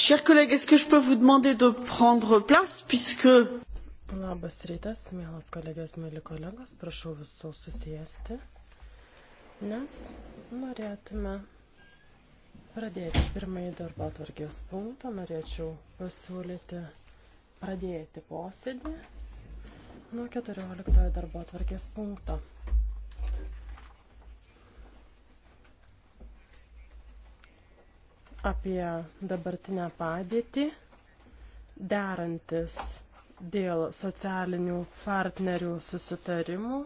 Chers collègues, est-ce que je peux vous demander de prendre place puisque. Labas rytas, mielas kolegės, mėly kolegos, prašau visų susijęsti, nes norėtume pradėti pirmąjį darbo atvarkės punktą, norėčiau pasiūlyti pradėti posėdį nuo 14 darbo atvarkės punkto. apie dabartinę padėtį, derantis dėl socialinių partnerių susitarimų.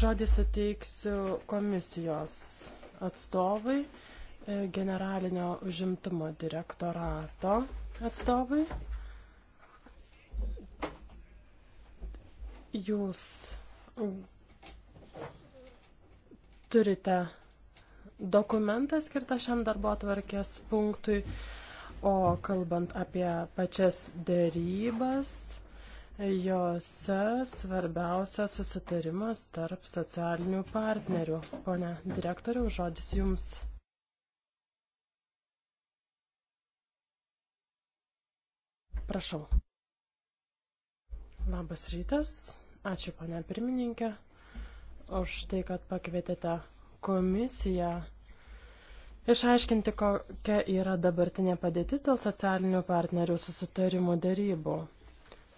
Žodį suteiksiu komisijos atstovui, e, generalinio užimtumo direktorato atstovui. Jūs turite dokumentą skirtą šiam darbo atvarkės punktui, o kalbant apie pačias dėrybas, jose svarbiausia susitarimas tarp socialinių partnerių. Pone direktoriau, žodis jums. Prašau. Labas rytas. Ačiū, ponė pirmininkė, už tai, kad pakvietėte komisiją išaiškinti, kokia yra dabartinė padėtis dėl socialinių partnerių susitarimų darybų.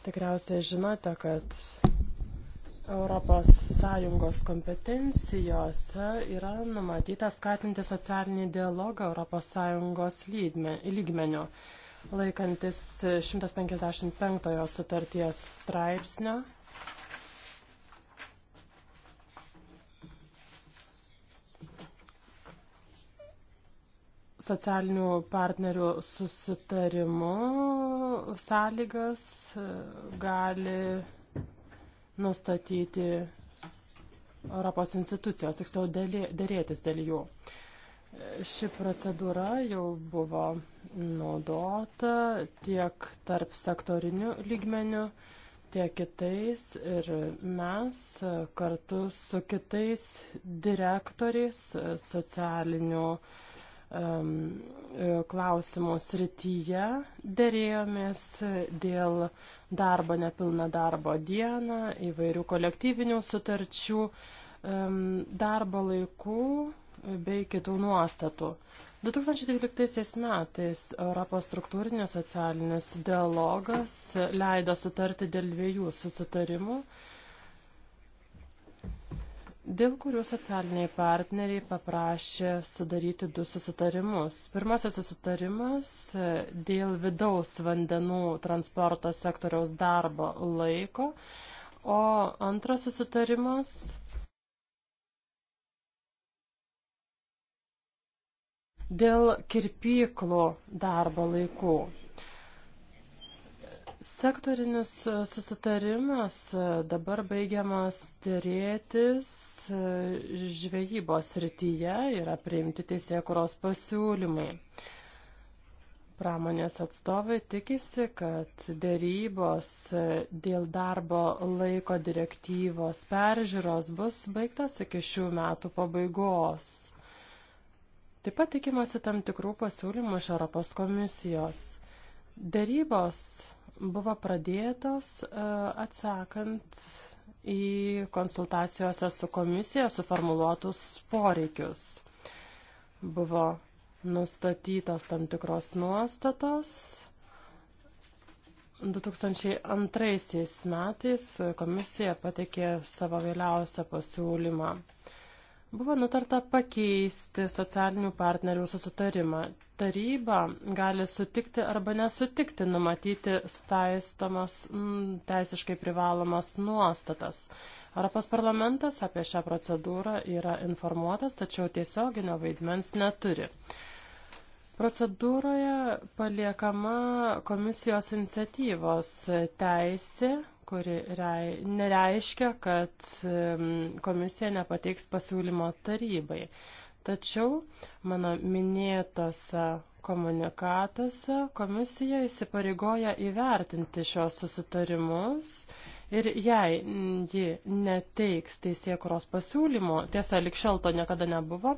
Tikriausiai žinote, kad ES kompetencijose yra numatyta skatinti socialinį dialogą ES lygmenių. Laikantis 155 sutarties straipsnio, socialinių partnerių susitarimu sąlygas e, gali nustatyti Europos institucijos, tiksliau dėrėtis dėl jų. Ši procedūra jau buvo naudota tiek tarp sektorinių lygmenių, tiek kitais ir mes kartu su kitais direktoriais socialinių uh, Um, e, klausimų srityje dėrėjomės dėl darbo nepilną darbo dieną, įvairių kolektyvinių sutarčių, um, darbo laikų bei kitų nuostatų. 2012 metais Europos struktūrinės socialinis dialogas leido sutarti dėl dviejų susitarimų dėl kurių socialiniai partneriai paprašė sudaryti du susitarimus. Pirmasis susitarimas dėl vidaus vandenų transporto sektoriaus darbo laiko, o antras susitarimas dėl kirpyklų darbo laikų. Sektorinis e, susitarimas e, dabar baigiamas dėrėtis e, žvejybos rytyje, yra priimti teisėkuros pasiūlymai. Pramonės atstovai tikisi, kad dėrybos dėl darbo laiko direktyvos peržiūros bus baigtos iki šių metų pabaigos. Taip pat tikimasi tam tikrų pasiūlymų iš Europos komisijos. Dėrybos buvo pradėtos e, atsakant į konsultacijose su komisija suformuluotus poreikius. Buvo nustatytos tam tikros nuostatos. 2002 metais komisija pateikė savo vėliausią pasiūlymą. Buvo nutarta pakeisti socialinių partnerių susitarimą. Taryba gali sutikti arba nesutikti numatyti staistomas m, teisiškai privalomas nuostatas. Europos parlamentas apie šią procedūrą yra informuotas, tačiau tiesioginio vaidmens neturi. Procedūroje paliekama komisijos iniciatyvos teisė kuri rei, nereiškia, kad komisija nepateiks pasiūlymo tarybai. Tačiau mano minėtose komunikatuose komisija įsipareigoja įvertinti šios susitarimus ir jei ji neteiks teisėkuros pasiūlymo, tiesa, likščiol to niekada nebuvo,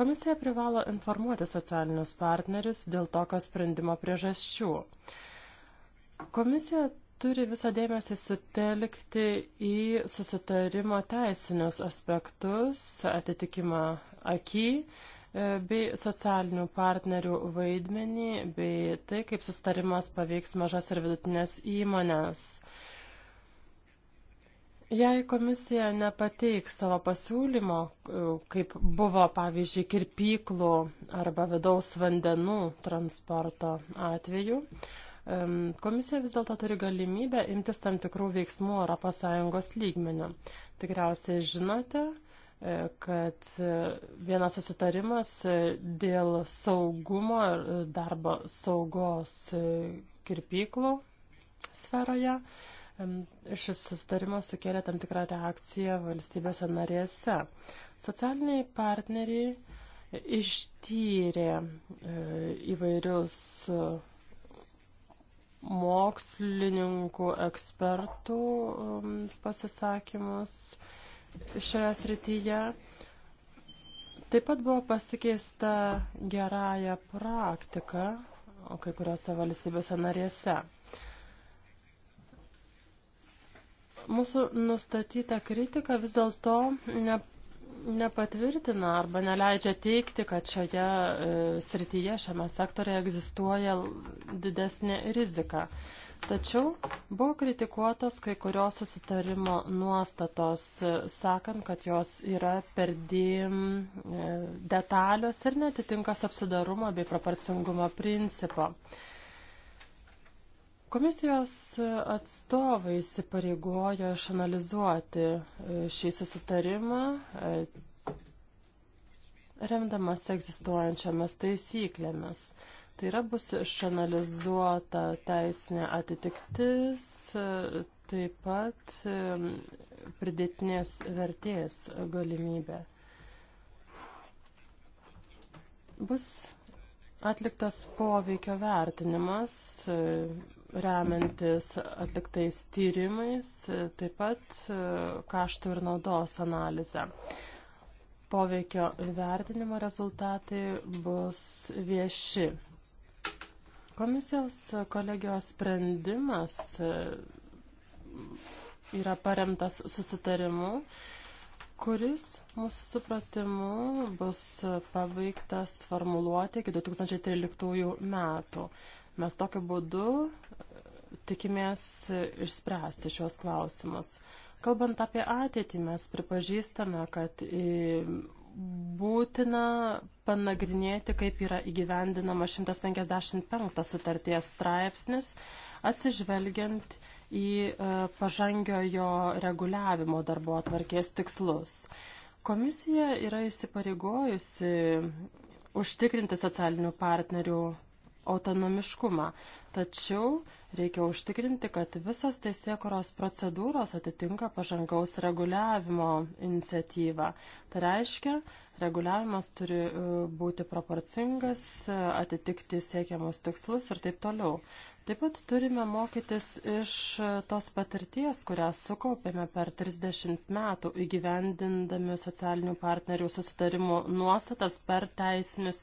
komisija privalo informuoti socialinius partnerius dėl tokio sprendimo priežasčių. Komisija turi visą dėmesį sutelkti į susitarimo teisinius aspektus, atitikimą akį e, bei socialinių partnerių vaidmenį, bei tai, kaip sustarimas paveiks mažas ir vidutinės įmonės. Jei komisija nepateiks savo pasiūlymo, e, kaip buvo pavyzdžiui kirpyklų arba vidaus vandenų transporto atveju, Komisija vis dėlto turi galimybę imtis tam tikrų veiksmų ES lygmenių. Tikriausiai žinote, e, kad e, vienas susitarimas e, dėl saugumo ir darbo saugos kirpyklų sferoje. Šis susitarimas sukėlė tam tikrą reakciją valstybėse narėse. Socialiniai partneriai ištyrė įvairius mokslininkų, ekspertų um, pasisakymus šioje srityje. Taip pat buvo pasikeista gerąją praktiką kai kuriuose valstybėse narėse. Mūsų nustatyta kritika vis dėlto ne nepatvirtina arba neleidžia teikti, kad šioje e, srityje, šiame sektorėje egzistuoja didesnė rizika. Tačiau buvo kritikuotos kai kurios susitarimo nuostatos, e, sakant, kad jos yra perdėm e, detalios ir netitinka subsidarumo bei proporcingumo principo. Komisijos atstovai įsipareigojo išanalizuoti e, šį susitarimą, e, remdamas egzistuojančiamis taisyklėmis. Tai yra bus išanalizuota teisinė atitiktis, e, taip pat pridėtinės vertės galimybė. Bus atliktas poveikio vertinimas, remiantis atliktais tyrimais, taip pat e, kaštų ir naudos analizę. Poveikio vertinimo rezultatai bus vieši. Komisijos kolegijos sprendimas e, yra paremtas susitarimu, kuris mūsų supratimu bus pabaigtas formuluoti iki 2013 metų. Mes tokiu būdu e, tikimės e, išspręsti šios klausimus. Kalbant apie ateitį, mes pripažįstame, kad e, būtina panagrinėti, kaip yra įgyvendinama 155 sutarties straipsnis, atsižvelgiant į pažangiojo reguliavimo darbo atvarkės tikslus. Komisija yra įsipareigojusi užtikrinti socialinių partnerių autonomiškumą. Tačiau reikia užtikrinti, kad visas teisėkuros procedūros atitinka pažangaus reguliavimo iniciatyvą. Tai reiškia, reguliavimas turi e, būti proporcingas, e, atitikti siekiamus tikslus ir taip toliau. Taip pat turime mokytis iš e, tos patirties, kurią sukaupėme per 30 metų įgyvendindami socialinių partnerių susitarimų nuostatas per teisinius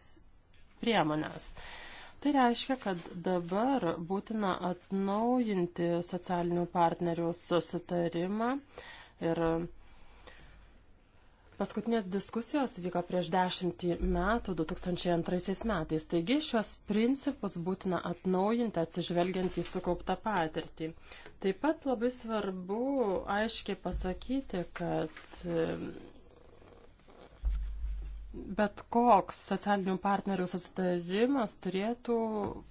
priemonės. Tai reiškia, kad dabar būtina atnaujinti socialinių partnerių susitarimą ir paskutinės diskusijos vyko prieš dešimtį metų, 2002 metais. Taigi šios principus būtina atnaujinti atsižvelgiant į sukauptą patirtį. Taip pat labai svarbu aiškiai pasakyti, kad bet koks socialinių partnerių susitarimas turėtų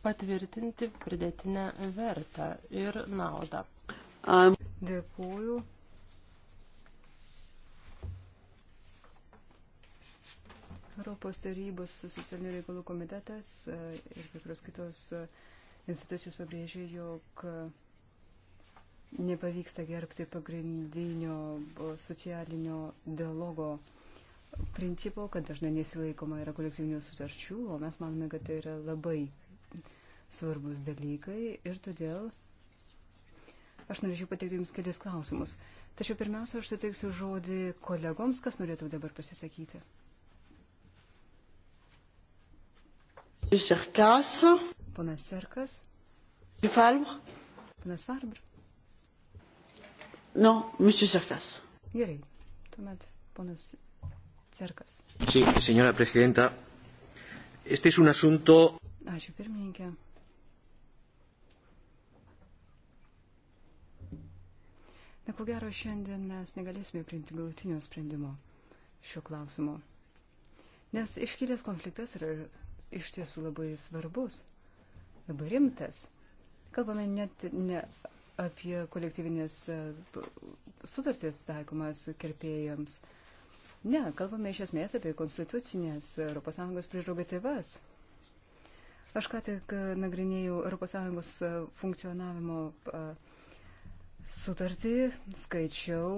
patvirtinti pridėtinę vertę ir naudą. Um, Dėkuoju. Europos tarybos socialinių reikalų komitetas e, ir kai kurios kitos e, institucijos pabrėžė, jog e, nepavyksta gerbti pagrindinio socialinio dialogo principo, kad dažnai nesilaikoma yra kolektyvinių sutarčių, o mes manome, kad tai yra labai svarbus dalykai ir todėl aš norėčiau pateikti Jums kelias klausimus. Tačiau pirmiausia, aš suteiksiu žodį kolegoms, kas norėtų dabar pasisakyti. Serkas. Ponas Serkas. Falbr. Ponas Farbr. No, monsieur Serkas. Gerai, tuomet ponas Cerkas. Sí, señora prezidenta, este es un asunto. Ačiū pirmininkė. Na, ko gero, šiandien mes negalėsime priimti galutinio sprendimo šiuo klausimu. Nes iškilęs konfliktas yra iš tiesų labai svarbus, labai rimtas. Kalbame net ne apie kolektyvinės sutartys taikomas kirpėjams. Uh, Ne, kalbame iš esmės apie konstitucinės ES prerogatyvas. Aš ką tik e, nagrinėjau ES funkcionavimo e, sutartį, skaičiau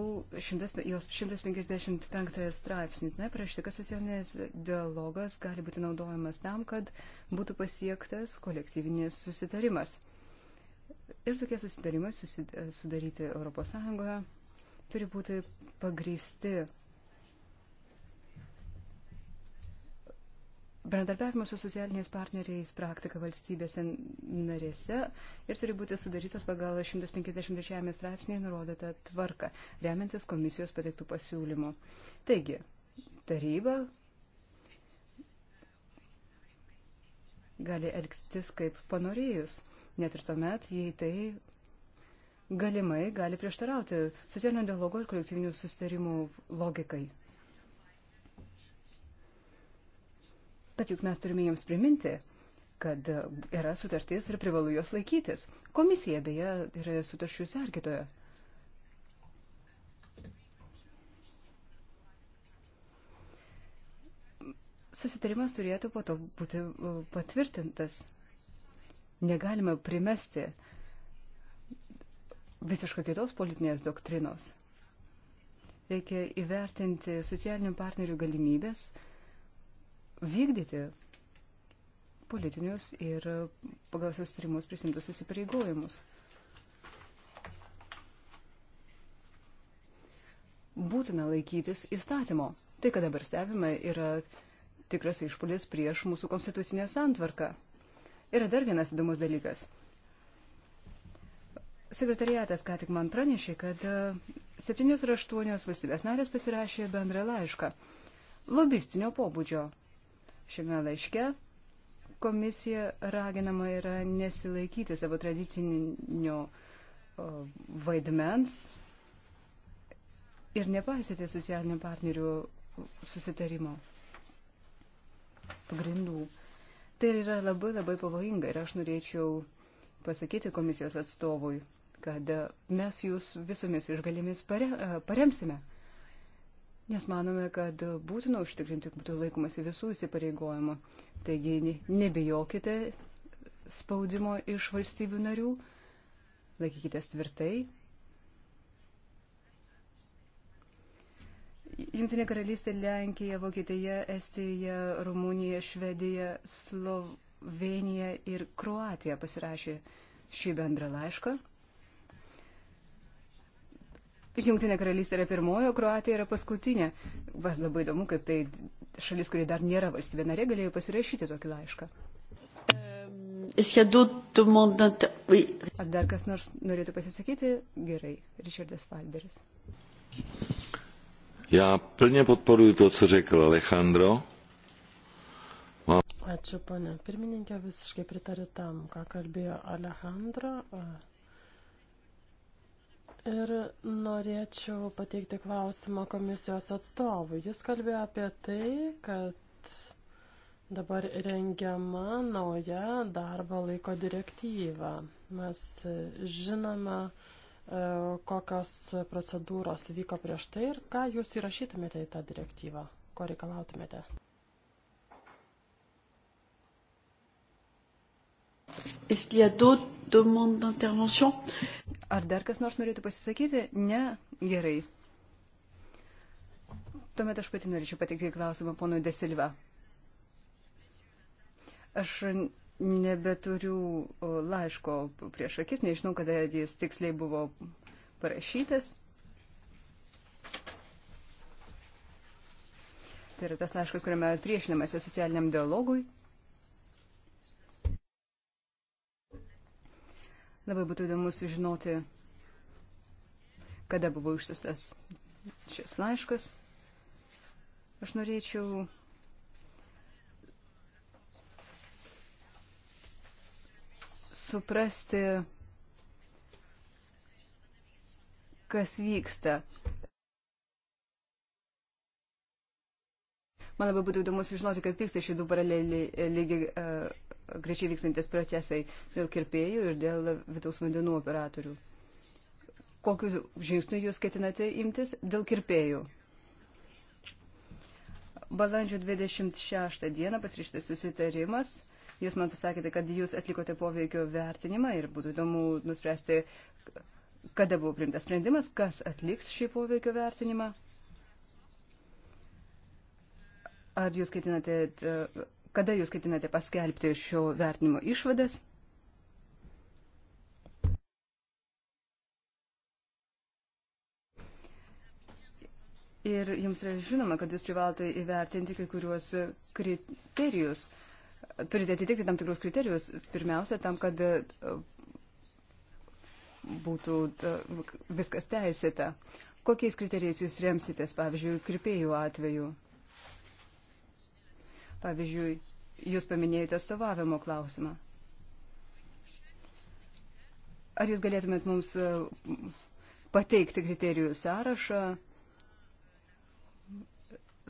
100, jos 155 straipsnį. Ne, parašyta, kad socialinis dialogas gali būti naudojamas tam, kad būtų pasiektas kolektyvinis susitarimas. Ir tokie susitarimai sudaryti ES turi būti pagristi bendradarbiavimo su socialiniais partneriais praktika valstybėse narėse ir turi būti sudarytas pagal 153 straipsnėje nurodytą tvarką, remiantis komisijos pateiktų pasiūlymų. Taigi, taryba gali elgtis kaip panorėjus, net ir tuomet, jei tai galimai gali prieštarauti socialinio dialogo ir kolektyvinių sustarimų logikai. Bet juk mes turime jiems priminti, kad yra sutartis ir privalu jos laikytis. Komisija beje yra sutarčių sergitoje. Susitarimas turėtų po to būti uh, patvirtintas. Negalime primesti visiškai kitos politinės doktrinos. Reikia įvertinti socialinių partnerių galimybės vykdyti politinius ir pagal susitarimus prisimtus įsipareigojimus. Būtina laikytis įstatymo. Tai, ką dabar stebime, yra tikras išpolis prieš mūsų konstitucinę santvarką. Yra dar vienas įdomus dalykas. Sekretariatas ką tik man pranešė, kad e, septynios ar aštuonios valstybės narės pasirašė bendrą laišką lobistinio pobūdžio Šiame laiške komisija raginama yra nesilaikyti savo tradicinio vaidmens ir nepaisyti socialinių partnerių susitarimo pagrindų. Tai yra labai labai pavojinga ir aš norėčiau pasakyti komisijos atstovui, kad mes jūs visomis išgalimis pare, paremsime nes manome, kad būtina užtikrinti, kad būtų laikomasi visų įsipareigojimų. Taigi nebijokite spaudimo iš valstybių narių, laikykitės tvirtai. Junktinė karalystė, Lenkija, Vokietija, Estija, Rumunija, Švedija, Slovenija ir Kroatija pasirašė šį bendrą laišką. Jungtinė karalystė yra pirmoji, o Kroatija yra paskutinė. Va, labai įdomu, kaip tai šalis, kuri dar nėra valstybė narė, galėjo pasirašyti tokį laišką. Ar dar kas nors norėtų pasisakyti? Gerai, Richardas Falberis. Já plně podporuji to, co řekl Alejandro. Ačiū, ponė pirmininkė, visiškai pritariu tam, ką kalbėjo Alejandro. Ir norėčiau pateikti klausimą komisijos atstovui. Jis kalbėjo apie tai, kad dabar rengiama nauja darbo laiko direktyva. Mes žinome, e, kokios procedūros vyko prieš tai ir ką jūs įrašytumėte į tą direktyvą, ko reikalautumėte. Ist ja dort demande d'intervention? Ar dar kas nors norėtų pasisakyti? Ne? Gerai. Tuomet aš pati norėčiau patikti klausimą ponui Desilva. Aš nebeturiu laiško prieš akis, nežinau, kada jis tiksliai buvo parašytas. Tai yra tas laiškas, kuriame priešinamasi socialiniam dialogui Labai būtų įdomu sužinoti, kada buvo išsiustas šis laiškas. Aš norėčiau suprasti, kas vyksta. Man labai būtų įdomu sužinoti, kaip vyksta šitų paraleliai lygiai. Uh, e, greičiai vykstantis procesai dėl kirpėjų ir dėl vidaus vandenų operatorių. Kokius žingsnius jūs ketinate imtis dėl kirpėjų? Balandžio 26 dieną pasirištas susitarimas. Jūs man pasakėte, kad jūs atlikote poveikio vertinimą ir būtų įdomu nuspręsti, kada buvo priimtas sprendimas, kas atliks šį poveikio vertinimą. Ar jūs ketinate kada jūs ketinate paskelbti šio vertinimo išvadas? Ir jums yra žinoma, kad jūs privalote įvertinti kai kuriuos kriterijus. Turite atitikti tam tikrus kriterijus. Pirmiausia, tam, kad e, būtų e, viskas teisėta. Kokiais kriterijais jūs remsitės, pavyzdžiui, kirpėjų atveju? Pavyzdžiui, jūs paminėjote atstovavimo klausimą. Ar jūs galėtumėt mums e, pateikti kriterijų sąrašą,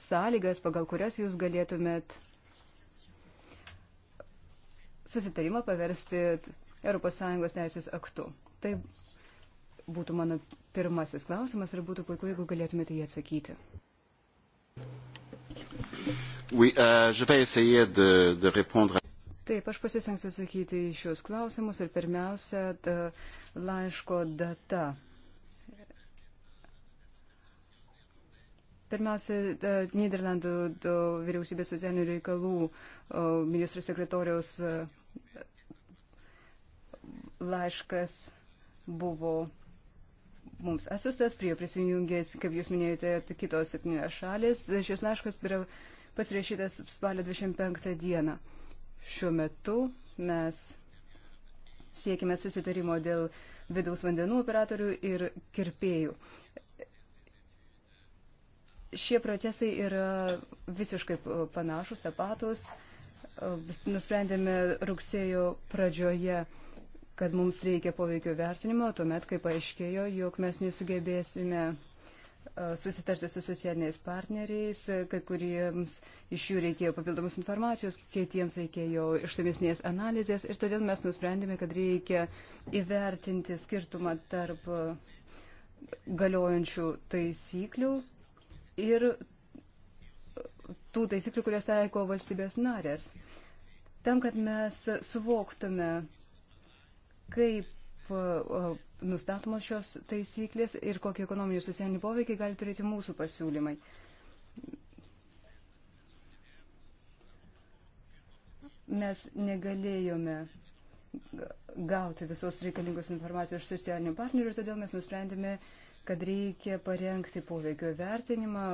sąlygas, pagal kurias jūs galėtumėt susitarimą paversti ES teisės aktu? Tai būtų mano pirmasis klausimas ir būtų puiku, jeigu galėtumėte jį atsakyti. Oui, uh, je vais essayer de, de répondre. Taip, aš pasisengsiu atsakyti į šios klausimus ir pirmiausia, da, laiško data. Pirmiausia, da, Niderlandų da, vyriausybės socialinių reikalų ministro sekretoriaus e, laiškas buvo mums asustas, prie jo prisijungės, kaip jūs minėjote, kitos septynios šalis. Šis laiškas yra. Prie pasirašytas spalio 25 dieną. Šiuo metu mes siekime susitarimo dėl vidaus vandenų operatorių ir kirpėjų. Šie procesai yra visiškai panašus, tapatus. Nusprendėme rugsėjo pradžioje, kad mums reikia poveikio vertinimo, tuomet, kai paaiškėjo, jog mes nesugebėsime E, susitarti su socialiniais partneriais, kai kuriems iš jų reikėjo papildomus informacijos, kitiems reikėjo išsamesnės analizės ir todėl mes nusprendėme, kad reikia įvertinti skirtumą tarp galiojančių taisyklių ir tų taisyklių, kurias taiko valstybės narės. Tam, kad mes suvoktume, kaip E, e, nustatomos šios taisyklės ir kokį ekonominį ir socialinį poveikį gali turėti mūsų pasiūlymai. Mes negalėjome gauti visos reikalingos informacijos iš socialinių partnerių, todėl mes nusprendėme, kad reikia parengti poveikio vertinimą,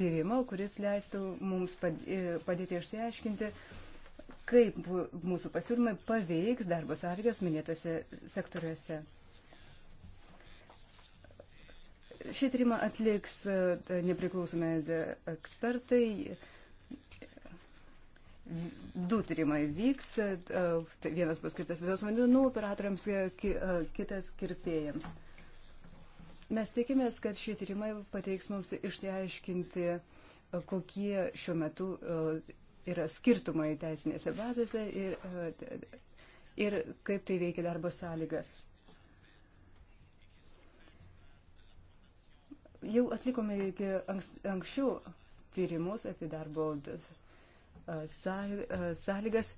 tyrimą, kuris leistų mums e, padėti išsiaiškinti, kaip mūsų pasiūlymai paveiks darbo sąlygas minėtose sektoriuose. Šį tyrimą atliks e, nepriklausomi ekspertai. Du tyrimai vyks, e, e, vienas bus skirtas visos vandenų operatoriams, kitas kirpėjams. Mes tikimės, kad šie tyrimai pateiks mums išsiaiškinti, kokie šiuo metu yra skirtumai teisinėse bazėse ir, e, ir kaip tai veikia darbo sąlygas. Jau atlikome anksčiau tyrimus apie darbo e, e, sąlygas.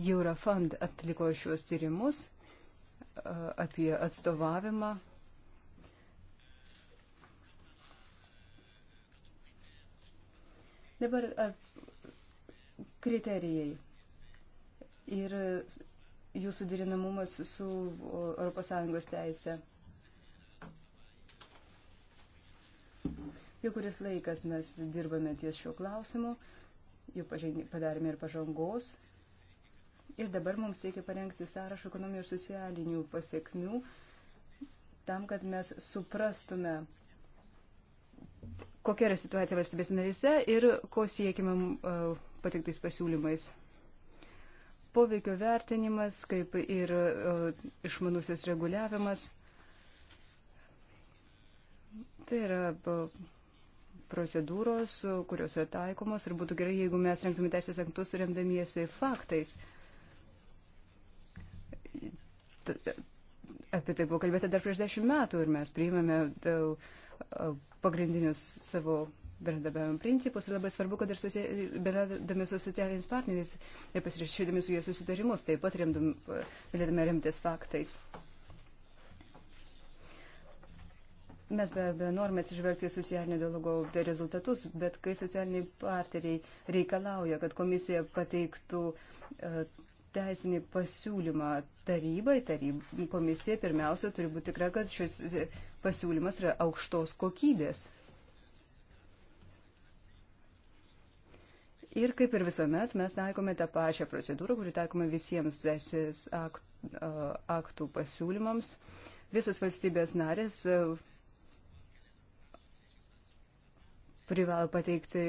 Eurofund atliko šiuos tyrimus apie atstovavimą Dabar kriterijai ir jų sudirinamumas su ES teise. Jau kuris laikas mes dirbame ties šiuo klausimu, jau padarėme ir pažangos. Ir dabar mums reikia parengti sąrašą ekonominių ir socialinių pasiekmių tam, kad mes suprastume, kokia yra situacija valstybės narėse ir ko siekime patiktais pasiūlymais. Poveikio vertinimas, kaip ir e, išmanusis reguliavimas. Tai yra e, procedūros, kurios yra taikomos ir būtų gerai, jeigu mes renktume teisės aktus remdamiesi faktais. Apie tai buvo kalbėta dar prieš dešimt metų ir mes priimame daug pagrindinius savo bendradarbiavimo principus ir labai svarbu, kad ir susie, bendradami su socialiniais partneriais ir pasirašydami su jie susitarimus, taip pat remdum, galėdami remtis faktais. Mes be abejo norime atsižvelgti socialinio dialogo rezultatus, bet kai socialiniai partneriai reikalauja, kad komisija pateiktų e, teisinį pasiūlymą tarybai, taryb, komisija pirmiausia turi būti tikra, kad šis pasiūlymas yra aukštos kokybės. Ir kaip ir visuomet, mes taikome tą pačią procedūrą, kuri taikome visiems teisės aktų pasiūlymams. Visos valstybės narės privalo pateikti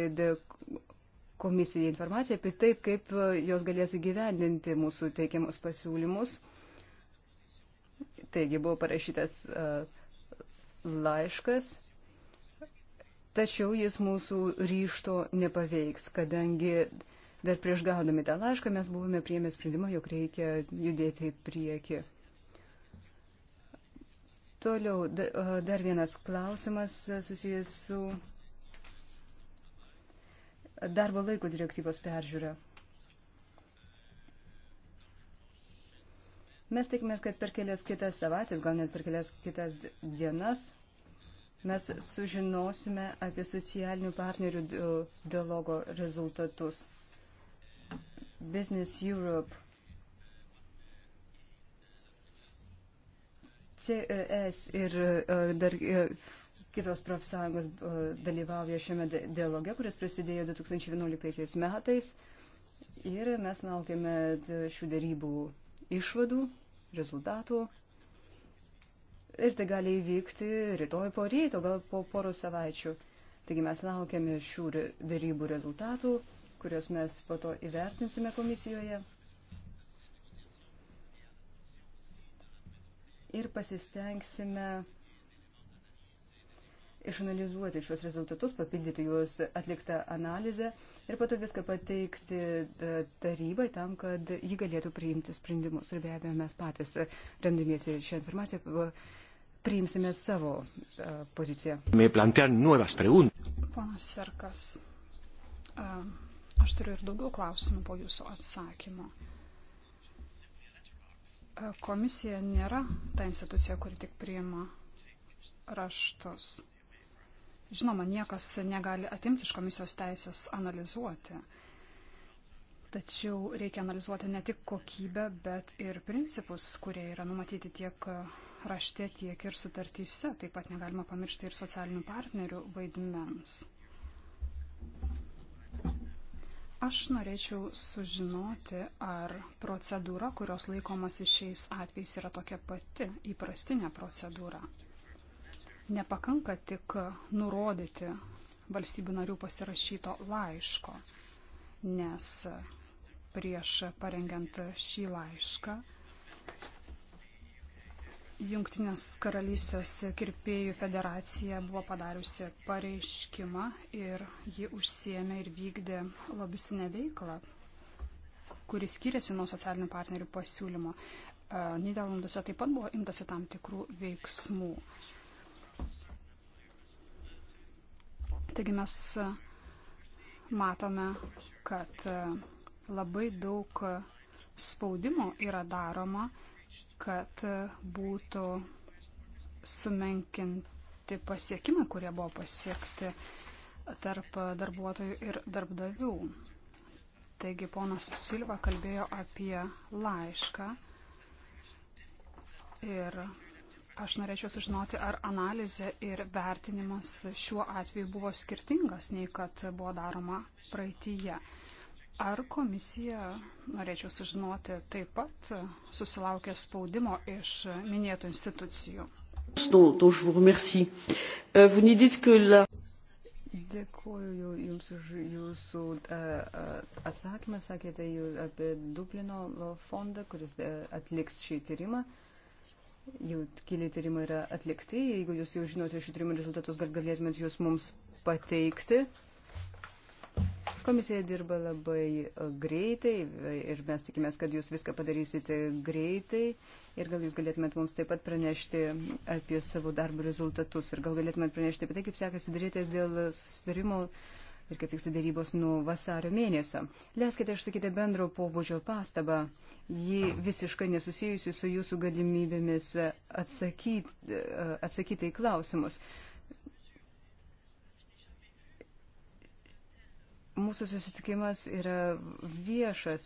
komisijai informaciją apie taip, kaip jos galės įgyvendinti mūsų teikiamus pasiūlymus. Taigi buvo parašytas uh, laiškas, tačiau jis mūsų ryšto nepaveiks, kadangi dar prieš gaudami tą laišką mes buvome priėmę sprendimą, jog reikia judėti į priekį. Toliau dar vienas klausimas susijęs su darbo laiko direktyvos peržiūra. Mes tikimės, kad per kelias kitas savaitės, gal net per kelias kitas dienas, mes sužinosime apie socialinių partnerių dialogo rezultatus. Business Europe CES ir e, dar e, kitos profsąjungos e, dalyvauja šiame dialoge, kuris prasidėjo 2011 metais. Ir mes laukiame šių darybų išvadų rezultatų. Ir tai gali įvykti rytoj po ryto, gal po poros savaičių. Taigi mes laukiame šių darybų rezultatų, kuriuos mes po to įvertinsime komisijoje. Ir pasistengsime išanalizuoti šios rezultatus, papildyti juos atliktą analizę ir pato viską pateikti e, tarybai tam, kad ji galėtų priimti sprendimus. Ir be abejo, mes patys, remdamiesi šią informaciją, priimsime savo e, poziciją. Ponas Serkas, e, aš turiu ir daugiau klausimų po jūsų atsakymo komisija nėra ta institucija, kuri tik priima raštus. Žinoma, niekas negali atimti iš komisijos teisės analizuoti. Tačiau reikia analizuoti ne tik kokybę, bet ir principus, kurie yra numatyti tiek rašte, tiek ir sutartyse. Taip pat negalima pamiršti ir socialinių partnerių vaidmens. Aš norėčiau sužinoti, ar procedūra, kurios laikomasi šiais atvejais, yra tokia pati įprastinė procedūra. Nepakanka tik nurodyti valstybių narių pasirašyto laiško, nes prieš parengiant šį laišką Junktinės karalystės kirpėjų federacija buvo padariusi pareiškimą ir ji užsiemė ir vykdė lobisinę veiklą, kuris skiriasi nuo socialinių partnerių pasiūlymo. Niderlanduose taip pat buvo imtasi tam tikrų veiksmų. Uh, Taigi mes e, matome, kad e, labai daug spaudimo yra daroma, kad e, būtų sumenkinti pasiekimai, kurie buvo pasiekti tarp darbuotojų ir darbdavių. Taigi ponas Silva kalbėjo apie laišką ir Aš norėčiau sužinoti, ar analizė ir vertinimas šiuo atveju buvo skirtingas nei kad buvo daroma praeitįje. Ar komisija, norėčiau sužinoti, taip pat susilaukė spaudimo iš minėtų institucijų? Dėkuoju Jums už Jūsų e, e, atsakymą. Sakėte apie Dublino fondą, kuris e, atliks šį tyrimą. Jau keli tyrimai yra atlikti. Jeigu jūs jau žinote šių tyrimų rezultatus, gal galėtumėt jūs mums pateikti. Komisija dirba labai e, greitai ir mes tikimės, kad jūs viską padarysite greitai ir gal jūs galėtumėt mums taip pat pranešti apie savo darbo rezultatus ir gal galėtumėt pranešti apie tai, kaip sekasi darytis dėl susidarimo uh, ir kaip vyksta darybos nuo vasario mėnesio. Leiskite išsakyti bendro pobūdžio pastabą. Ji visiškai nesusijusi su jūsų galimybėmis atsakyti, atsakyti į klausimus. Mūsų susitikimas yra viešas.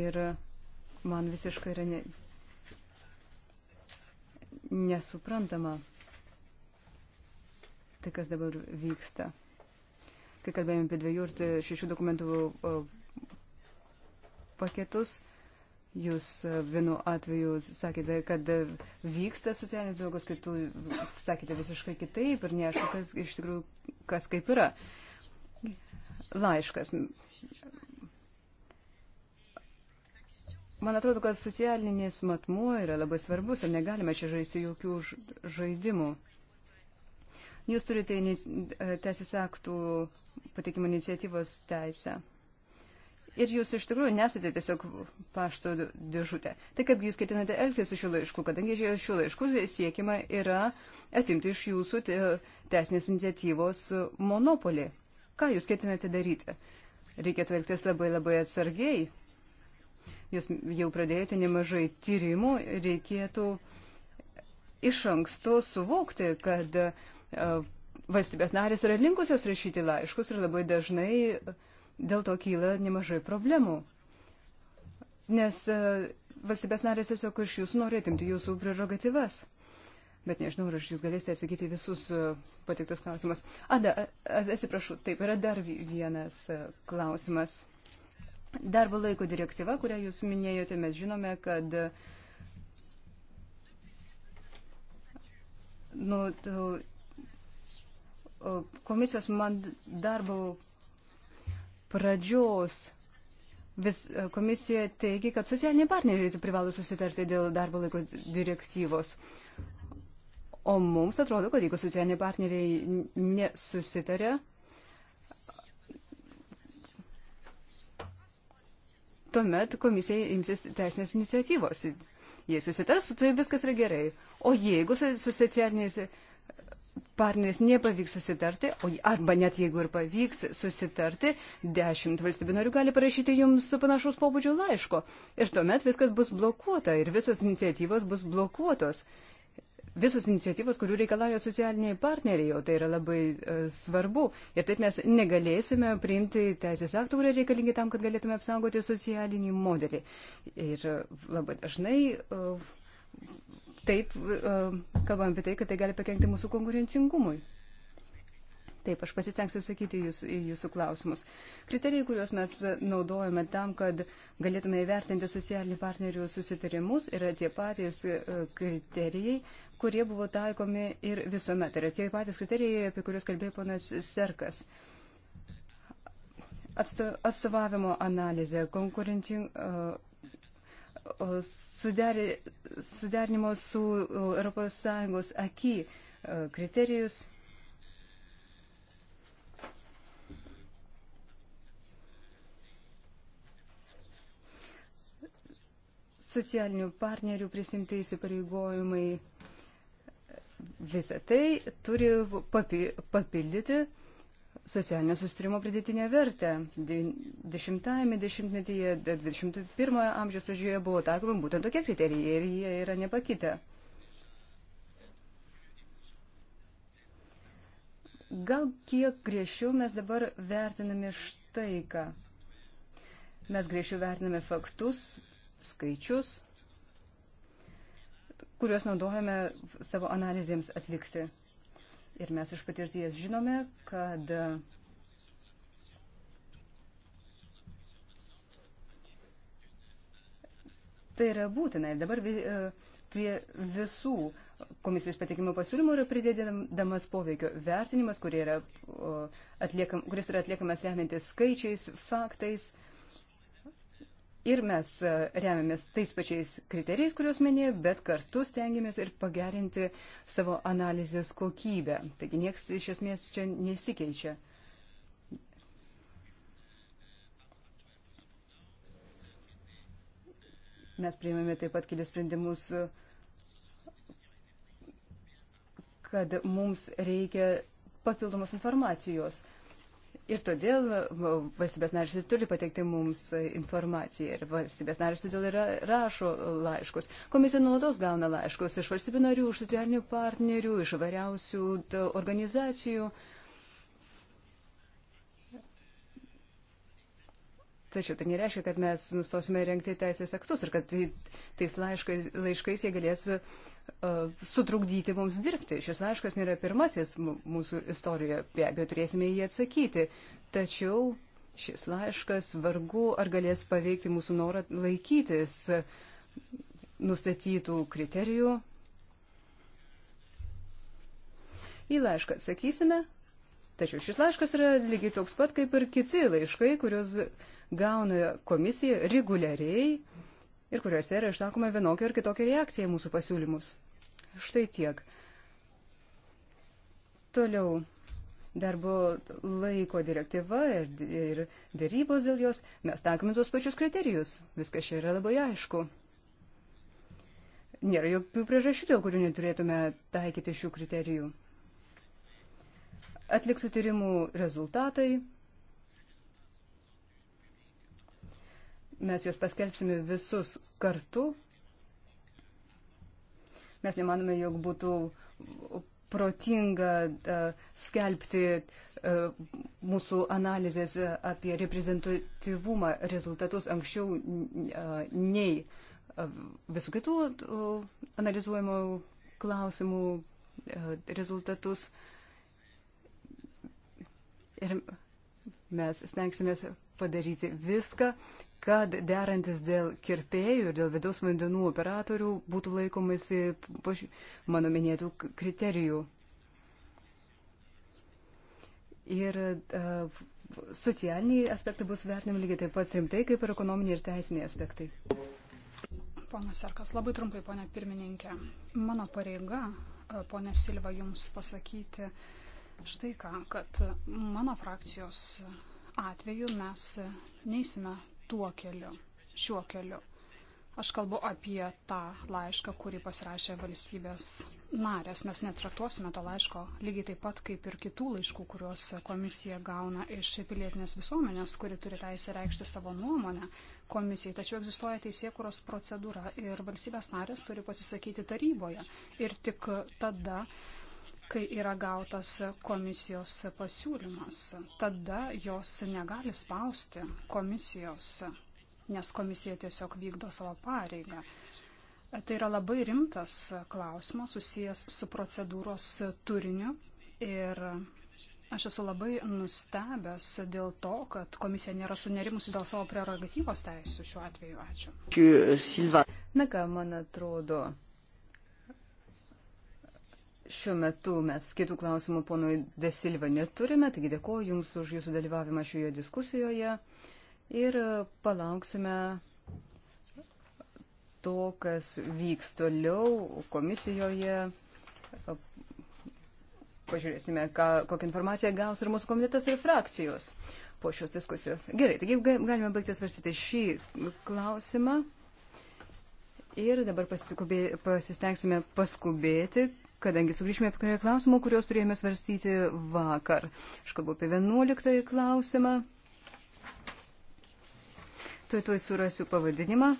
Ir man visiškai yra ne, nesuprantama tai, kas dabar vyksta. Kai kalbėjome apie dviejų ir šešių dokumentų paketus, jūs e, vienu atveju sakėte, kad e, vyksta socialinis dialogas, kitų sakėte visiškai kitaip ir neaišku, kas iš tikrųjų, kas kaip yra. Laiškas. Man atrodo, kad socialinis matmuo yra labai svarbus ir negalime čia žaisti jokių žaidimų. Ž Jūs turite e, teisės aktų patikimo iniciatyvos teisę. Ir jūs iš tikrųjų nesate tiesiog pašto dėžutė. Tai kaip jūs ketinate elgtis su šiuo laišku, kadangi šiuo laišku siekima yra atimti iš jūsų teisinės iniciatyvos monopolį. Ką jūs ketinate daryti? Reikėtų elgtis labai labai atsargiai. Jūs jau pradėjote nemažai tyrimų, reikėtų iš anksto suvokti, kad E, valstybės narės yra linkusios rašyti laiškus ir labai dažnai dėl to kyla nemažai problemų. Nes e, valstybės narės tiesiog iš jūsų nori atimti jūsų prerogatyvas. Bet nežinau, ar jūs galėsite atsakyti visus e, patiktus klausimus. Ada, atsiprašau, taip, yra dar vienas klausimas. Darbo laiko direktyva, kurią jūs minėjote, mes žinome, kad nuo komisijos mand, darbo pradžios vis komisija teigia, kad socialiniai partneriai privalo susitarti dėl darbo laiko direktyvos. O mums atrodo, kad jeigu socialiniai partneriai nesusitarė, tuomet komisija imsis teisinės iniciatyvos. Jei susitars, tai viskas yra gerai. O jeigu su socialiniais partneris nepavyks susitarti, o arba net jeigu ir pavyks susitarti, dešimt valstybių narių gali parašyti jums panašaus pobūdžio laiško. Ir tuomet viskas bus blokuota ir visos iniciatyvos bus blokuotos. Visos iniciatyvos, kurių reikalauja socialiniai partneriai, o tai yra labai e, svarbu. Ir taip mes negalėsime priimti teisės aktų, kurie reikalingi tam, kad galėtume apsaugoti socialinį modelį. Ir labai dažnai e, taip e, kalbam apie tai, kad tai gali pakengti mūsų konkurencingumui. Taip, aš pasistengsiu atsakyti jūsų, į jūsų klausimus. Kriterijai, kuriuos mes naudojame tam, kad galėtume įvertinti socialinių partnerių susitarimus, yra tie patys e, kriterijai, kurie buvo taikomi ir visuomet. Yra tie patys kriterijai, apie kuriuos kalbėjo ponas Serkas. Atsto, atstovavimo analizė, konkurencing, uh, e, suderi, suderinimo su ES aki kriterijus. socialinių partnerių prisimti įsipareigojimai. Visą tai turi papildyti socialinio sustarimo pridėtinę vertę. Dešimtajame dešimtmetyje, 21 amžiaus pradžioje buvo taikomi būtent tokie kriterijai ir jie yra nepakitę. Gal kiek griežčiau mes dabar vertiname štai ką. Mes griežčiau vertiname faktus, skaičius, kuriuos naudojame savo analizėms atlikti. Ir mes iš patirties žinome, kad tai yra būtina. Ir dabar e, prie visų komisijos patikimo pasiūlymų yra pridėdamas poveikio vertinimas, kuris yra, atliekam, kuris yra atliekamas remiantis skaičiais, faktais ir mes e, remiamės tais pačiais kriterijais, kuriuos minėjau, bet kartu stengiamės ir pagerinti savo analizės kokybę. Taigi nieks iš esmės čia nesikeičia. Mes priėmėme taip pat kelias sprendimus, kad mums reikia papildomos informacijos Ir todėl valstybės narys turi pateikti mums informaciją ir valstybės narys todėl yra, rašo laiškus. Komisija nuolatos gauna laiškus iš valstybių narių, iš socialinių partnerių, iš variausių organizacijų. Uh, Tačiau tai nereiškia, kad mes nustosime renkti teisės aktus ir kad tai, tais laiškais, laiškais jie galės uh, sutrukdyti mums dirbti. Šis laiškas nėra pirmasis mūsų istorijoje, be abejo turėsime jį atsakyti. Tačiau šis laiškas vargu ar galės paveikti mūsų norą laikytis nustatytų kriterijų. Į laišką atsakysime, Tačiau šis laiškas yra lygiai toks pat kaip ir kiti laiškai, kuriuos gauna komisija reguliariai ir kuriuose yra išsakoma vienokia ir kitokia reakcija į mūsų pasiūlymus. Štai tiek. Toliau darbo laiko direktyva ir, ir dėrybos dėl jos, mes takime tuos pačius kriterijus. Viskas čia yra labai aišku. Nėra jokių priežasčių, dėl kurių neturėtume taikyti šių kriterijų atliktų tyrimų rezultatai. Mes juos paskelbsime visus kartu. Mes nemanome, jog būtų protinga uh, skelbti uh, mūsų analizės apie reprezentatyvumą rezultatus anksčiau uh, nei uh, visų kitų uh, analizuojamų klausimų uh, rezultatus. Uh, Ir mes stengsimės padaryti viską, kad derantis dėl kirpėjų ir dėl vidaus vandenų operatorių būtų laikomasi mano minėtų kriterijų. Ir uh, socialiniai aspektai bus vertinami lygiai taip pat rimtai, kaip ir ekonominiai ir teisiniai aspektai. Ponas Sarkas, labai trumpai, ponė pirmininkė. Mano pareiga, ponė Silva, jums pasakyti, uh, štai ką, kad mano frakcijos atveju mes neįsime tuo keliu, šiuo keliu. Aš kalbu apie tą laišką, kurį pasirašė valstybės narės. Mes netraktuosime to laiško lygiai taip pat kaip ir kitų laiškų, kuriuos komisija gauna iš pilietinės visuomenės, kuri turi teisę reikšti savo nuomonę komisijai. Tačiau egzistuoja teisėkuros procedūra ir valstybės narės turi pasisakyti taryboje. Ir tik tada kai yra gautas komisijos pasiūlymas. Tada jos negali spausti komisijos, nes komisija tiesiog vykdo savo pareigą. Tai yra labai rimtas klausimas susijęs su procedūros turiniu ir aš esu labai nustebęs dėl to, kad komisija nėra sunerimusi dėl savo prerogatyvos teisų šiuo atveju. Ačiū. Na ką, man atrodo, šiuo metu mes kitų klausimų ponui Desilva neturime, taigi dėkoju Jums už Jūsų dalyvavimą šioje diskusijoje ir e, palauksime to, kas vyks toliau komisijoje. E, pažiūrėsime, ką, kokią informaciją gaus ir mūsų komitetas ir frakcijos po šios diskusijos. Gerai, taigi galime baigti svarstyti šį klausimą. Ir dabar pasiskubi, pasistengsime paskubėti, kadangi sugrįžime prie klausimų, kuriuos turėjome svarstyti vakar. Aš kalbu apie 11 klausimą. Tuoj tuoj surasiu pavadinimą.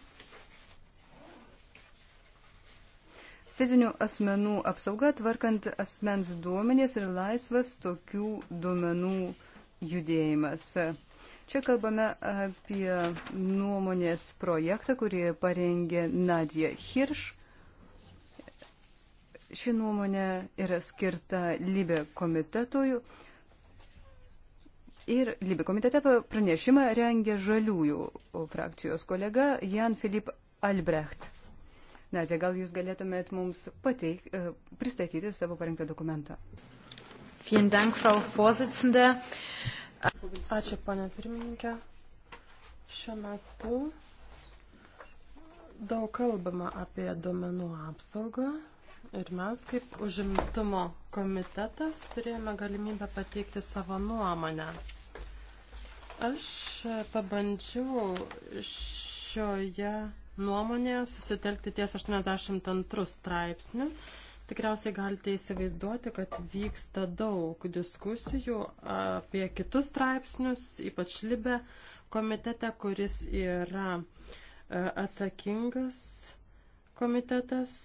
Fizinių asmenų apsauga tvarkant asmens duomenės ir laisvas tokių duomenų judėjimas. Čia kalbame apie nuomonės projektą, kurį parengė Nadija Hirš ši nuomonė yra skirta Libė komitetui. Ir Libė komitete pranešimą rengė žaliųjų frakcijos kolega Jan Filip Albrecht. Nadė, gal jūs galėtumėt mums pateik, e, pristatyti savo parengtą dokumentą. Dank, Frau Ačiū, ponė pirmininkė. Šiuo metu daug kalbama apie duomenų apsaugą Ir mes kaip užimtumo komitetas turėjome galimybę pateikti savo nuomonę. Aš pabandžiau šioje nuomonėje susitelkti ties 82 straipsnių. Tikriausiai galite įsivaizduoti, kad vyksta daug diskusijų apie kitus straipsnius, ypač Libe komitete, kuris yra e, atsakingas komitetas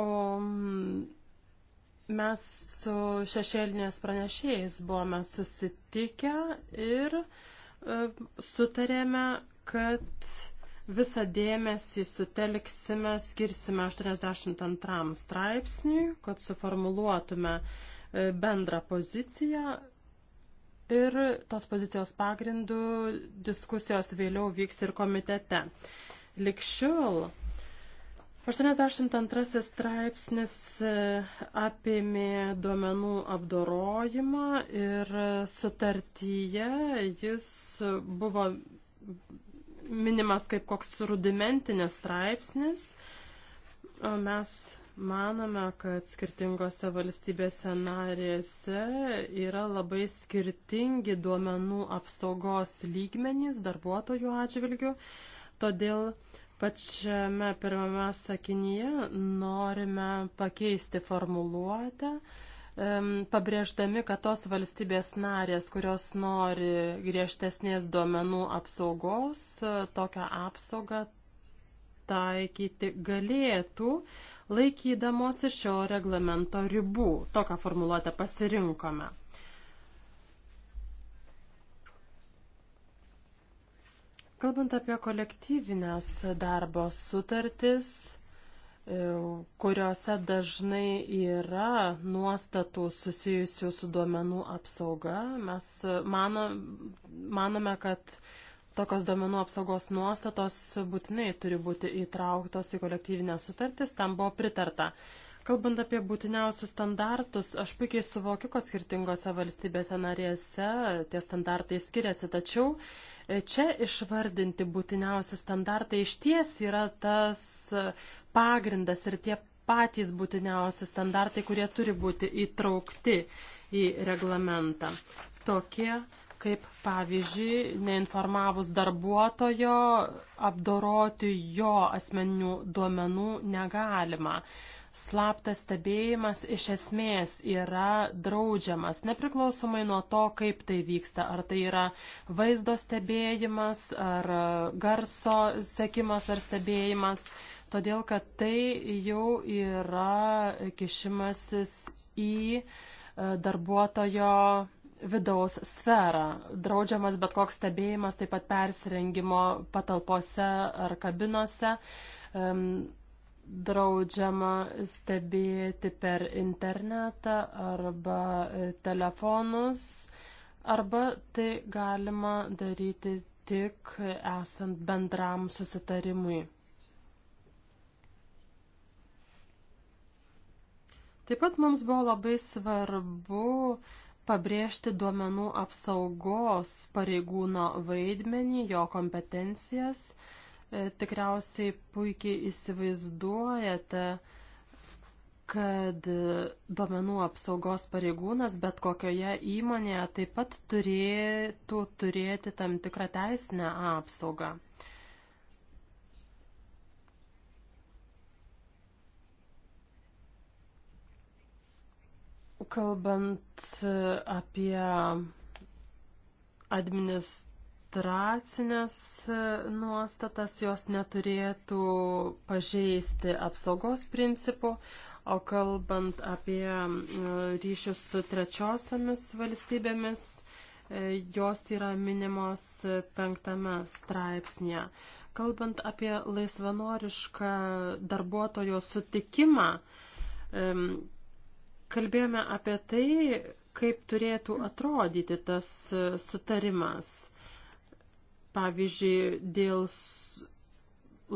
O mm, mes su šešėlinės pranešėjais buvome susitikę ir e, sutarėme, kad visą dėmesį sutelksime, skirsime 82 straipsniui, kad suformuluotume e, bendrą poziciją ir tos pozicijos pagrindų diskusijos vėliau vyks ir komitete. Likščiol 82 straipsnis e, apėmė duomenų apdorojimą ir sutartyje jis buvo minimas kaip koks rudimentinis straipsnis, o mes manome, kad skirtingose valstybėse narėse yra labai skirtingi duomenų apsaugos lygmenys darbuotojų atžvilgių, todėl Pačiame pirmame sakinyje norime pakeisti formuluotę, pabrėždami, kad tos valstybės narės, kurios nori griežtesnės duomenų apsaugos, e, tokią apsaugą taikyti galėtų, laikydamosi šio reglamento ribų. Tokią formuluotę pasirinkome. Kalbant apie kolektyvinės darbo sutartis, e, kuriuose dažnai yra nuostatų susijusių su duomenų apsauga, mes e, mano, manome, kad tokios duomenų apsaugos nuostatos būtinai turi būti įtrauktos į kolektyvinę sutartis, tam buvo pritarta. Kalbant apie būtiniausius standartus, aš puikiai suvokiu, kad skirtingose valstybėse narėse tie standartai skiriasi, tačiau uh, Čia išvardinti būtiniausi standartai iš ties yra tas pagrindas ir tie patys būtiniausi standartai, kurie turi būti įtraukti į reglamentą. Tokie kaip pavyzdžiui, neinformavus darbuotojo, apdoroti jo asmeninių duomenų negalima slaptas stebėjimas iš esmės yra draudžiamas, nepriklausomai nuo to, kaip tai vyksta, ar tai yra vaizdo stebėjimas, ar garso sekimas ar stebėjimas, todėl kad tai jau yra kišimasis į e, darbuotojo vidaus sferą. Draudžiamas bet koks stebėjimas, taip pat persirengimo patalpose ar kabinose. Um, draudžiama stebėti per internetą arba e, telefonus, arba tai galima daryti tik esant bendram susitarimui. Taip pat mums buvo labai svarbu pabrėžti duomenų apsaugos pareigūno vaidmenį, jo kompetencijas, uh, E, tikriausiai puikiai įsivaizduojate, kad duomenų apsaugos pareigūnas bet kokioje įmonėje taip pat turėtų turėti tam tikrą teisinę apsaugą. Kalbant apie administraciją, administracinės e, nuostatas, jos neturėtų pažeisti apsaugos principų, o kalbant apie e, ryšius su trečiosiamis valstybėmis, e, jos yra minimos penktame straipsnėje. Kalbant apie laisvanorišką darbuotojo sutikimą, kalbėjome apie tai, kaip turėtų atrodyti tas sutarimas pavyzdžiui, dėl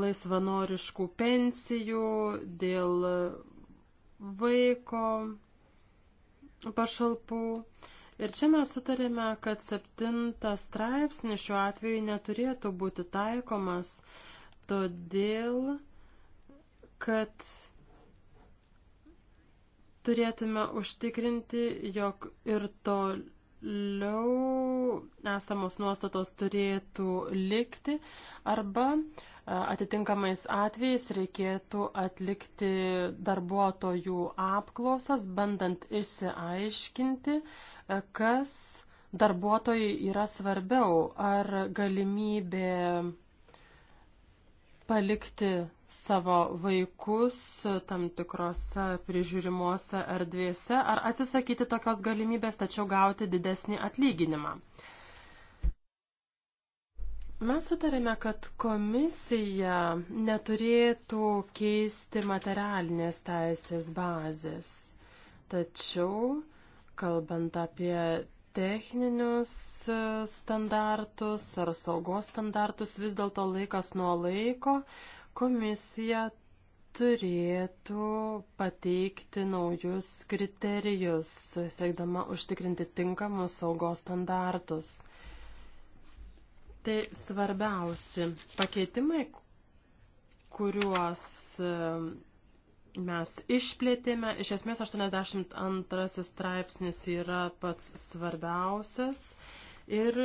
laisvanoriškų pensijų, dėl vaiko pašalpų. Ir čia mes sutarėme, kad septintas straipsnis šiuo atveju neturėtų būti taikomas, todėl, kad turėtume užtikrinti, jog ir toliau toliau esamos nuostatos turėtų likti arba atitinkamais atvejais reikėtų atlikti darbuotojų apklausas, bandant išsiaiškinti, kas darbuotojai yra svarbiau, ar galimybė palikti savo vaikus tam tikrose prižiūrimose erdvėse ar atsisakyti tokios galimybės, tačiau gauti didesnį atlyginimą. Mes sutarėme, kad komisija neturėtų keisti materialinės teisės bazės. Tačiau, kalbant apie techninius standartus ar saugos standartus, vis dėlto laikas nuo laiko Komisija turėtų pateikti naujus kriterijus, siekdama užtikrinti tinkamus saugos standartus. Tai svarbiausi pakeitimai, kuriuos mes išplėtėme. Iš esmės 82 straipsnis yra pats svarbiausias ir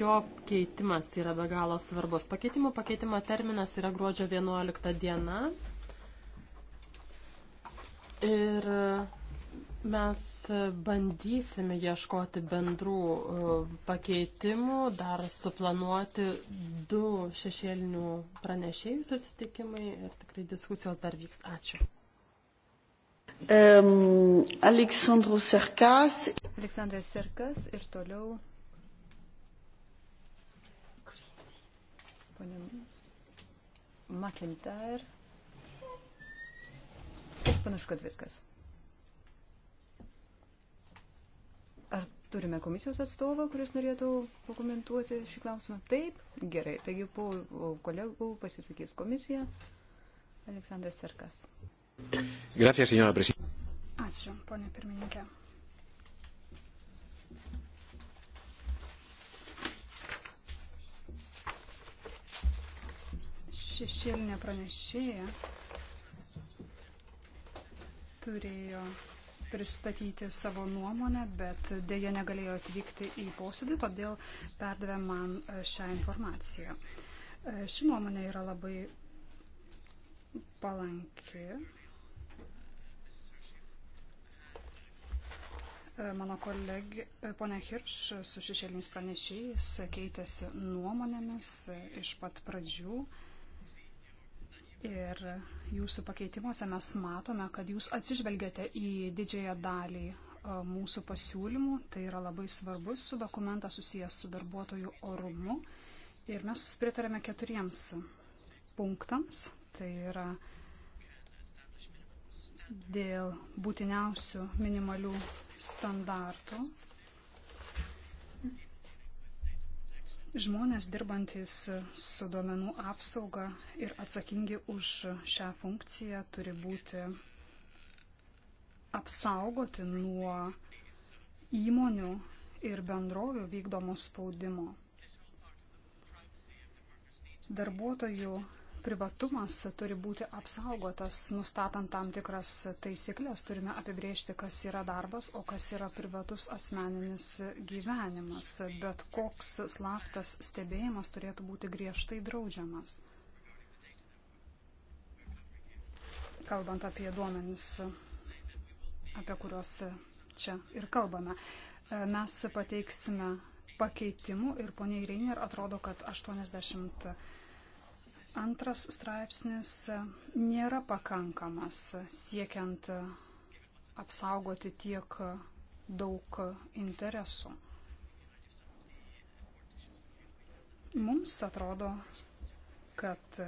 jo keitimas yra be galo svarbus. Pakeitimo pakeitimo terminas yra gruodžio 11 diena. Ir mes bandysime ieškoti bendrų uh, pakeitimų, dar suplanuoti du šešėlinių pranešėjų susitikimai ir tikrai diskusijos dar vyks. Ačiū. Um, Aleksandras Serkas. Aleksandras Serkas ir toliau ponė McIntyre. Taip panašu, kad viskas. Ar turime komisijos atstovą, kuris norėtų pakomentuoti šį klausimą? Taip, gerai. Taigi po kolegų pasisakys komisija. Aleksandras Serkas. Gracias, señora presidenta. Ačiū, ponė pirmininkė. šešėlinė pranešėja turėjo pristatyti savo nuomonę, bet dėja negalėjo atvykti į posėdį, todėl perdavė man e, šią informaciją. E, ši nuomonė yra labai palanki. E, mano kolegė, ponė Hirš, su šešėliniais pranešėjais keitėsi nuomonėmis iš pat pradžių. Ir jūsų pakeitimuose mes matome, kad jūs atsižvelgiate į didžiąją dalį e, mūsų pasiūlymų. Tai yra labai svarbus su dokumentas susijęs su darbuotojų orumu. Ir mes pritarėme keturiems punktams. Tai yra dėl būtiniausių minimalių standartų Žmonės dirbantis su duomenų apsauga ir atsakingi už šią funkciją turi būti apsaugoti nuo įmonių ir bendrovių vykdomo spaudimo. Darbuotojų privatumas turi būti apsaugotas, nustatant tam tikras taisyklės, turime apibriežti, kas yra darbas, o kas yra privatus asmeninis gyvenimas. Bet koks slaptas stebėjimas turėtų būti griežtai draudžiamas. Kalbant apie duomenis, apie kuriuos čia ir kalbame, mes pateiksime pakeitimų ir poniai Reiner atrodo, kad 80 Antras straipsnis nėra pakankamas siekiant apsaugoti tiek daug interesų. Mums atrodo, kad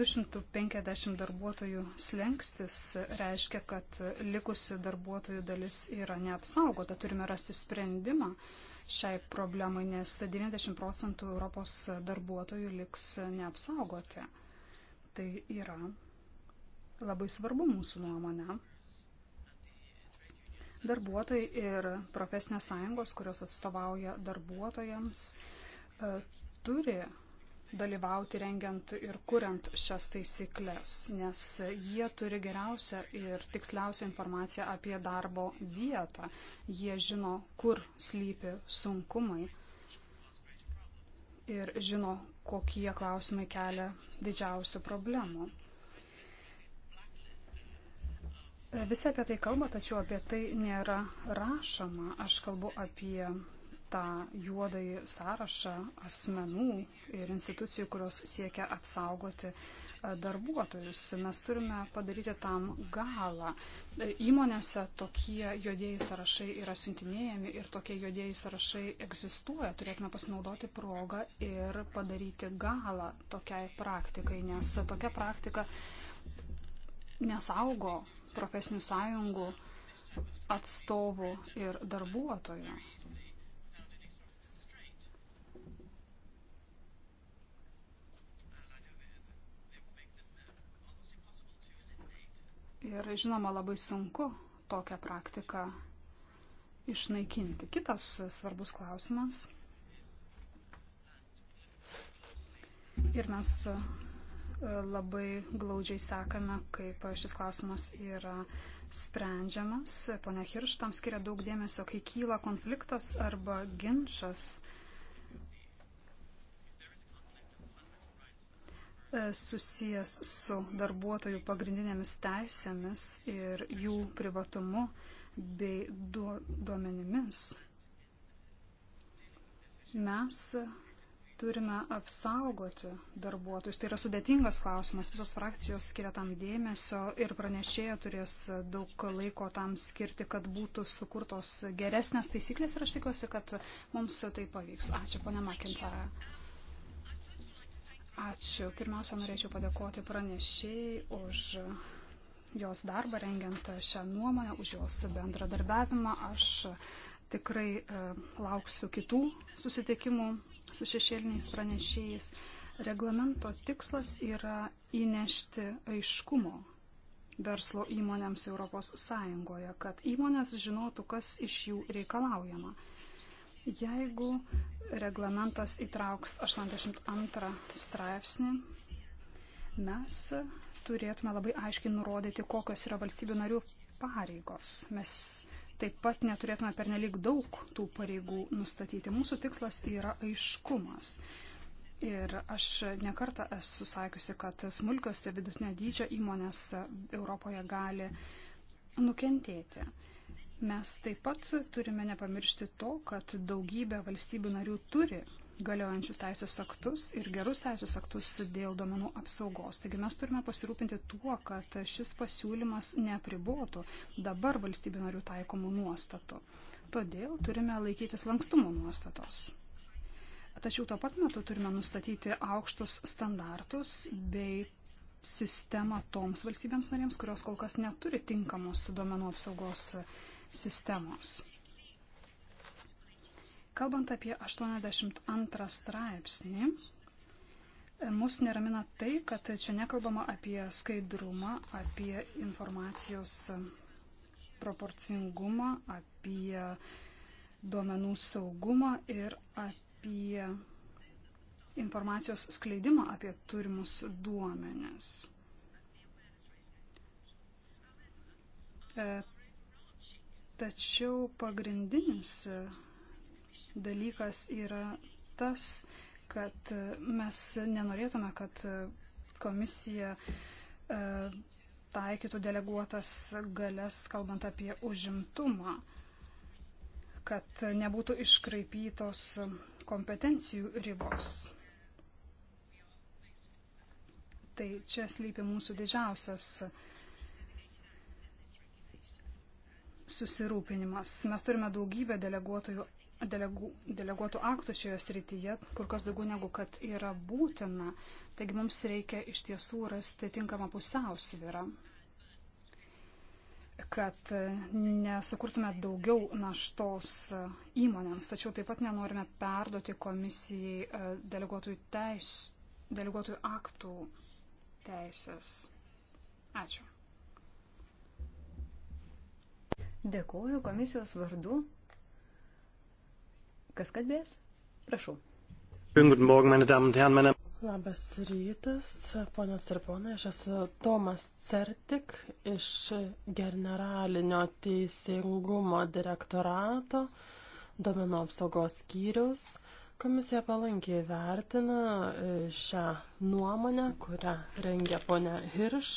250 darbuotojų slengstis reiškia, kad likusi darbuotojų dalis yra neapsaugota. Turime rasti sprendimą, uh, šiai problemai, nes 90 procentų Europos darbuotojų liks neapsaugoti. Tai yra labai svarbu mūsų nuomonė. Darbuotojai ir profesinės sąjungos, kurios atstovauja darbuotojams, e, turi dalyvauti rengiant ir kuriant šias taisyklės, nes jie turi geriausią ir tiksliausią informaciją apie darbo vietą. Jie žino, kur slypi sunkumai ir žino, kokie klausimai kelia didžiausių problemų. Visi apie tai kalba, tačiau apie tai nėra rašoma. Aš kalbu apie tą juodąjį sąrašą asmenų ir institucijų, kurios siekia apsaugoti e, darbuotojus. Mes turime padaryti tam galą. E, įmonėse tokie juodieji sąrašai yra siuntinėjami ir tokie juodieji sąrašai egzistuoja. Turėtume pasinaudoti progą ir padaryti galą tokiai praktikai, nes tokia praktika nesaugo profesinių sąjungų atstovų ir darbuotojų. Ir žinoma, labai sunku tokią praktiką išnaikinti. Kitas svarbus klausimas. Ir mes e, labai glaudžiai sekame, kaip šis klausimas yra sprendžiamas. Pone Hirštam skiria daug dėmesio, kai kyla konfliktas arba ginčas E, susijęs su darbuotojų pagrindinėmis teisėmis ir jų privatumu bei duomenimis. Mes turime apsaugoti darbuotojus. Tai yra sudėtingas klausimas. Visos frakcijos skiria tam dėmesio ir pranešėja turės daug laiko tam skirti, kad būtų sukurtos geresnės taisyklės ir aš tikiuosi, kad mums tai pavyks. Ačiū, ponia Makintarė. Ačiū. Pirmiausia, norėčiau padėkoti pranešėjai už jos darbą rengiant šią nuomonę, už jos bendradarbiavimą. Aš tikrai e, lauksiu kitų susitikimų su šešėliniais pranešėjais. Reglamento tikslas yra įnešti aiškumo verslo įmonėms ES, kad įmonės žinotų, kas iš jų reikalaujama. Jeigu reglamentas įtrauks 82 straipsnį, mes turėtume labai aiškiai nurodyti, kokios yra valstybių narių pareigos. Mes taip pat neturėtume pernelyg daug tų pareigų nustatyti. Mūsų tikslas yra aiškumas. Ir aš nekartą esu sakiusi, kad smulkios ir vidutinio dydžio įmonės Europoje gali nukentėti. Mes taip pat turime nepamiršti to, kad daugybė valstybių narių turi galiojančius teisės aktus ir gerus teisės aktus dėl domenų apsaugos. Taigi mes turime pasirūpinti tuo, kad šis pasiūlymas neapribotų dabar valstybių narių taikomų nuostatų. Todėl turime laikytis lankstumo nuostatos. Tačiau tuo pat metu turime nustatyti aukštus standartus bei sistemą toms valstybėms narėms, kurios kol kas neturi tinkamos duomenų apsaugos sistemos. Kalbant apie 82 straipsnį, mus neramina tai, kad čia nekalbama apie skaidrumą, apie informacijos proporcingumą, apie duomenų saugumą ir apie informacijos skleidimą apie turimus duomenis. E, Tačiau pagrindinis e, dalykas yra tas, kad e, mes nenorėtume, kad e, komisija taikytų deleguotas galės, kalbant apie užimtumą, kad nebūtų iškraipytos kompetencijų ribos. Tai čia slypi mūsų didžiausias uh, susirūpinimas. Mes turime daugybę deleguotojų. Delegų, deleguotų aktų šioje srityje kur kas daugiau negu kad yra būtina. Taigi mums reikia iš tiesų rasti tinkamą pusiausvyrą, kad nesukurtume daugiau naštos įmonėms, tačiau taip pat nenorime perduoti komisijai e, deleguotųjų, teis, deleguotųjų aktų teisės. Ačiū. Dėkuoju komisijos vardu. Kas kalbės? Prašau. Labas rytas, ponios ir ponai, aš esu Tomas Certik iš generalinio teisingumo direktorato, domino apsaugos skyrius. Komisija palankiai vertina e, šią nuomonę, kurią rengia ponia Hirš.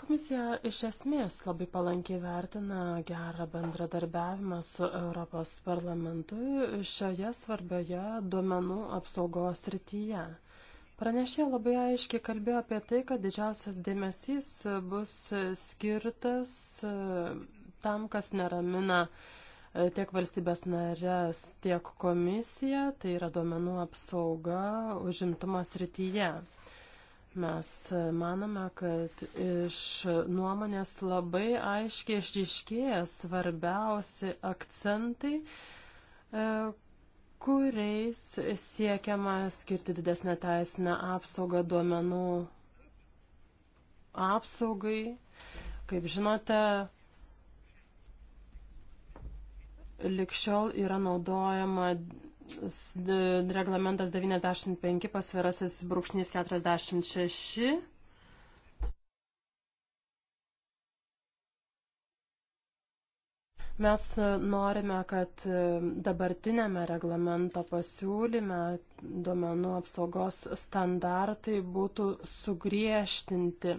Komisija iš esmės labai palankiai vertina gerą bendradarbiavimą su Europos parlamentu šioje svarbioje duomenų apsaugos rytyje. Pranešė labai aiškiai kalbėjo apie tai, kad didžiausias dėmesys bus skirtas e, tam, kas neramina e, tiek valstybės narės, tiek komisiją, tai yra duomenų apsauga užimtumo srityje. Mes manome, kad iš nuomonės labai aiškiai išryškėja svarbiausi akcentai, e, kuriais siekiama skirti didesnę teisinę apsaugą duomenų apsaugai. Kaip žinote, likščiol yra naudojama reglamentas 95 pasvirasis brūkšnys 46. Mes e, norime, kad e, dabartinėme reglamento pasiūlyme duomenų apsaugos standartai būtų sugriežtinti.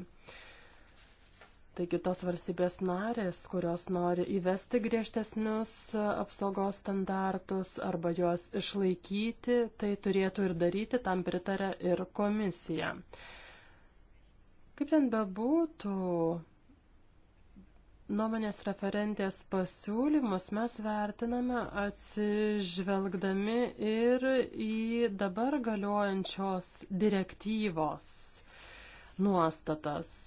Taigi tos valstybės narės, kurios nori įvesti griežtesnius e, apsaugos standartus arba juos išlaikyti, tai turėtų ir daryti, tam pritarė ir komisija. Kaip ten bebūtų, nuomonės referentės pasiūlymus mes vertiname atsižvelgdami ir į dabar galiojančios direktyvos nuostatas.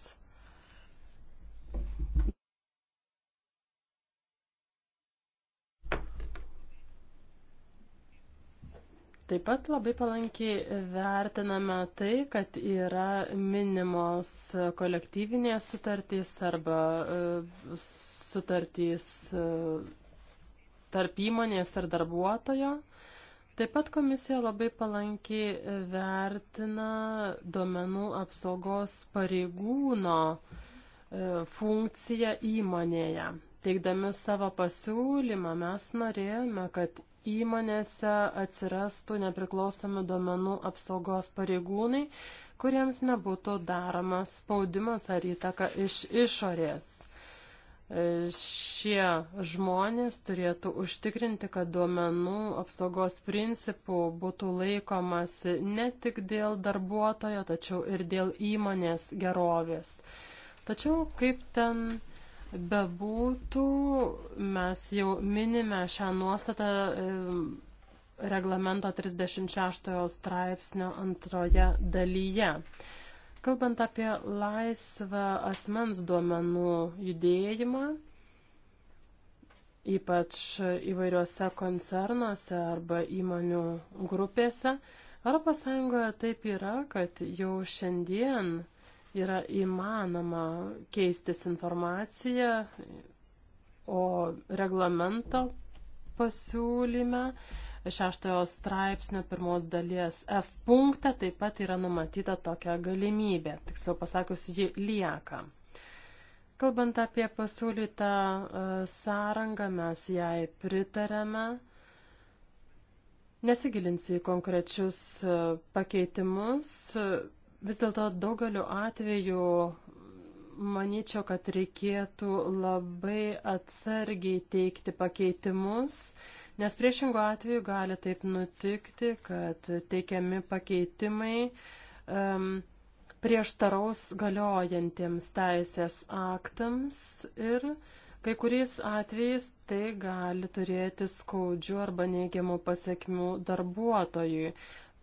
Taip pat labai palankiai vertiname tai, kad yra minimos kolektyvinės sutartys arba e, sutartys e, tarp įmonės ir darbuotojo. Taip pat komisija labai palankiai vertina duomenų apsaugos pareigūno e, funkciją įmonėje. Teikdami savo pasiūlymą mes norėjome, kad įmonėse atsirastų nepriklausomi duomenų apsaugos pareigūnai, kuriems nebūtų daromas spaudimas ar įtaka iš išorės. E, šie žmonės turėtų užtikrinti, kad duomenų apsaugos principų būtų laikomasi ne tik dėl darbuotojo, tačiau ir dėl įmonės gerovės. Tačiau kaip ten Bebūtų, mes jau minime šią nuostatą e, reglamento 36 straipsnio antroje dalyje. Kalbant apie laisvą asmens duomenų judėjimą, ypač įvairiuose koncernuose arba įmonių grupėse, ES taip yra, kad jau šiandien yra įmanoma keistis informaciją, o reglamento pasiūlyme šeštojo straipsnio pirmos dalies F punktą taip pat yra numatyta tokia galimybė, tiksliau pasakius, ji lieka. Kalbant apie pasiūlytą e, sąrangą, mes jai pritarėme. Nesigilinsiu į konkrečius e, pakeitimus, Vis dėlto daugeliu atveju manyčiau, kad reikėtų labai atsargiai teikti pakeitimus, nes priešingo atveju gali taip nutikti, kad teikiami pakeitimai um, prieštaraus galiojantiems teisės aktams ir kai kuriais atvejais tai gali turėti skaudžių arba neigiamų pasiekmių darbuotojui.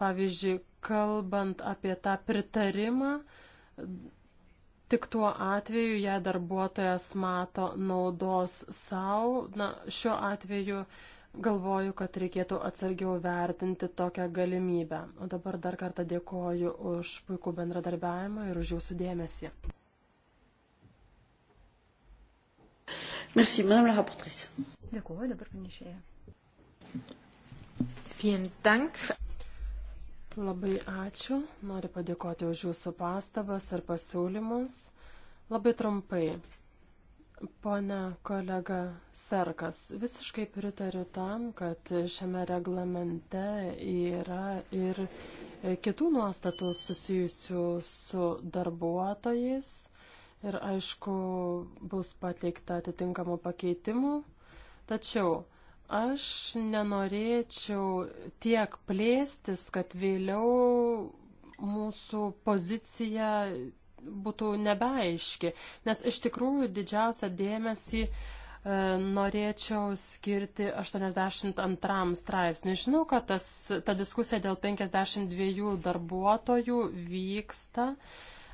Pavyzdžiui, kalbant apie tą pritarimą, tik tuo atveju, jei darbuotojas mato naudos savo, na, šiuo atveju galvoju, kad reikėtų atsargiau vertinti tokią galimybę. O dabar dar kartą dėkoju už puikų bendradarbiavimą ir už jūsų dėmesį. Merci, madame la rapportrice. Dėkuoju, dabar pranešėja. Vielen Dank. Labai ačiū. Noriu padėkoti už jūsų pastabas ir pasiūlymus. Labai trumpai. Pone kolega Serkas, visiškai pritariu tam, kad šiame reglamente yra ir kitų nuostatų susijusių su darbuotojais ir aišku bus pateikta atitinkamų pakeitimų. Tačiau Aš nenorėčiau tiek plėstis, kad vėliau mūsų pozicija būtų nebeaiški, nes iš tikrųjų didžiausią dėmesį e, norėčiau skirti 82 straipsniui. Žinau, kad tas, ta diskusija dėl 52 darbuotojų vyksta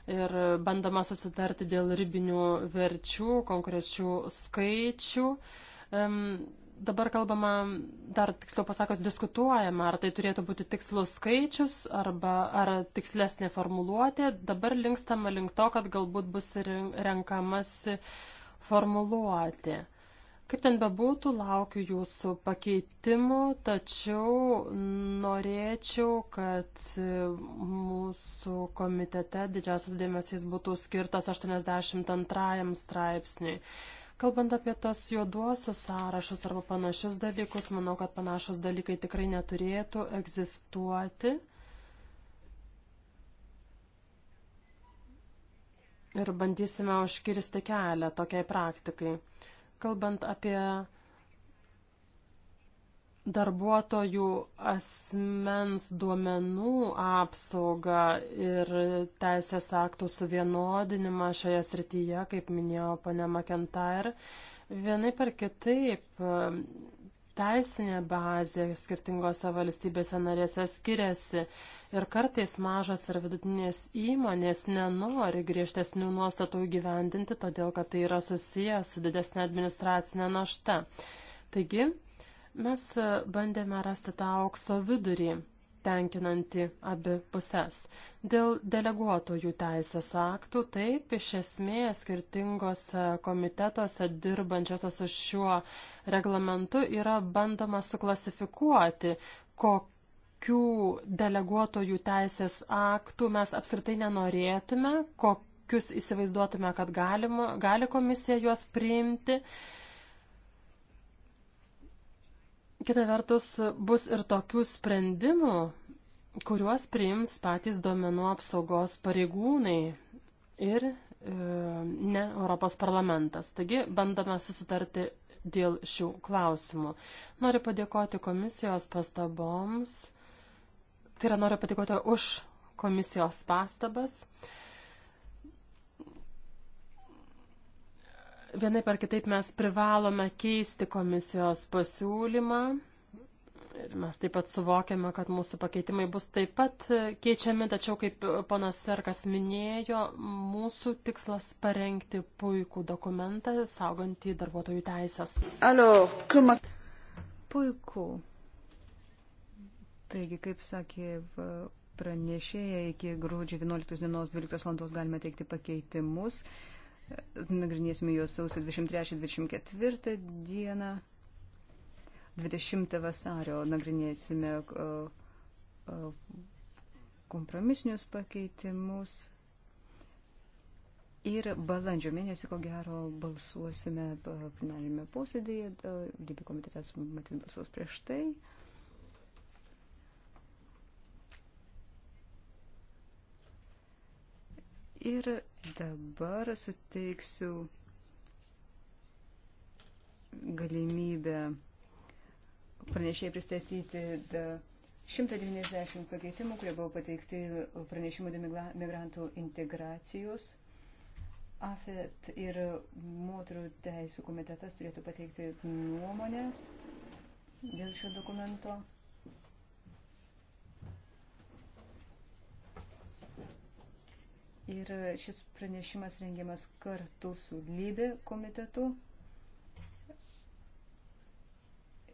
ir bandoma susitarti dėl ribinių verčių, konkrečių skaičių. E, dabar kalbama, dar tiksliau pasakos, diskutuojama, ar tai turėtų būti tikslus skaičius, arba ar tikslesnė formuluotė. Dabar linkstama link to, kad galbūt bus renkamasi formuluotė. Kaip ten bebūtų, laukiu jūsų pakeitimų, tačiau norėčiau, kad mūsų komitete didžiausias dėmesys būtų skirtas 82 straipsniui. Kalbant apie tas juoduosius sąrašus arba panašius dalykus, manau, kad panašus dalykai tikrai neturėtų egzistuoti. Ir bandysime užkirsti kelią tokiai praktikai. Kalbant apie darbuotojų asmens duomenų apsaugą ir teisės aktų suvienodinimą šioje srityje, kaip minėjo pane McIntyre, vienai per kitaip teisinė bazė skirtingose valstybėse narėse skiriasi ir kartais mažas ir vidutinės įmonės nenori griežtesnių nuostatų įgyvendinti, todėl kad tai yra susiję su didesnė administracinė našta. Taigi, Mes e, bandėme rasti tą aukso vidurį, tenkinanti abi puses. Dėl deleguotojų teisės aktų taip iš esmės skirtingose komitetuose dirbančiose su šiuo reglamentu yra bandoma suklasifikuoti, kokių deleguotojų teisės aktų mes apskritai nenorėtume, kokius įsivaizduotume, kad galima, gali komisija juos priimti. Uh, Kita vertus, bus ir tokių sprendimų, kuriuos priims patys duomenų apsaugos pareigūnai ir e, ne Europos parlamentas. Taigi bandome susitarti dėl šių klausimų. Noriu padėkoti komisijos pastaboms. Tai yra, noriu padėkoti už komisijos pastabas. E, vienai per kitaip mes privalome keisti komisijos pasiūlymą. Ir mes taip pat suvokiame, kad mūsų pakeitimai bus taip pat keičiami, tačiau, kaip ponas Serkas minėjo, mūsų tikslas parengti puikų dokumentą, saugantį darbuotojų teisės. Alo, kuma. Puiku. Taigi, kaip sakė pranešėja, iki gruodžio 11 dienos 12 val. galime teikti pakeitimus. Uh, Nagrinėsime juos sausio 23-24 dieną. 20 vasario nagrinėsime kompromisinius pakeitimus. Ir balandžio mėnesį, ko gero, balsuosime plenarime posėdėje. Lybi komitetas matyt balsuos prieš tai. Ir dabar suteiksiu galimybę pranešėjai pristatyti 190 pakeitimų, kurie buvo pateikti pranešimų dėl migrantų integracijos. AFET ir moterų teisų komitetas turėtų pateikti nuomonę dėl šio dokumento. Ir šis pranešimas rengiamas kartu su Lybė komitetu.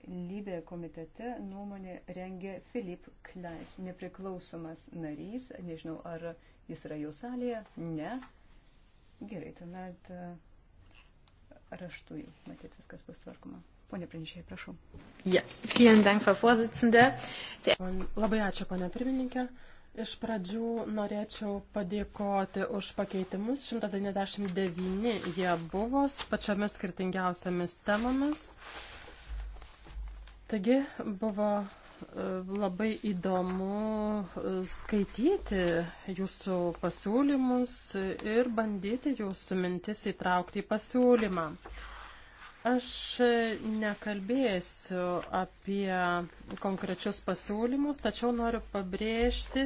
Lybė komitete nuomonė rengia Filip Kleis, nepriklausomas narys. Nežinau, ar jis yra jau salėje. Ne. Gerai, tuomet e, raštu, matyt, viskas bus tvarkoma. Pone pranešėjai, prašau. Ja. Dank, Labai ačiū, pone pirmininkė. Iš pradžių norėčiau padėkoti už pakeitimus. 199 jie buvo su pačiomis skirtingiausiamis temomis. Taigi buvo e, labai įdomu e, skaityti jūsų pasiūlymus ir bandyti jūsų mintis įtraukti į pasiūlymą. Aš nekalbėsiu apie konkrečius pasiūlymus, tačiau noriu pabrėžti,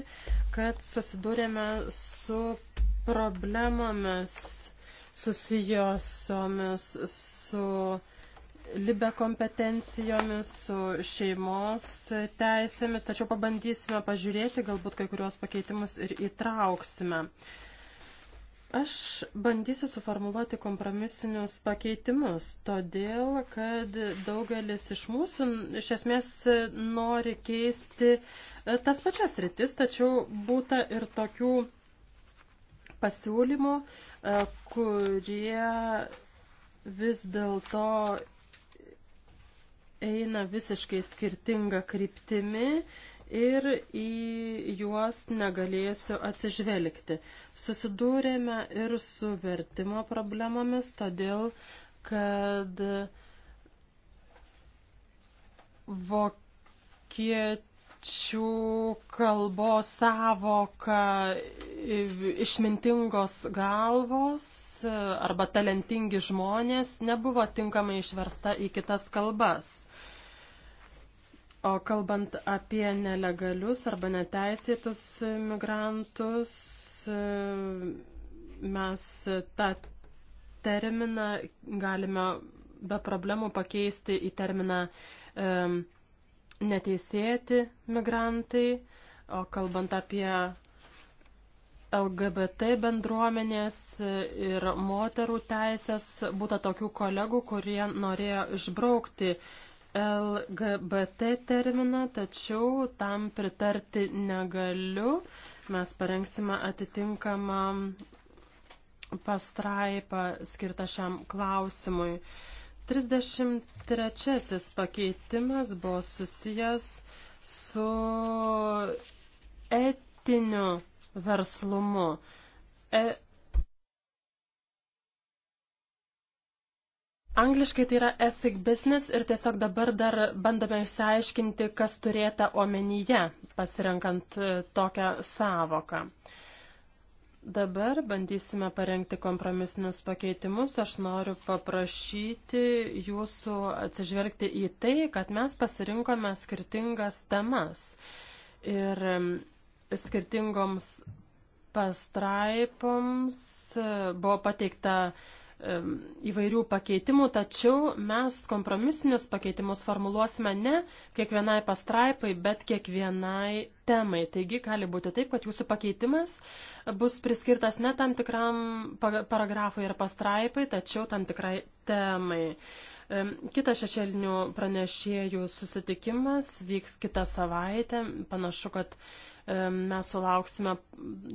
kad susidūrėme su problemomis susijosiomis su libe kompetencijomis, su šeimos teisėmis, tačiau pabandysime pažiūrėti, galbūt kai kuriuos pakeitimus ir įtrauksime. Uh, Aš bandysiu suformuluoti kompromisinius pakeitimus, todėl kad daugelis iš mūsų iš esmės nori keisti e, tas pačias rytis, tačiau būta ir tokių pasiūlymų, e, kurie vis dėlto eina visiškai skirtinga kryptimi ir į juos negalėsiu atsižvelgti. Susidūrėme ir su vertimo problemomis, todėl kad vokiečių kalbos savoka išmintingos galvos e, arba talentingi žmonės nebuvo tinkamai išversta į kitas kalbas. O kalbant apie nelegalius arba neteisėtus migrantus, mes tą terminą galime be problemų pakeisti į terminą um, neteisėti migrantai, o kalbant apie LGBT bendruomenės ir moterų teisės, būta tokių kolegų, kurie norėjo išbraukti uh, LGBT terminą, tačiau tam pritarti negaliu. Mes parengsime atitinkamą pastraipą skirtą šiam klausimui. 33 pakeitimas buvo susijęs su etiniu verslumu. E Angliškai tai yra ethic business ir tiesiog dabar dar bandome išsiaiškinti, kas turėta omenyje, pasirenkant e, tokią savoką. Dabar bandysime parengti kompromisinius pakeitimus. Aš noriu paprašyti jūsų atsižvelgti į tai, kad mes pasirinkome skirtingas temas. Ir skirtingoms pastraipoms e, buvo pateikta uh, įvairių pakeitimų, tačiau mes kompromisinius pakeitimus formuluosime ne kiekvienai pastraipai, bet kiekvienai temai. Taigi gali būti taip, kad jūsų pakeitimas bus priskirtas ne tam tikram paragrafui ir pastraipai, tačiau tam tikrai temai. Kitas šešėlinių pranešėjų susitikimas vyks kitą savaitę. Panašu, kad mes sulauksime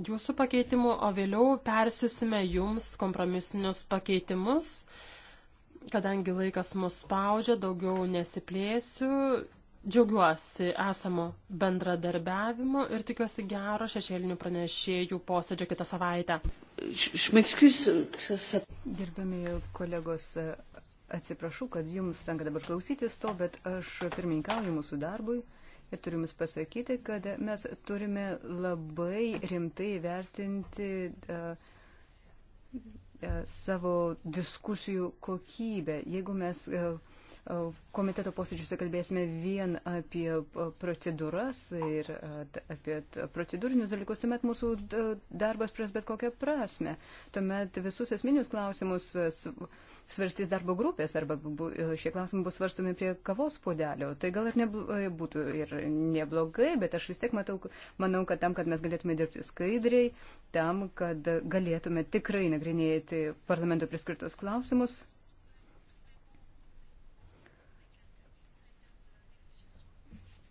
jūsų pakeitimų, o vėliau persiusime jums kompromisinius pakeitimus. Kadangi laikas mus spaudžia, daugiau nesiplėsiu. Džiaugiuosi esamu bendradarbiavimu ir tikiuosi gero šešėlinių pranešėjų posėdžio kitą savaitę. Gerbiami kolegos, atsiprašau, kad jums tenka dabar klausytis to, bet aš pirmininkauju mūsų darbui. Ir turiu Jums pasakyti, kad mes turime labai rimtai vertinti uh, uh, savo diskusijų kokybę. Jeigu mes uh, komiteto posėdžiuose kalbėsime vien apie procedūras ir apie procedūrinius dalykus, tuomet mūsų darbas pras bet kokią prasme. Tuomet visus esminius klausimus svarstys darbo grupės arba bu, šie klausimai bus svarstomi prie kavos puodelio. Tai gal ir nebūtų e, ir neblogai, bet aš vis tiek matau, manau, kad tam, kad mes galėtume dirbti skaidriai, tam, kad galėtume tikrai nagrinėti parlamento priskirtus klausimus.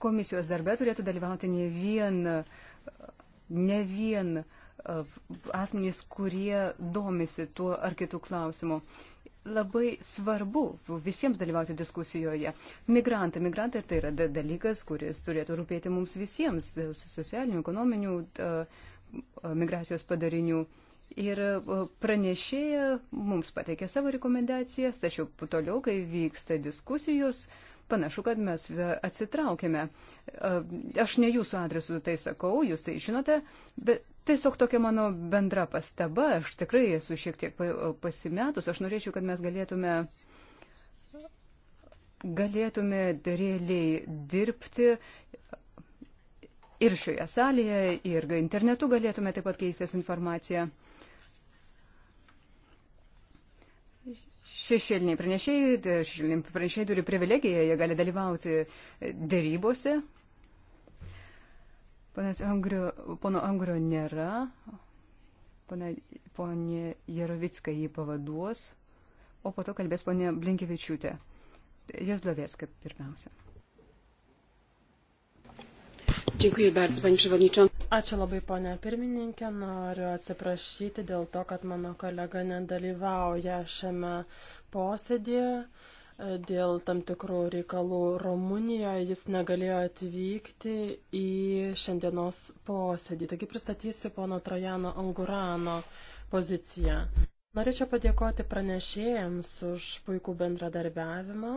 Komisijos darbe turėtų dalyvauti ne vien, ne vien e, asmenys, kurie domisi tuo ar kitų klausimų. Uh, labai svarbu visiems dalyvauti diskusijoje. Migrantai, migrantai tai yra dalykas, kuris turėtų rūpėti mums visiems e, socialinių, ekonominių e, e, migracijos padarinių. Ir pranešėja mums pateikė savo rekomendacijas, tačiau toliau, kai vyksta diskusijos, panašu, kad mes atsitraukėme. Aš ne jūsų adresu tai sakau, jūs tai žinote, bet Tiesiog tokia mano bendra pastaba, aš tikrai esu šiek tiek pasimetus, aš norėčiau, kad mes galėtume, galėtume realiai dirbti ir šioje salėje, ir internetu galėtume taip pat keistis informaciją. Šešėliniai pranešėjai, šešėliniai pranešėjai turi privilegiją, jie gali dalyvauti dėrybose, Angriu, pono Angrio nėra, ponė, ponė Jerovicka jį pavaduos, o po to kalbės ponė Blinkevičiūtė. Jezlovėska pirmiausia. Dziękuję bardzo, Pani Przewodnicząca. Ačiū labai, ponia pirmininkė. Noriu atsiprašyti dėl to, kad mano kolega nedalyvauja šiame posėdėje dėl tam tikrų reikalų Rumunijoje jis negalėjo atvykti į šiandienos posėdį. Taigi pristatysiu pono Trojano Angurano poziciją. Norėčiau padėkoti pranešėjams už puikų bendradarbiavimą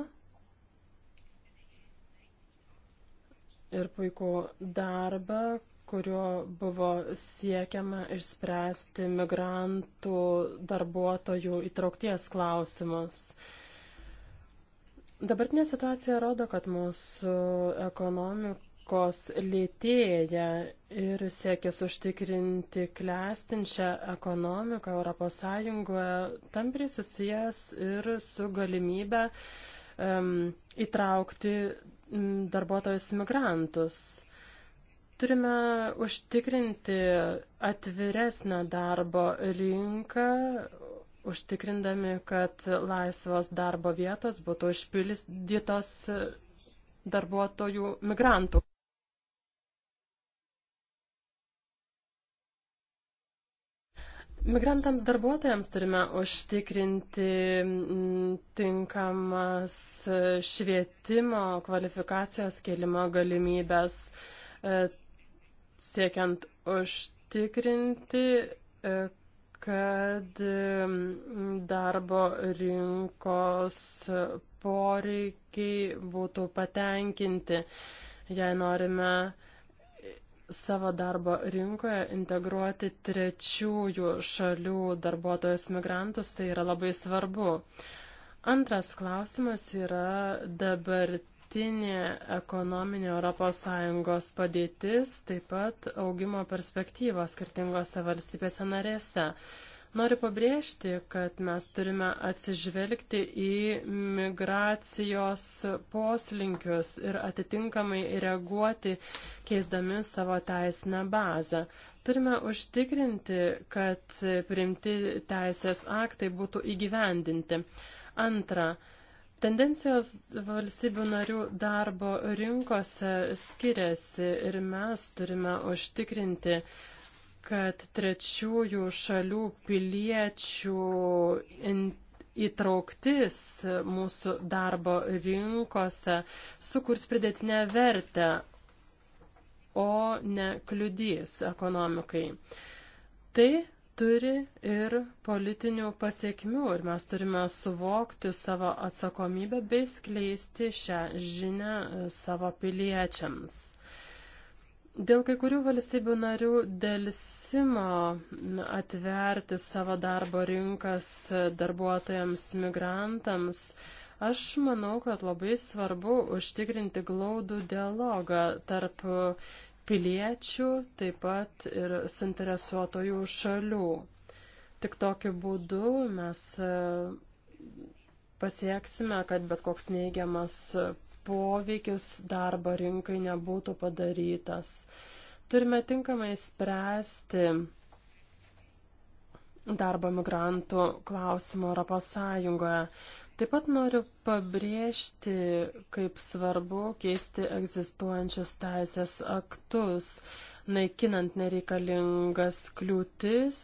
ir puikų darbą, kuriuo buvo siekiama išspręsti migrantų darbuotojų įtraukties klausimus. Dabartinė situacija rodo, kad mūsų ekonomikos lėtėja ir siekis užtikrinti klestinčią ekonomiką ES tampriai susijęs ir su galimybę um, įtraukti darbuotojus migrantus. Turime užtikrinti atviresnę darbo rinką, užtikrindami, kad laisvos darbo vietos būtų išpildytos darbuotojų migrantų. Migrantams darbuotojams turime užtikrinti tinkamas švietimo, kvalifikacijos kelimo galimybės, e, siekiant užtikrinti, e, kad darbo rinkos poreikiai būtų patenkinti, jei norime savo darbo rinkoje integruoti trečiųjų šalių darbuotojus migrantus, tai yra labai svarbu. Antras klausimas yra dabartinis dabartinė ekonominė ES padėtis, taip pat augimo perspektyvos skirtingose valstybėse narėse. Noriu pabrėžti, kad mes turime atsižvelgti į migracijos poslinkius ir atitinkamai reaguoti, keisdami savo teisinę bazę. Turime užtikrinti, kad primti teisės aktai būtų įgyvendinti. Antra, Tendencijos valstybių narių darbo rinkose skiriasi ir mes turime užtikrinti, kad trečiųjų šalių piliečių įtrauktis mūsų darbo rinkose sukurs pridėtinę vertę, o ne kliudys ekonomikai. Tai turi ir politinių pasiekmių ir mes turime suvokti savo atsakomybę bei skleisti šią žinę e, savo piliečiams. Dėl kai kurių valstybių narių dėlsimo atverti savo darbo rinkas e, darbuotojams migrantams, aš manau, kad labai svarbu užtikrinti glaudų dialogą tarp piliečių, taip pat ir suinteresuotojų šalių. Tik tokiu būdu mes e, pasieksime, kad bet koks neigiamas poveikis darbo rinkai nebūtų padarytas. Turime tinkamai spręsti darbo migrantų klausimo Europos Sąjungoje. Taip pat noriu pabrėžti, kaip svarbu keisti egzistuojančius teisės aktus, naikinant nereikalingas kliūtis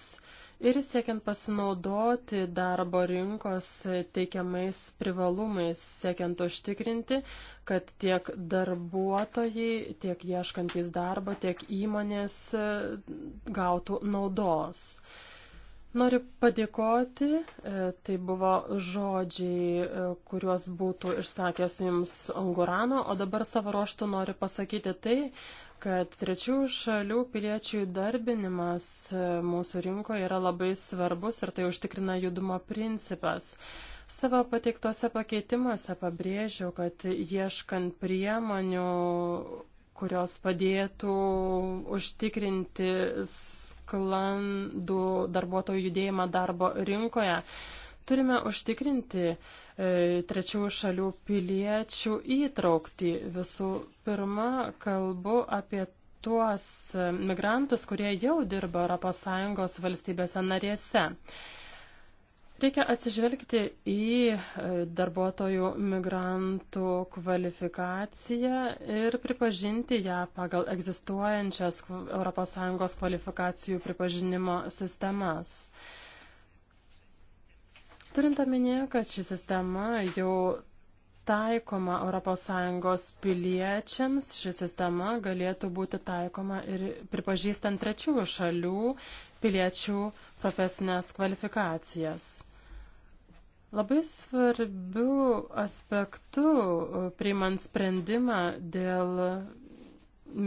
ir siekiant pasinaudoti darbo rinkos teikiamais privalumais, siekiant užtikrinti, kad tiek darbuotojai, tiek ieškantys darbo, tiek įmonės gautų naudos. Noriu padėkoti, e, tai buvo žodžiai, e, kuriuos būtų išsakęs jums Ungurano, o dabar savo ruoštų noriu pasakyti tai, kad trečiųjų šalių piliečių darbinimas e, mūsų rinkoje yra labai svarbus ir tai užtikrina judumo principas. Savo pateiktose pakeitimuose pabrėžiau, kad ieškant priemonių kurios padėtų užtikrinti sklandų darbuotojų judėjimą darbo rinkoje. Turime užtikrinti e, trečiųjų šalių piliečių įtraukti. Visų pirma, kalbu apie tuos migrantus, kurie jau dirba ES valstybėse narėse. E, Reikia atsižvelgti į e, darbuotojų migrantų kvalifikaciją ir pripažinti ją pagal egzistuojančias ES kvalifikacijų pripažinimo sistemas. Turint omenyje, kad ši sistema jau taikoma ES piliečiams, ši sistema galėtų būti taikoma ir pripažįstant trečiųjų šalių piliečių profesinės kvalifikacijas. Labai svarbiu aspektu e, priimant sprendimą dėl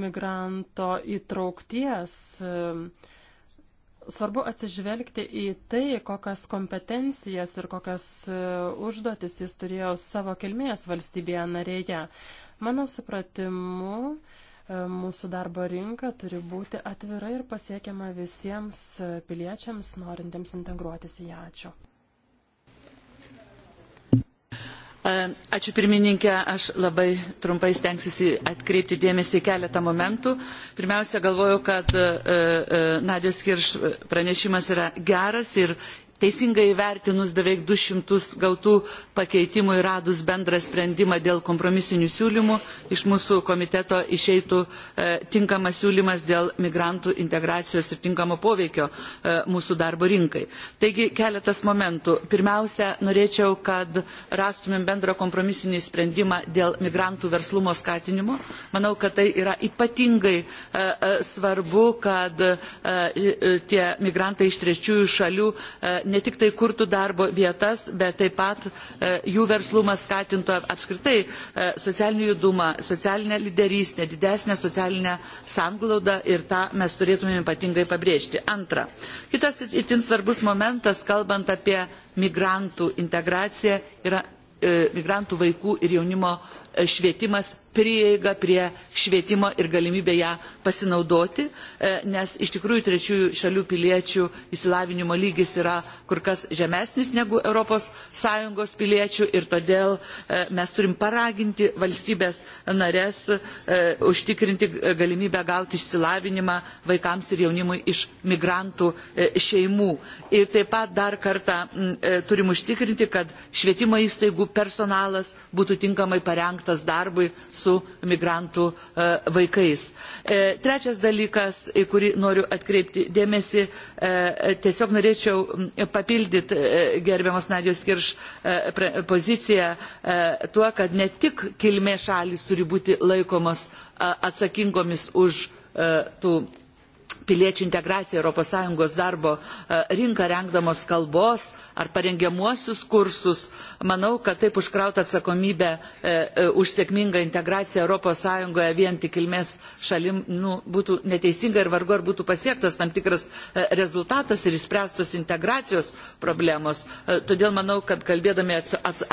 migranto įtraukties e, svarbu atsižvelgti į tai, kokias kompetencijas ir kokias e, užduotis jis turėjo savo kilmės valstybėje narėje. Mano supratimu, mūsų darbo rinka turi būti atvira ir pasiekiama visiems piliečiams, norintiems integruotis į ją. Ačiū. Ačiū pirmininkė, aš labai trumpai stengsiuosi atkreipti dėmesį į keletą momentų. Pirmiausia, galvoju, kad e, e, Nadės Kirš pranešimas yra geras ir Teisingai įvertinus beveik 200 gautų pakeitimų ir radus bendrą sprendimą dėl kompromisinių siūlymų, iš mūsų komiteto išeitų e, tinkamas siūlymas dėl migrantų integracijos ir tinkamo poveikio e, mūsų darbo rinkai. Taigi keletas momentų. Pirmiausia, norėčiau, kad rastumėm bendrą kompromisinį sprendimą dėl migrantų verslumo skatinimo. Manau, kad tai yra ypatingai e, e, svarbu, kad e, e tie migrantai iš trečiųjų šalių e, ne tik tai kurtų darbo vietas, bet taip pat e, jų verslumą skatintų apskritai e, socialinį judumą, socialinę lyderystę, didesnę socialinę sanglaudą ir tą mes turėtumėm ypatingai pabrėžti. Antra, kitas itin svarbus momentas, kalbant apie migrantų integraciją, yra e, migrantų vaikų ir jaunimo švietimas prieiga prie švietimo ir galimybė ją pasinaudoti, e, nes iš tikrųjų trečiųjų šalių piliečių įsilavinimo lygis yra kur kas žemesnis negu ES piliečių ir todėl e, mes turim paraginti valstybės narės e, užtikrinti galimybę gauti išsilavinimą vaikams ir jaunimui iš migrantų šeimų. Ir taip pat dar kartą turim užtikrinti, kad švietimo įstaigų personalas būtų tinkamai parengtas aktas darbui su migrantų e, vaikais. E, trečias dalykas, į kurį noriu atkreipti dėmesį, e, tiesiog norėčiau papildyti gerbiamas Nadijos Kirš poziciją tuo, kad ne tik kilmės šalis turi būti laikomas atsakingomis už tų piliečių integraciją Europos Sąjungos darbo e, rinką rengdamos kalbos ar parengiamuosius kursus. Manau, kad taip užkrauta atsakomybė e, e, už sėkmingą integraciją Europos Sąjungoje vien tik kilmės šalim nu, būtų neteisinga ir vargu ar būtų pasiektas tam tikras rezultatas ir įspręstos integracijos problemos. Todėl manau, kad kalbėdami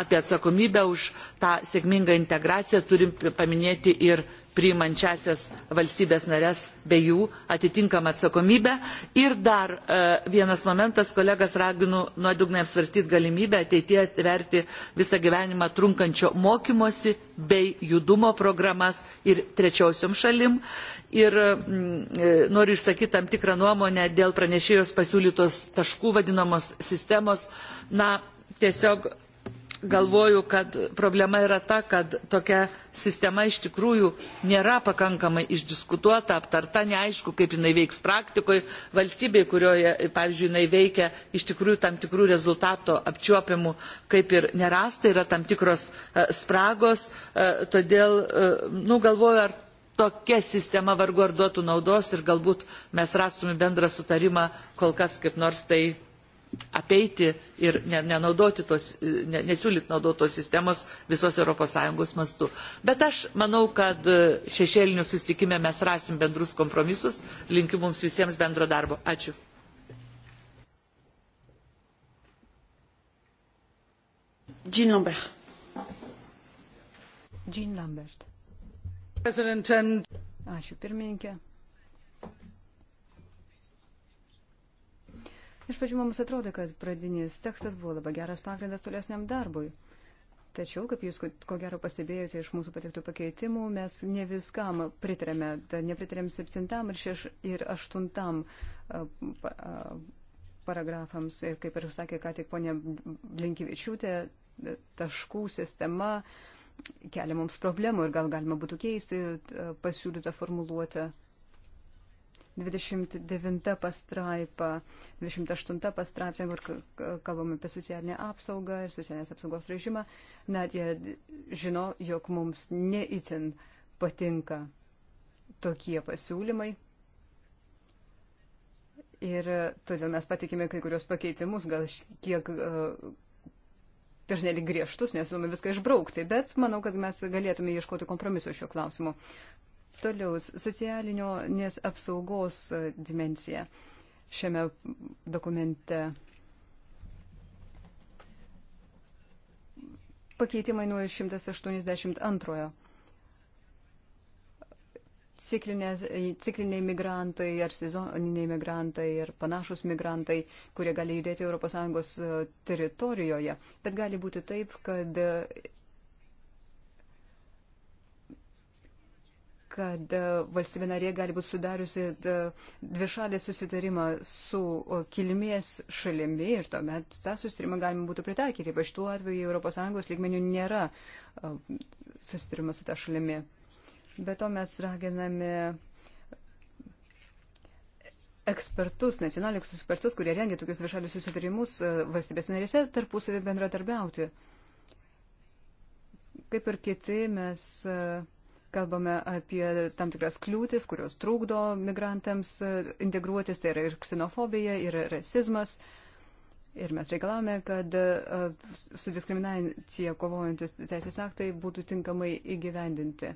apie atsakomybę už tą sėkmingą integraciją turim paminėti ir priimančiasias valstybės narės bei jų atitinkamą atsakomybę. Ir dar e, vienas momentas, kolegas raginu nuodugnai apsvarstyti galimybę ateityje atverti visą gyvenimą trunkančio mokymosi bei judumo programas ir trečiosiom šalim. Ir mm, e, noriu išsakyti tam tikrą nuomonę dėl pranešėjos pasiūlytos taškų vadinamos sistemos. Na, tiesiog galvoju, kad problema yra ta, kad tokia sistema iš tikrųjų nėra pakankamai išdiskutuota, aptarta, neaišku, kaip jinai veiks praktikoje, valstybėje, kurioje, pavyzdžiui, jinai veikia, iš tikrųjų tam tikrų rezultato apčiuopiamų kaip ir nerasta, yra tam tikros e, spragos, e, todėl, e, nu, galvoju, ar tokia sistema vargu ar duotų naudos ir galbūt mes rastume bendrą sutarimą, kol kas kaip nors tai apeiti ir nenaudoti tos, nesiūlyti naudoti tos sistemos visos ES mastu. Bet aš manau, kad šešėlinių sustikime mes rasim bendrus kompromisus. Linkiu mums visiems bendro darbo. Ačiū. Jean Lambert. Jean Lambert. President and... Ačiū pirmininkė. Iš pačių mums atrodo, kad pradinis tekstas buvo labai geras pagrindas tolesniam darbui. Tačiau, kaip jūs ko gero pastebėjote iš mūsų patiktų pakeitimų, mes ne viskam pritarėme, nepritarėm septintam ir, šeš, ir aštuntam paragrafams. Ir kaip ir sakė, ką tik ponė Blinkivičiūtė, taškų sistema kelia mums problemų ir gal galima būtų keisti pasiūlytą formuluotę. 29 pastraipa, 28 pastraipsnė, kur kalbame apie socialinę apsaugą ir socialinės apsaugos režimą, net jie žino, jog mums neįtin patinka tokie pasiūlymai. Ir todėl mes patikime kai kurios pakeitimus, gal kiek uh, pernelyg griežtus, nes sume viską išbraukti, bet manau, kad mes galėtume ieškoti kompromiso šiuo klausimu. Toliau, socialinio nes apsaugos e, dimencija šiame dokumente. Pakeitimai nuo 182 cikliniai migrantai ar sezoniniai migrantai ir panašus migrantai, kurie gali judėti ES e, teritorijoje. Bet gali būti taip, kad kad e, valstybė narė gali būti sudariusi e, dvišalį susitarimą su kilmės šalimi ir tuomet tą susitarimą galima būtų pritaikyti. Ypač tuo atveju ES lygmenių nėra e, susitarimo su ta šalimi. Be to mes raginame ekspertus, nacionalinius ekspertus, kurie rengia tokius dvišalius susitarimus valstybės narėse, tarpusavį bendradarbiauti. Kaip ir kiti, mes uh, kalbame apie tam tikras kliūtis, kurios trūkdo migrantams e, integruotis, tai yra ir ksenofobija, ir rasizmas. Ir mes reikalavome, kad e, su diskriminacija kovojantis teisės aktai būtų tinkamai įgyvendinti.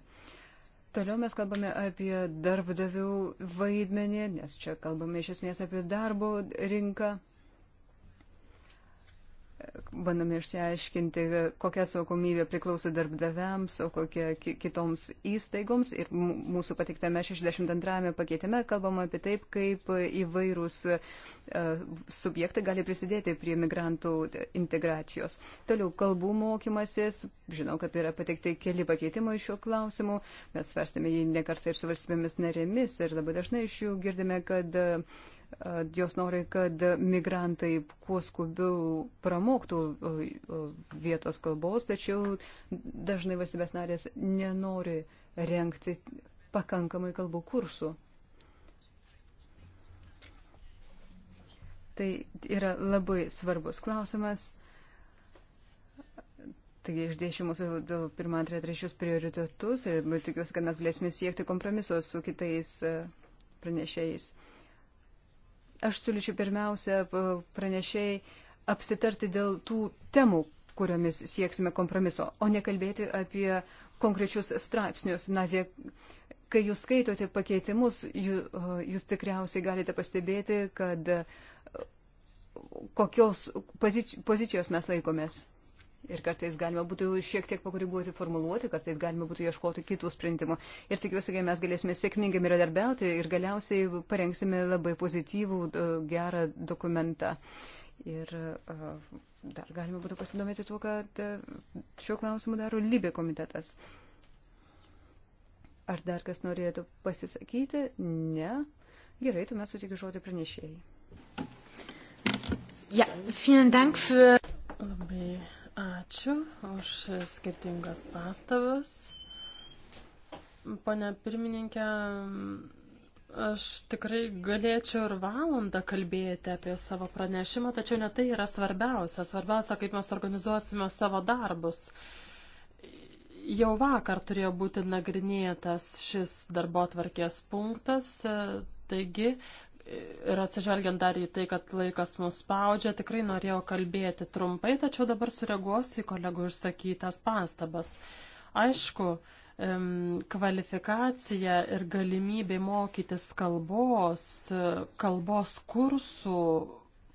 Toliau mes kalbame apie darbdavių vaidmenį, nes čia kalbame iš esmės apie darbo rinką bandome išsiaiškinti, kokia atsakomybė priklauso darbdaviams, o kokia kitoms įstaigoms. Ir mūsų pateiktame 62 pakeitime kalbama apie taip, kaip įvairūs e, subjektai gali prisidėti prie migrantų integracijos. Toliau kalbų mokymasis. Žinau, kad yra pateikti keli pakeitimai šiuo klausimu. Mes svarstėme jį nekartą ir su valstybėmis narėmis ir labai dažnai iš jų girdime, kad uh, jos nori, kad migrantai kuo skubiau pramoktų vietos kalbos, tačiau dažnai valstybės narės nenori renkti pakankamai kalbų kursų. Tai yra labai svarbus klausimas. Taigi išdėšiu mūsų pirmą, antrą, trečius prioritetus ir tikiuosi, kad mes galėsime siekti kompromiso su kitais e, pranešėjais. Uh, Aš siūlyčiau pirmiausia pranešėjai apsitarti dėl tų temų, kuriomis sieksime kompromiso, o nekalbėti apie konkrečius straipsnius. Nazija, kai jūs skaitote pakeitimus, jūs, jūs tikriausiai galite pastebėti, kad kokios pozicijos mes laikomės. Ir kartais galima būtų šiek tiek pakoriguoti formuluoti, kartais galima būtų ieškoti kitų sprendimų. Ir tikiuosi, kad mes galėsime sėkmingai bendradarbiauti ir galiausiai parengsime labai pozityvų, e, gerą dokumentą. Ir e, dar galima būtų pasidomėti tuo, kad e, šiuo klausimu daro Libė komitetas. Ar dar kas norėtų pasisakyti? Ne. Gerai, tuomet sutikiu žodį pranešėjai. Ja, vielen Dank für. Labai Ačiū už skirtingas pastabas. Pane pirmininkė, aš tikrai galėčiau ir valandą kalbėti apie savo pranešimą, tačiau ne tai yra svarbiausia. Svarbiausia, kaip mes organizuosime savo darbus. Jau vakar turėjo būti nagrinėtas šis darbo tvarkės punktas, taigi ir atsižvelgiant dar į tai, kad laikas mus spaudžia, tikrai norėjau kalbėti trumpai, tačiau dabar sureaguosiu į kolegų išsakytas pastabas. Aišku, kvalifikacija ir galimybė mokytis kalbos, kalbos kursų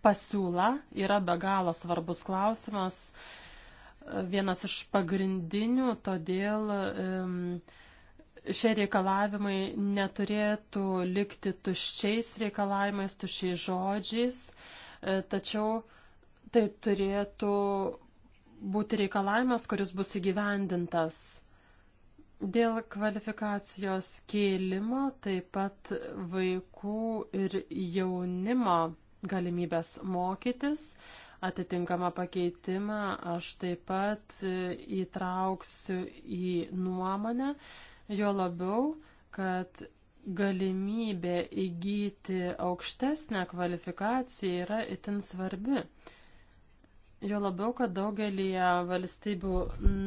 pasiūla yra be galo svarbus klausimas, vienas iš pagrindinių, todėl um, šie reikalavimai neturėtų likti tuščiais reikalavimais, tuščiais žodžiais, e, tačiau tai turėtų būti reikalavimas, kuris bus įgyvendintas. Dėl kvalifikacijos kėlimo, taip pat vaikų ir jaunimo galimybės mokytis, atitinkamą pakeitimą aš taip pat e, įtrauksiu į nuomonę, Jo labiau, kad galimybė įgyti aukštesnę kvalifikaciją yra itin svarbi. Jo labiau, kad daugelį valstybių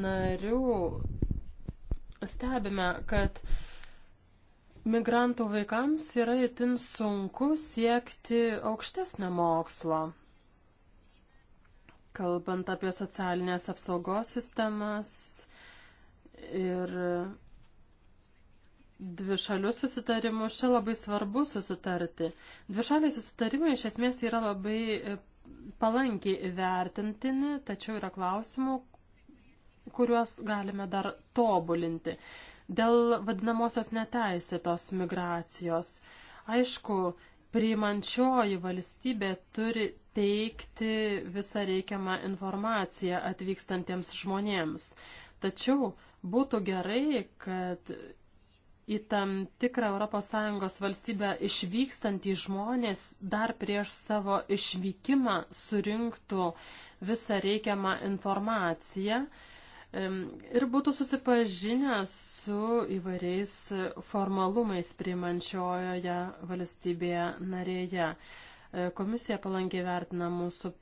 narių stebime, kad migrantų vaikams yra itin sunku siekti aukštesnio mokslo. Kalbant apie socialinės apsaugos sistemas ir dvišalius susitarimus, čia labai svarbu susitarti. Dvišaliai susitarimai iš esmės yra labai e, palankiai vertintini, tačiau yra klausimų, kuriuos galime dar tobulinti. Dėl vadinamosios neteisėtos migracijos. Aišku, priimančioji valstybė turi teikti visą reikiamą informaciją atvykstantiems žmonėms. Tačiau būtų gerai, kad į tam tikrą ES valstybę išvykstantys žmonės dar prieš savo išvykimą surinktų visą reikiamą informaciją ir būtų susipažinę su įvairiais formalumais priimančiojoje valstybėje narėje. E, komisija palankiai vertina mūsų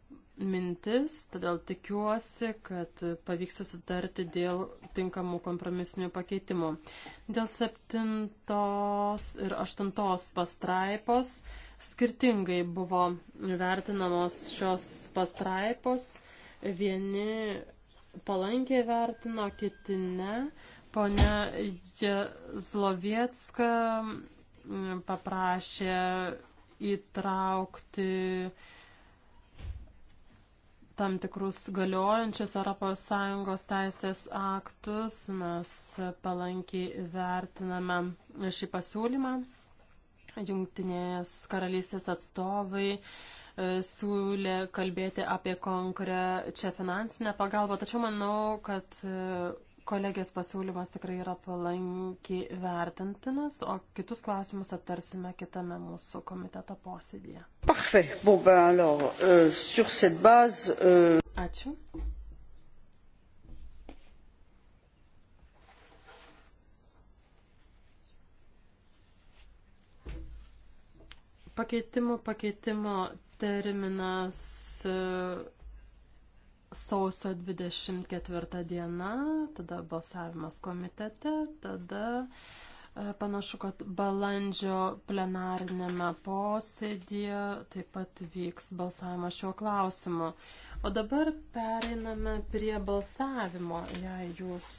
mintis, todėl tikiuosi, kad pavyks susitarti dėl tinkamų kompromisinių pakeitimų. Dėl septintos ir aštuntos pastraipos skirtingai buvo vertinamos šios pastraipos. Vieni palankiai vertino, kiti ne. Pone Jezlovietska mm, paprašė įtraukti uh, tam tikrus galiojančius ES teisės aktus. Mes palankiai vertiname šį pasiūlymą. Jungtinės karalystės atstovai e, siūlė kalbėti apie konkrečią finansinę pagalbą, tačiau manau, kad e, Kolegijos pasiūlymas tikrai yra palankiai vertintinas, o kitus klausimus aptarsime kitame mūsų komiteto posėdėje. Parfait. Bon, ben alors, euh, sur cette base. Euh... Ačiū. Pakeitimo, pakeitimo terminas. Euh sausio 24 diena, tada balsavimas komitete, tada e, panašu, kad balandžio plenarinėme posėdėje taip pat vyks balsavimas šiuo klausimu. O dabar pereiname prie balsavimo, jei jūs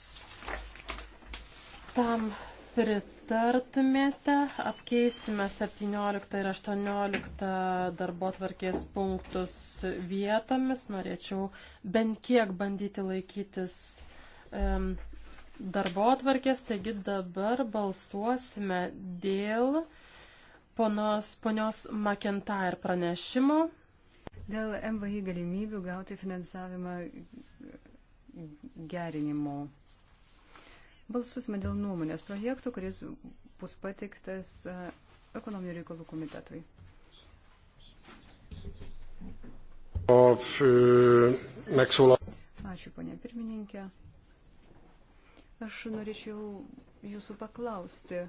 tam pritartumėte, apkeisime 17 ir 18 darbo tvarkės punktus vietomis. Norėčiau bent kiek bandyti laikytis um, darbo tvarkės. Taigi dabar balsuosime dėl ponos, ponios McIntyre pranešimo. Dėl MVI galimybių gauti finansavimą gerinimo Balsuosime dėl nuomonės projektų, kuris bus pateiktas e, ekonominių reikalų komitetui. E, Ačiū, ponė pirmininkė. Aš norėčiau jūsų paklausti.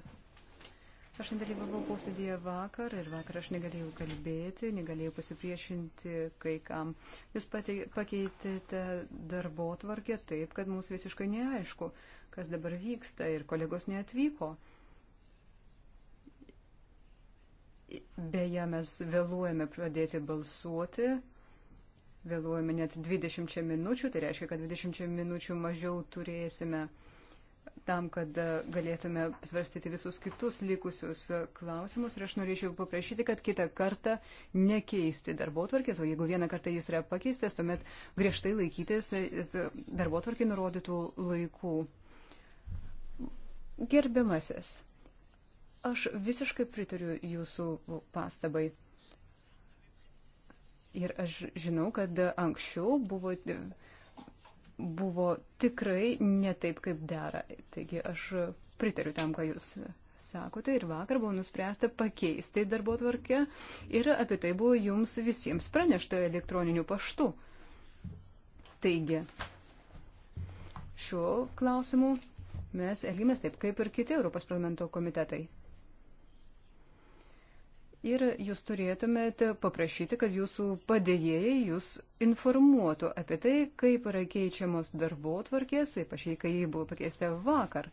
Aš nedalyvavau posėdėje vakar ir vakar aš negalėjau kalbėti, negalėjau pasipriešinti kai kam. Jūs pakeitėte darbo tvarkę taip, kad mums visiškai neaišku, kas dabar vyksta ir kolegos neatvyko. Beje, mes vėluojame pradėti balsuoti, vėluojame net 20 minučių, tai reiškia, kad 20 minučių mažiau turėsime tam, kad e, galėtume svarstyti visus kitus likusius e, klausimus. Ir aš norėčiau paprašyti, kad kitą kartą nekeisti darbo tvarkės, o jeigu vieną kartą jis yra pakeistas, tuomet griežtai laikytis e, darbo tvarkį nurodytų laikų. Gerbiamasis, aš visiškai pritariu jūsų pastabai. Ir aš žinau, kad anksčiau buvo, buvo tikrai ne taip, kaip dera. Taigi aš pritariu tam, ką jūs sakote. Ir vakar buvo nuspręsta pakeisti darbo tvarkę. Ir apie tai buvo jums visiems pranešta elektroniniu paštu. Taigi, šiuo klausimu mes elgimės taip, kaip ir kiti Europos parlamento komitetai. Ir jūs turėtumėte paprašyti, kad jūsų padėjėjai jūs informuotų apie tai, kaip yra keičiamos darbo tvarkės, ypač kai jį buvo pakeista vakar.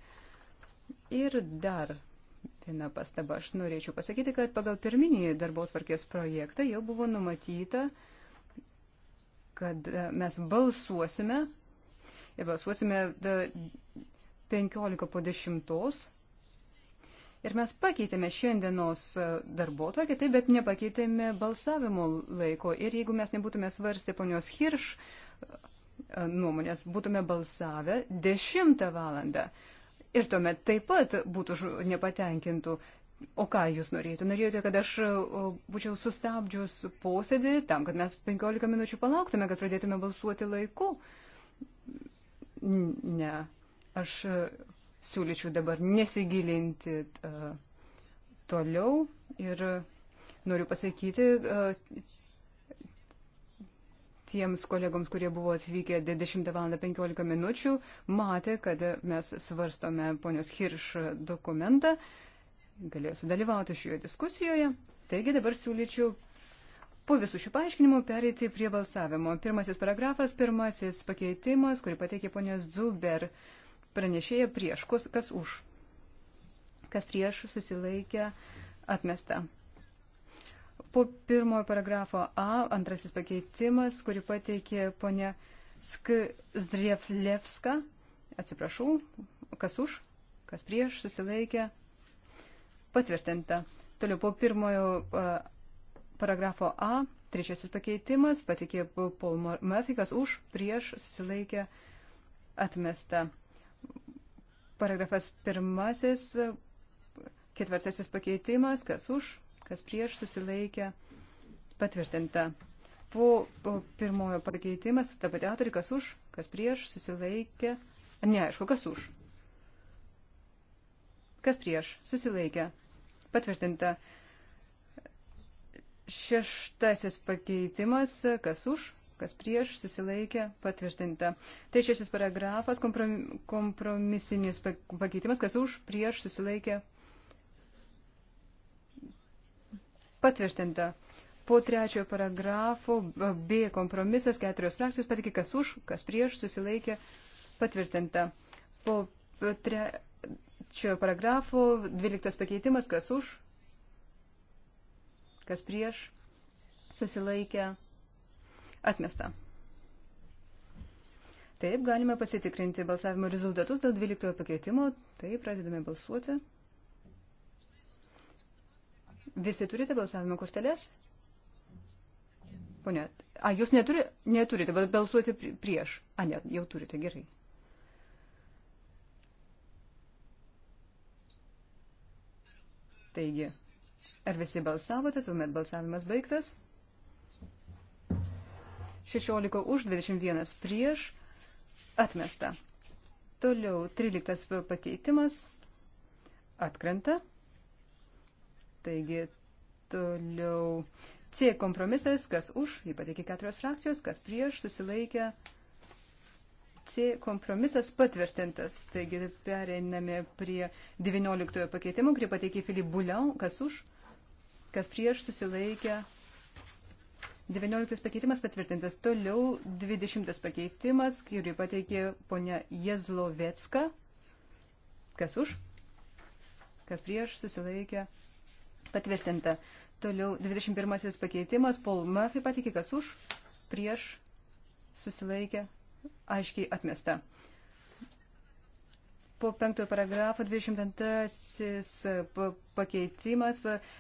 Ir dar viena pastaba, aš norėčiau pasakyti, kad pagal pirminį darbo tvarkės projektą jau buvo numatyta, kad mes balsuosime ir balsuosime 15 po 10. Ir mes pakeitėme šiandienos e, darbo tvarkę, taip, bet nepakeitėme balsavimo laiko. Ir jeigu mes nebūtume svarstę ponios Hirš e, e, nuomonės, būtume balsavę 10 valandą. Ir tuomet taip pat būtų nepatenkintų. O ką jūs norėjote? Norėjote, kad aš būčiau sustabdžius posėdį tam, kad mes 15 minučių palauktume, kad pradėtume balsuoti laiku? Ne. Aš e, siūlyčiau dabar nesigilinti e, toliau ir e, noriu pasakyti tiems kolegoms, kurie buvo atvykę 10 val. 15 minučių, matė, kad mes svarstome ponios Hirš dokumentą, galėjo sudalyvauti šioje diskusijoje. Taigi dabar siūlyčiau po visų šių paaiškinimų pereiti prie balsavimo. Pirmasis paragrafas, pirmasis pakeitimas, kurį pateikė ponios Zuber. Uh, pranešėja prieš, kas, kas už, kas prieš susilaikė atmesta. Po pirmojo paragrafo A antrasis pakeitimas, kurį pateikė ponia Skzdrievlevska, atsiprašau, kas už, kas prieš susilaikė patvirtinta. Toliau po pirmojo paragrafo A trečiasis pakeitimas pateikė Paul Murphy, kas už, prieš susilaikė atmesta. Paragrafas pirmasis, ketvirtasis pakeitimas, kas už, kas prieš susilaikė, patvirtinta. Po, po pirmojo pakeitimas, ta pati autori, kas už, kas prieš susilaikė, neaišku, kas už. Kas prieš susilaikė, patvirtinta. Šeštasis pakeitimas, kas už, kas prieš, susilaikė, patvirtinta. Trečiasis paragrafas, kompromisinis pakeitimas, kas už, prieš, susilaikė, patvirtinta. Po trečiojo paragrafo B kompromisas, keturios frakcijos patikė, kas už, kas prieš, susilaikė, patvirtinta. Po trečiojo paragrafo, dvyliktas pakeitimas, kas už, kas prieš, susilaikė, Atmesta. Taip, galime pasitikrinti balsavimo rezultatus dėl 12 pakeitimo. Taip, pradedame balsuoti. Visi turite balsavimo korteles? Pone, a, jūs neturi, neturite, bet balsuoti prieš. A, ne, jau turite, gerai. Taigi, ar visi balsavote, tuomet balsavimas baigtas? 16 už 21 prieš atmesta. Toliau 13 pakeitimas atkrenta. Taigi toliau C kompromisas, kas už, jį pateikė keturios frakcijos, kas prieš, susilaikė. C kompromisas patvirtintas. Taigi pereiname prie 19 pakeitimo, kurį pateikė Filip Buliau, kas už, kas prieš, susilaikė 19 pakeitimas patvirtintas. Toliau 20 pakeitimas, kurį pateikė ponia Jezlovecka. Kas už? Kas prieš? Susilaikė. Patvirtinta. Toliau 21 pakeitimas. Paul Murphy pateikė, kas už? Prieš? Susilaikė. Aiškiai atmesta po penktojo paragrafo 22 e, pakeitimas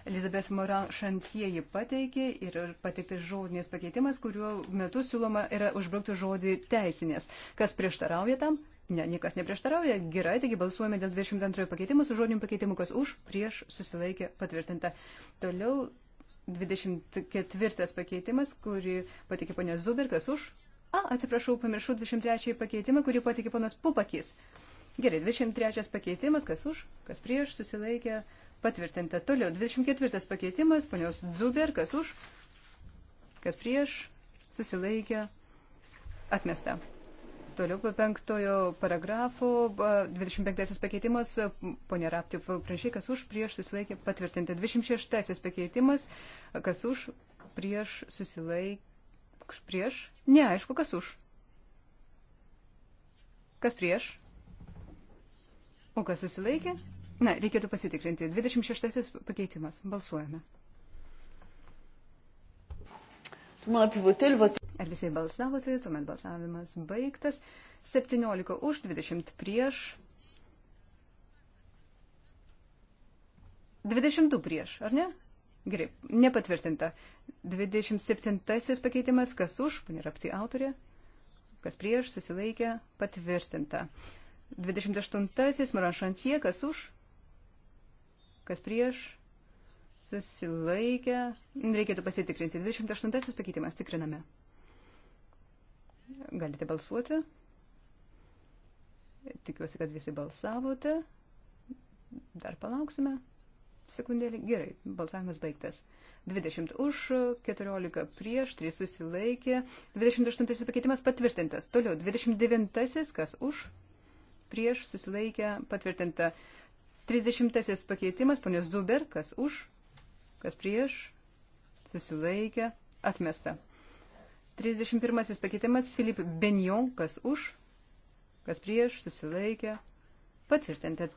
Elizabeth Moran Šantieji pateikė ir pateiktas žodinės pakeitimas, kuriuo metu siūloma yra užbraukti žodį teisinės. Kas prieštarauja tam? Ne, niekas neprieštarauja. Gerai, taigi balsuojame dėl 22 pakeitimo su žodiniu pakeitimu, kas už, prieš, susilaikė, patvirtinta. Toliau 24 pakeitimas, kurį pateikė ponė Zuberkas už. A, atsiprašau, pamiršau 23 pakeitimą, kurį pateikė ponas Pupakis. Uh, Gerai, 23 pakeitimas, kas už, kas prieš, susilaikė, patvirtinta. Toliau, 24 pakeitimas, ponios Zuber, kas už, kas prieš, susilaikė, atmesta. Toliau po penktojo paragrafo, 25 pakeitimas, ponė Rapti, pranešė, kas už, prieš susilaikė patvirtinti. 26 pakeitimas, kas už, prieš susilaikė, prieš, neaišku, kas už. Kas prieš? O kas susilaikė? Na, reikėtų pasitikrinti. 26 pakeitimas. Balsuojame. Ar visai balsavote, tuomet balsavimas baigtas. 17 už, 20 prieš. 22 prieš, ar ne? Gerai, nepatvirtinta. 27 pakeitimas, kas už, panirapti autorė, kas prieš, susilaikė, patvirtinta. 28. Marašantie, kas už, kas prieš, susilaikę. Reikėtų pasitikrinti. 28. pakeitimas tikriname. Galite balsuoti. Tikiuosi, kad visi balsavote. Dar palauksime. Sekundėlį. Gerai, balsavimas baigtas. 20 už, 14 prieš, 3 susilaikė. 28 pakeitimas patvirtintas. Toliau, 29 kas už prieš susilaikę patvirtinta. 30 pakeitimas, ponios Zuber, kas už, kas prieš, susilaikė, atmesta. 31 pakeitimas, Filip Benjon, kas už, kas prieš, susilaikė, patvirtinta.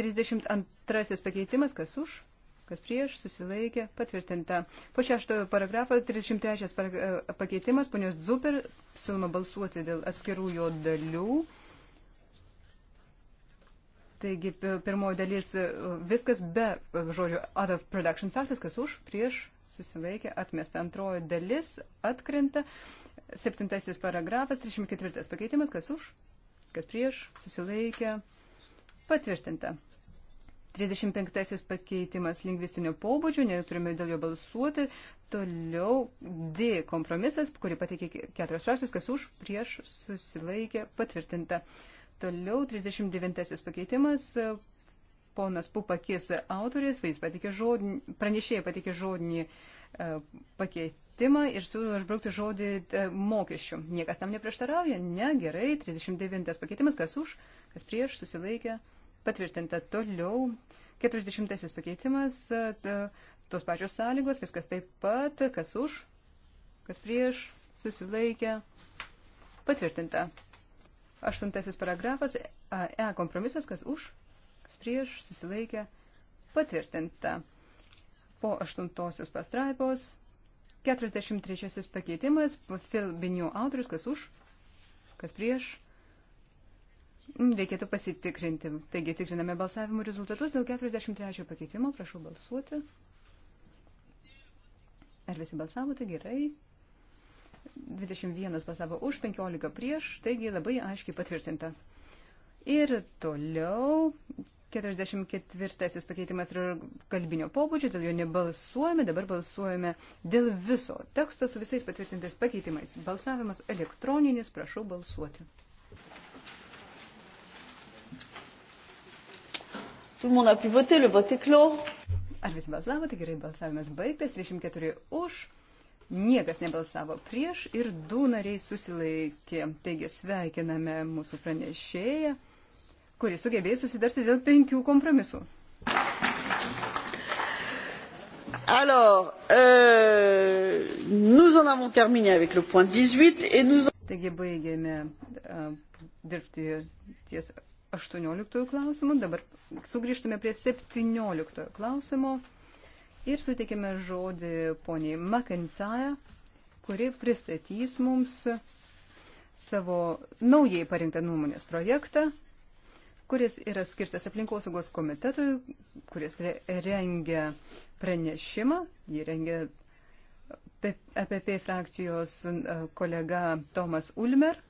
32 pakeitimas, kas už, kas prieš, susilaikė, patvirtinta. Po šeštojo paragrafo 33 e, pakeitimas, ponios Zuber, siūloma balsuoti dėl atskirų jo dalių. Taigi pirmoji dalis e, viskas be e, žodžio out of production factors, kas už, prieš, susilaikė, atmesta. Antroji dalis atkrinta. Septintasis paragrafas, 34 pakeitimas, kas už, kas prieš, susilaikė, patvirtinta. 35 pakeitimas lingvistinio pobūdžio, neturime dėl jo balsuoti. Toliau D kompromisas, kurį pateikė keturios raštus, kas už, prieš, susilaikė, patvirtinta. Toliau 39 pakeitimas. Ponas Pupakis autoris, jis patikė žodinį, pranešėjai patikė žodinį pakeitimą ir siūlo išbraukti žodį e, mokesčių. Niekas tam neprieštarauja? Ne, gerai. 39 pakeitimas, kas už, kas prieš, susilaikė. Patvirtinta toliau. 40 pakeitimas, e, tos pačios sąlygos, viskas taip pat, kas už, kas prieš, susilaikė. Patvirtinta. Aštuntasis paragrafas, E kompromisas, kas už, kas prieš, susilaikė, patvirtinta. Po aštuntosios pastraipos, 43 pakeitimas, Phil Binių autorius, kas už, kas prieš, mm, reikėtų pasitikrinti. Taigi tikriname balsavimo rezultatus dėl 43 pakeitimo, prašau balsuoti. Ar visi balsavote gerai? 21 balsavo už, 15 prieš, taigi labai aiškiai patvirtinta. Ir toliau 44 pakeitimas yra kalbinio pobūdžio, todėl jo nebalsuojame, dabar balsuojame dėl viso teksto su visais patvirtintais pakeitimais. Balsavimas elektroninis, prašau balsuoti. Ar visi balsavote? Tai gerai, balsavimas baigtas, 34 už, Niekas nebalsavo prieš ir du nariai susilaikė. Taigi sveikiname mūsų pranešėją, kuris sugebėjo susidarti dėl penkių kompromisų. Alors, euh, nous en avons terminé avec le point 18 et nous. Taigi baigėme uh, dirbti ties 18 klausimų, dabar sugrįžtume prie 17 klausimo ir suteikime žodį poniai McIntyre, kuri pristatys mums savo naujai parinktą nuomonės projektą, kuris yra skirtas aplinkosaugos komitetui, kuris re rengia pranešimą, jį rengia APP frakcijos kolega Tomas Ulmer.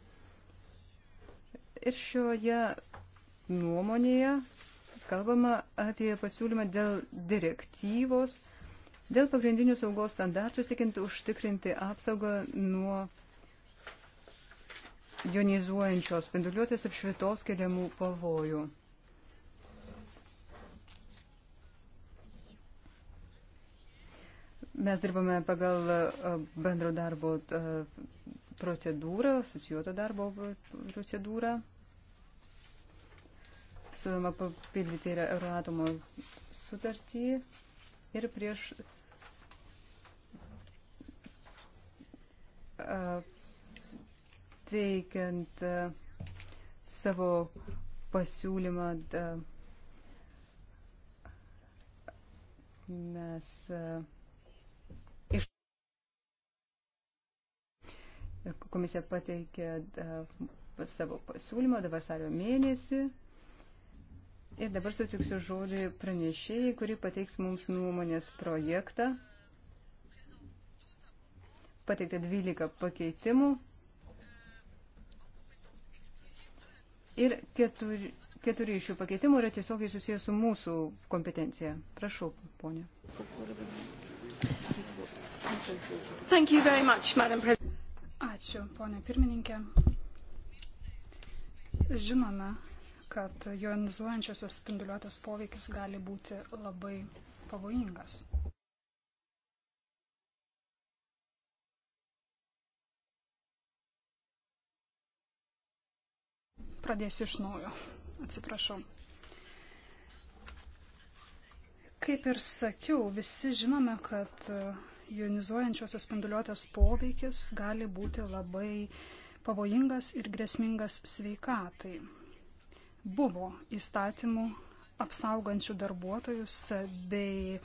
Ir šioje nuomonėje Kalbama apie pasiūlymą dėl direktyvos, dėl pagrindinių saugos standartų, siekiant užtikrinti apsaugą nuo jonizuojančios spinduliuotės apšvitos keliamų pavojų. Mes dirbame pagal bendro darbo procedūrą, asocijuoto darbo procedūrą siūloma papildyti yra Euratomo sutartį ir prieš teikiant savo pasiūlymą mes iš komisija pateikė savo pasiūlymą dabar vasario mėnesį. Ir dabar sutiksiu žodį pranešėjai, kuri pateiks mums nuomonės projektą. Pateikta 12 pakeitimų. Ir keturi, keturi iš šių pakeitimų yra tiesiogiai susijęs su mūsų kompetencija. Prašau, ponė. Much, Ačiū, ponė pirmininkė. Žinome, kad jonizuojančiosios spinduliuotės poveikis gali būti labai pavojingas. Pradėsiu iš naujo. Atsiprašau. Kaip ir sakiau, visi žinome, kad jonizuojančiosios spinduliuotės poveikis gali būti labai pavojingas ir grėsmingas sveikatai buvo įstatymų apsaugančių darbuotojus bei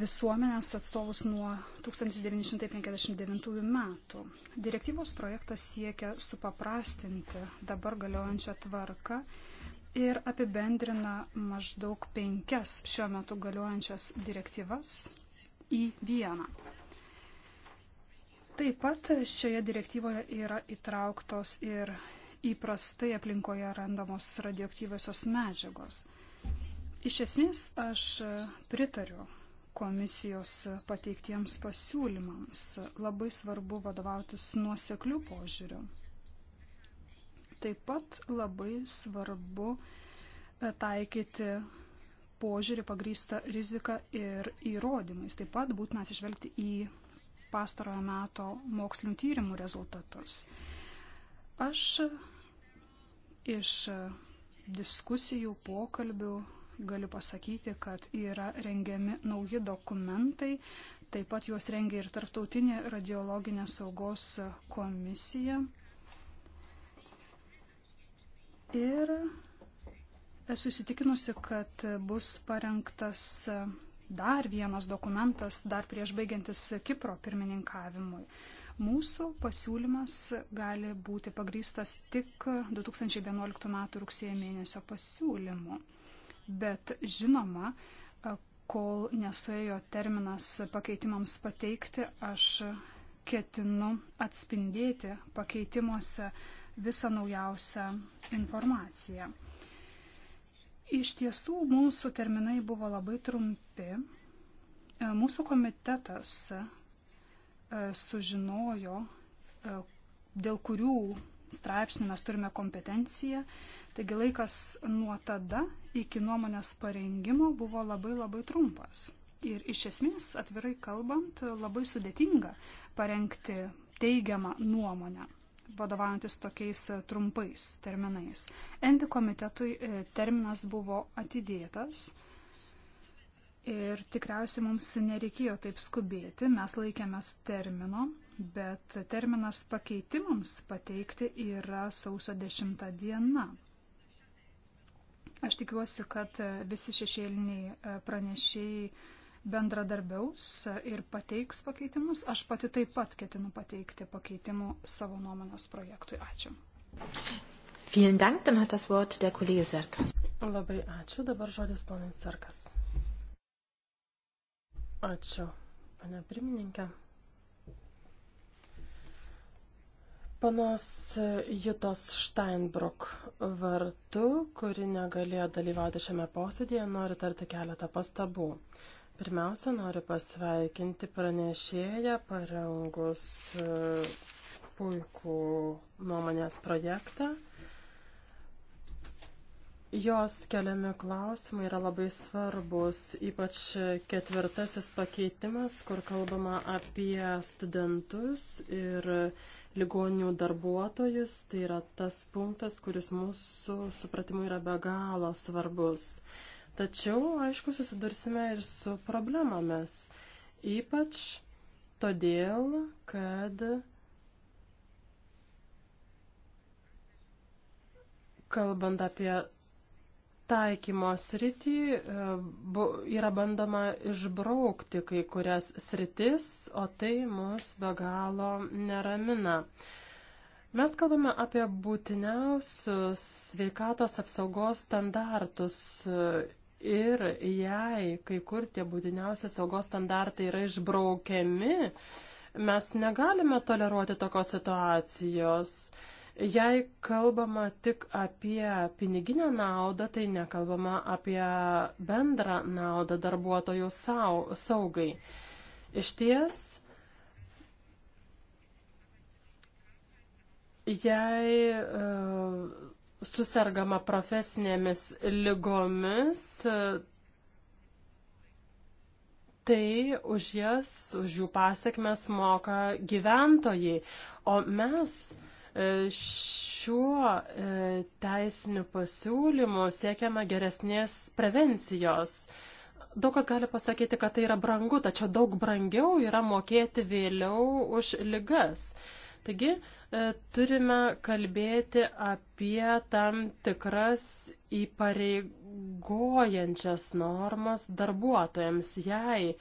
visuomenės atstovus nuo 1959 metų. Direktyvos projektas siekia supaprastinti dabar galiojančią tvarką ir apibendrina maždaug penkias šiuo metu galiojančias direktyvas į vieną. Taip pat šioje direktyvoje yra įtrauktos ir įprastai aplinkoje randamos radioaktyviosios medžiagos. Iš esmės aš pritariu komisijos pateiktiems pasiūlymams. Labai svarbu vadovautis nuoseklių požiūrių. Taip pat labai svarbu e, taikyti požiūrį pagrįstą riziką ir įrodymais. Taip pat būtina atsižvelgti į pastarojo meto mokslinių tyrimų rezultatus. Aš Iš e, diskusijų, pokalbių galiu pasakyti, kad yra rengiami nauji dokumentai, taip pat juos rengia ir Tartautinė radiologinė saugos komisija. Ir esu įsitikinusi, kad bus parengtas dar vienas dokumentas, dar prieš baigiantis Kipro pirmininkavimui. Mūsų pasiūlymas gali būti pagrystas tik 2011 m. rugsėjo mėnesio pasiūlymu. Bet žinoma, kol nesuėjo terminas pakeitimams pateikti, aš ketinu atspindėti pakeitimuose visą naujausią informaciją. Iš tiesų, mūsų terminai buvo labai trumpi. Mūsų komitetas E, sužinojo, e, dėl kurių straipsnių mes turime kompetenciją. Taigi laikas nuo tada iki nuomonės parengimo buvo labai labai trumpas. Ir iš esmės, atvirai kalbant, labai sudėtinga parengti teigiamą nuomonę, vadovaujantis tokiais trumpais terminais. Endi komitetui e, terminas buvo atidėtas Ir tikriausiai mums nereikėjo taip skubėti, mes laikėmės termino, bet terminas pakeitimams pateikti yra sausio 10 diena. Aš tikiuosi, kad visi šešėliniai e, pranešėjai bendradarbiaus ir pateiks pakeitimus. Aš pati taip pat ketinu pateikti pakeitimų savo nuomonės projektui. Ačiū. Vielen Dank, dann hat das Wort der Kollege Serkas. Labai ačiū, dabar žodis ponai Serkas. Ačiū, pane pirmininkė. Panos Jutos Steinbruk vartu, kuri negalėjo dalyvauti šiame posėdėje, noriu tarti keletą pastabų. Pirmiausia, noriu pasveikinti pranešėją parengus puikų nuomonės projektą. Jos keliami klausimai yra labai svarbus, ypač ketvirtasis pakeitimas, kur kalbama apie studentus ir ligonių darbuotojus. Tai yra tas punktas, kuris mūsų supratimu yra be galo svarbus. Tačiau, aišku, susidursime ir su problemomis. Ypač todėl, kad kalbant apie taikymos sritį e, yra bandoma išbraukti kai kurias sritis, o tai mus be galo neramina. Mes kalbame apie būtiniausius sveikatos apsaugos standartus e, ir jei kai kur tie būtiniausi saugos standartai yra išbraukiami, mes negalime toleruoti tokios situacijos. Uh, Jei kalbama tik apie piniginę naudą, tai nekalbama apie bendrą naudą darbuotojų sau, saugai. Iš ties, jei uh, e, susirgama profesinėmis lygomis, e, tai už jas, už jų pasiekmes moka gyventojai, o mes uh, E, šiuo e, teisiniu pasiūlymu siekiama geresnės prevencijos. Daug kas gali pasakyti, kad tai yra brangu, tačiau daug brangiau yra mokėti vėliau už ligas. Taigi, E, turime kalbėti apie tam tikras įpareigojančias normas darbuotojams. Jei e,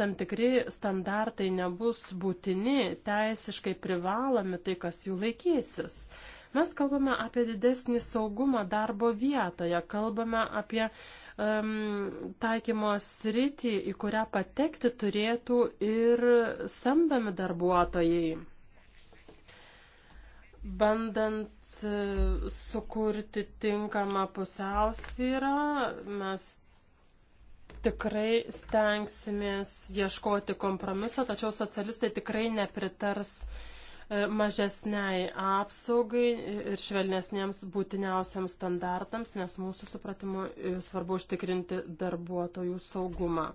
tam tikri standartai nebus būtini, teisiškai privalomi, tai kas jų laikysis. Mes kalbame apie didesnį saugumą darbo vietoje, kalbame apie um, taikymo sritį, į kurią patekti turėtų ir samdomi darbuotojai bandant e, sukurti tinkamą pusiausvyrą, mes tikrai stengsimės ieškoti kompromiso, tačiau socialistai tikrai nepritars e, mažesniai apsaugai ir švelnesniems būtiniausiams standartams, nes mūsų supratimu e, svarbu užtikrinti darbuotojų saugumą.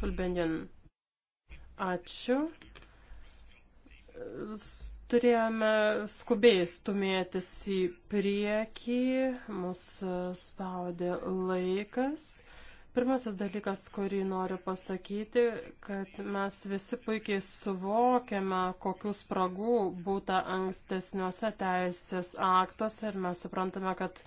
Fulbendien. Ačiū turėjome skubiai stumėtis į priekį, mus spaudė laikas. Pirmasis dalykas, kurį noriu pasakyti, kad mes visi puikiai suvokiame, kokių spragų būta ankstesniuose teisės aktuose ir mes suprantame, kad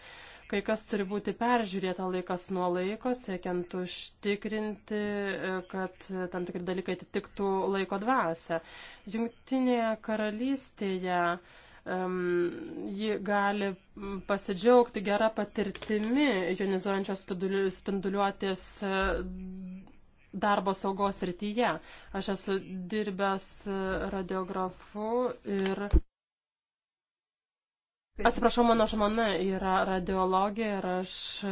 Kai kas turi būti peržiūrėta laikas nuo laiko, siekiant užtikrinti, e, kad tam tikri dalykai atitiktų laiko dvasę. Jungtinėje karalystėje um, ji gali pasidžiaugti gerą patirtimi jonizuojančios spinduliuotės e, darbo saugos rytyje. Aš esu dirbęs e, radiografu ir. Atsiprašau, mano žmona yra radiologija ir aš e,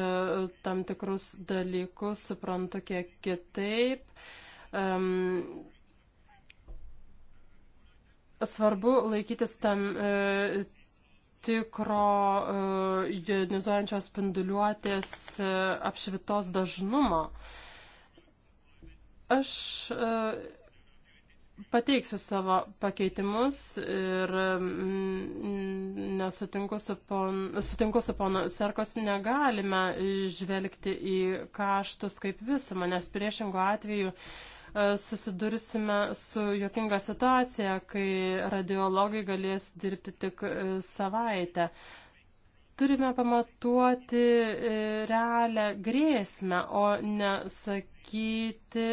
tam tikrus dalykus suprantu kiek kitaip. Um, svarbu laikytis tam e, tikro e, jonizuojančios spinduliuotės e, apšvitos dažnumo. Aš e, pateiksiu savo pakeitimus ir mm, nesutinku su, pon, sutinku su ponu Serkos, negalime žvelgti į kaštus kaip visumą, nes priešingo atveju e, susidursime su jokinga situacija, kai radiologai galės dirbti tik e, savaitę turime pamatuoti e, realią grėsmę, o ne sakyti,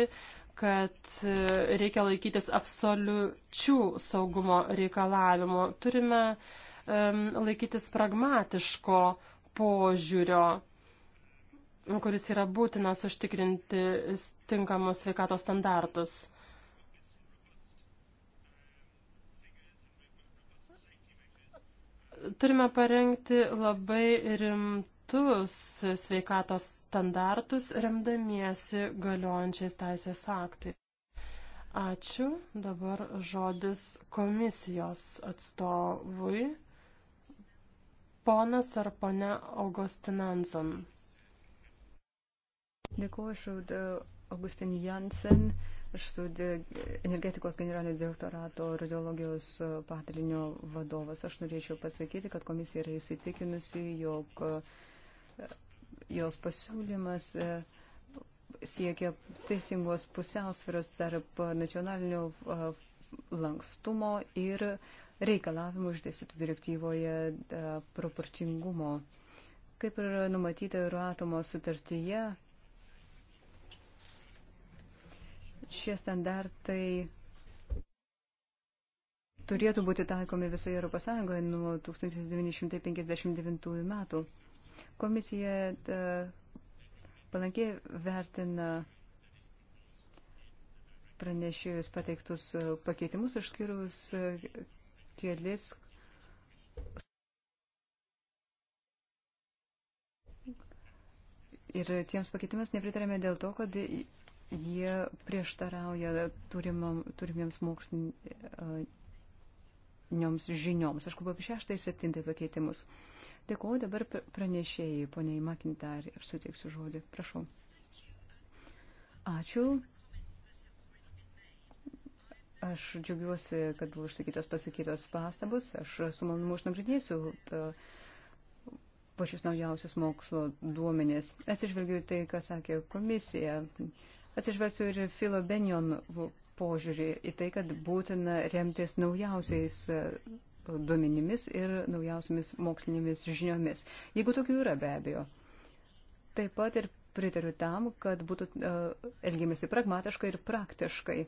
kad e, reikia laikytis absoliučių saugumo reikalavimų. Turime um, laikytis pragmatiško požiūrio, kuris yra būtinas užtikrinti tinkamus sveikatos standartus. turime parengti labai rimtą kitus sveikatos standartus remdamiesi galiojančiais teisės aktai. Ačiū. Dabar žodis komisijos atstovui. Ponas ar ponia Augustinanson. Dėkuoju, aš esu Augustin Jansen, aš esu energetikos generalinio direktorato radiologijos e, patalinio vadovas. Aš norėčiau pasakyti, kad komisija yra įsitikinusi, jog uh, jos pasiūlymas e, siekia teisingos pusiausviros tarp nacionalinio e, lankstumo ir reikalavimų išdėstytų direktyvoje e, proporcingumo. Kaip ir numatyta Euroatomo sutartyje, šie standartai turėtų būti taikomi visoje ES nuo 1959 metų. Komisija e, palankiai vertina pranešėjus pateiktus e, pakeitimus, išskyrus e, kelis. Ir tiems pakeitimams nepritarėme dėl to, kad jie prieštarauja turimam, turimiems mokslinėms žinioms. Aš kalbu apie šeštą ir septintą pakeitimus. Uh, Dėkuoju dabar pranešėjai, poniai Makintar, ir suteiksiu žodį. Prašau. Ačiū. Aš džiugiuosi, kad buvo išsakytos pasakytos pastabus. Aš su malonumu išnagrinėsiu pačius naujausius mokslo duomenės. Atsižvelgiu tai, ką sakė komisija. Atsižvelgsiu ir Filo Benjon požiūrį į tai, kad būtina remtis naujausiais duomenimis ir naujausiamis mokslinėmis žiniomis. Jeigu tokių yra be abejo. Taip pat ir pritariu tam, kad būtų uh, elgiamasi pragmatiškai ir praktiškai.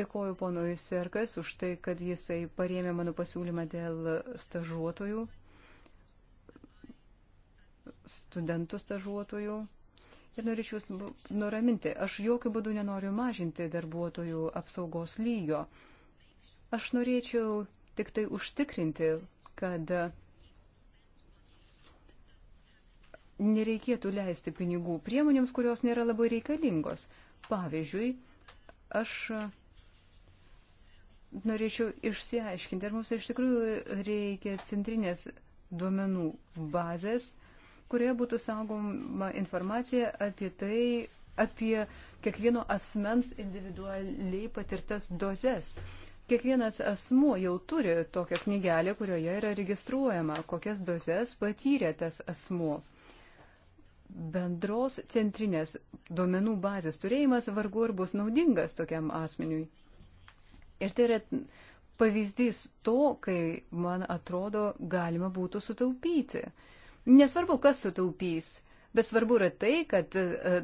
Dėkoju ponui Serkas už tai, kad jisai parėmė mano pasiūlymą dėl stažuotojų, studentų stažuotojų. Ir norėčiau jūs nuraminti, aš jokių būdų nenoriu mažinti darbuotojų apsaugos lygio. Aš norėčiau tik tai užtikrinti, kad nereikėtų leisti pinigų priemonėms, kurios nėra labai reikalingos. Pavyzdžiui, aš norėčiau išsiaiškinti, ar mums iš tikrųjų reikia centrinės duomenų bazės, kurioje būtų saugoma informacija apie tai, apie kiekvieno asmens individualiai patirtas dozes. Kiekvienas asmuo jau turi tokią knygelę, kurioje yra registruojama, kokias dozes patyrė tas asmuo. Bendros centrinės duomenų bazės turėjimas vargu ar bus naudingas tokiam asmeniui. Ir tai yra pavyzdys to, kai, man atrodo, galima būtų sutaupyti. Nesvarbu, kas sutaupys Bet svarbu yra tai, kad e,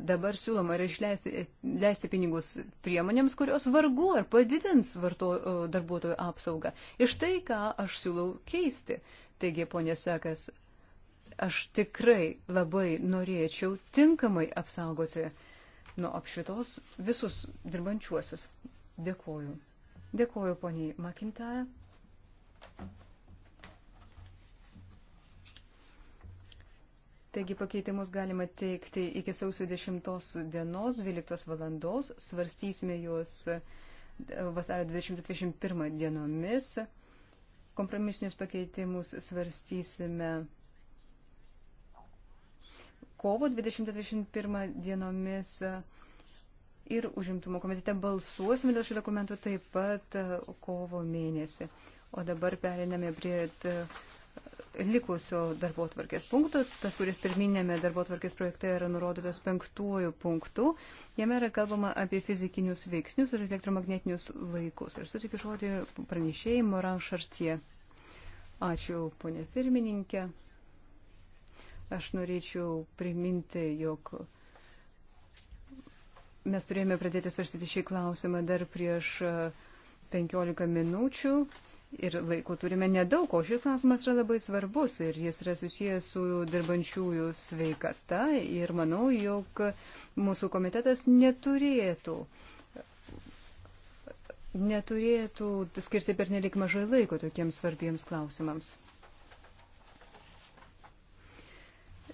dabar siūloma yra išleisti leisti pinigus priemonėms, kurios vargu ar padidins varto, darbuotojų apsaugą. Iš tai, ką aš siūlau keisti. Taigi, ponė Sekas, aš tikrai labai norėčiau tinkamai apsaugoti nuo apšvitos visus dirbančiuosius. Dėkoju. Dėkoju poniai Makintaja. Taigi pakeitimus galima teikti iki sausio 10 dienos 12 valandos. Svarstysime juos e, vasario 20-21 dienomis. Kompromisinius pakeitimus svarstysime kovo 20-21 dienomis ir užimtumo komitete balsuosime dėl šių dokumentų taip pat e, kovo mėnesį. O dabar periname prie likusio darbo tvarkės punkto, tas, kuris pirminėme darbo tvarkės projekte yra nurodytas penktuoju punktu, jame yra kalbama apie fizikinius veiksnius ir elektromagnetinius laikus. Ir sutikiu žodį pranešėjai Moran Šartie. Ačiū, ponė pirmininkė. Aš norėčiau priminti, jog mes turėjome pradėti svarstyti šį klausimą dar prieš 15 e, minučių. Ir laiko turime nedaug, o šis klausimas yra labai svarbus ir jis yra susijęs su dirbančiųjų sveikata ir manau, jog mūsų komitetas neturėtų, neturėtų skirti per nelik mažai laiko tokiems svarbiems klausimams.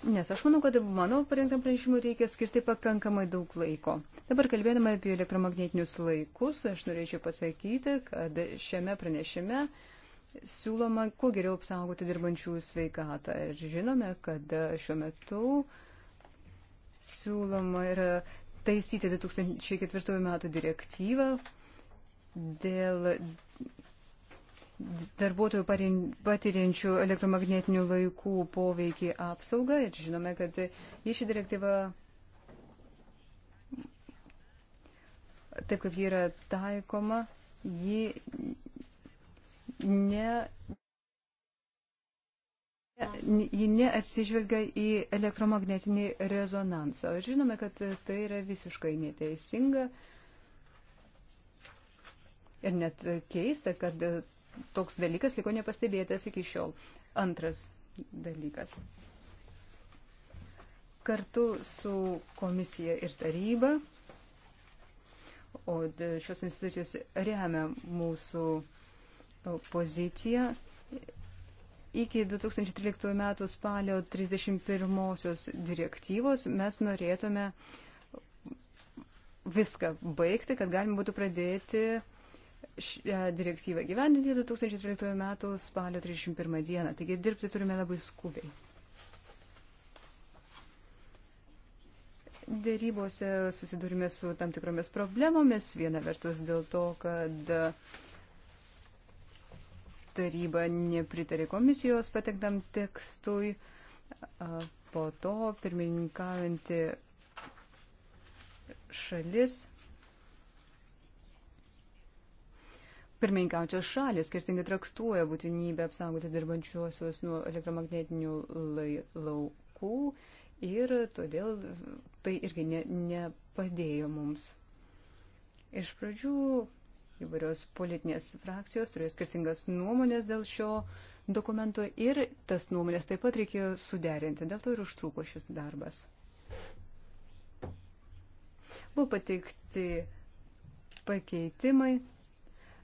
nes aš manau, kad mano parengtam pranešimui reikia skirti pakankamai daug laiko. Dabar kalbėdama apie elektromagnetinius laikus, aš norėčiau pasakyti, kad šiame pranešime siūloma kuo geriau apsaugoti dirbančių sveikatą. Ir žinome, kad šiuo metu siūloma yra taisyti 2004 metų direktyvą dėl darbuotojų patiriančių elektromagnetinių laikų poveikį apsaugą ir žinome, kad jie šį direktyvą, taip kaip ji yra taikoma, ji ne. Ji neatsižvelgia į elektromagnetinį rezonansą. Ir žinome, kad tai yra visiškai neteisinga. Ir net keista, kad toks dalykas liko nepastebėtas iki šiol. Antras dalykas. Kartu su komisija ir taryba, o šios institucijos remia mūsų poziciją, iki 2013 metų spalio 31 direktyvos mes norėtume viską baigti, kad galima būtų pradėti šią e, direktyvą gyvendinti 2013 m. spalio 31 d. Taigi dirbti turime labai skubiai. Dėrybose susidurime su tam tikromis problemomis. Viena vertus dėl to, kad taryba nepritarė komisijos patektam tekstui. Po to pirmininkaujanti šalis pirmininkaučios šalis skirtingai traktuoja būtinybę apsaugoti dirbančiuosius nuo elektromagnetinių lai, laukų ir todėl tai irgi ne, nepadėjo mums. Iš pradžių įvairios politinės frakcijos turėjo skirtingas nuomonės dėl šio dokumento ir tas nuomonės taip pat reikėjo suderinti, dėl to ir užtruko šis darbas. Buvo pateikti pakeitimai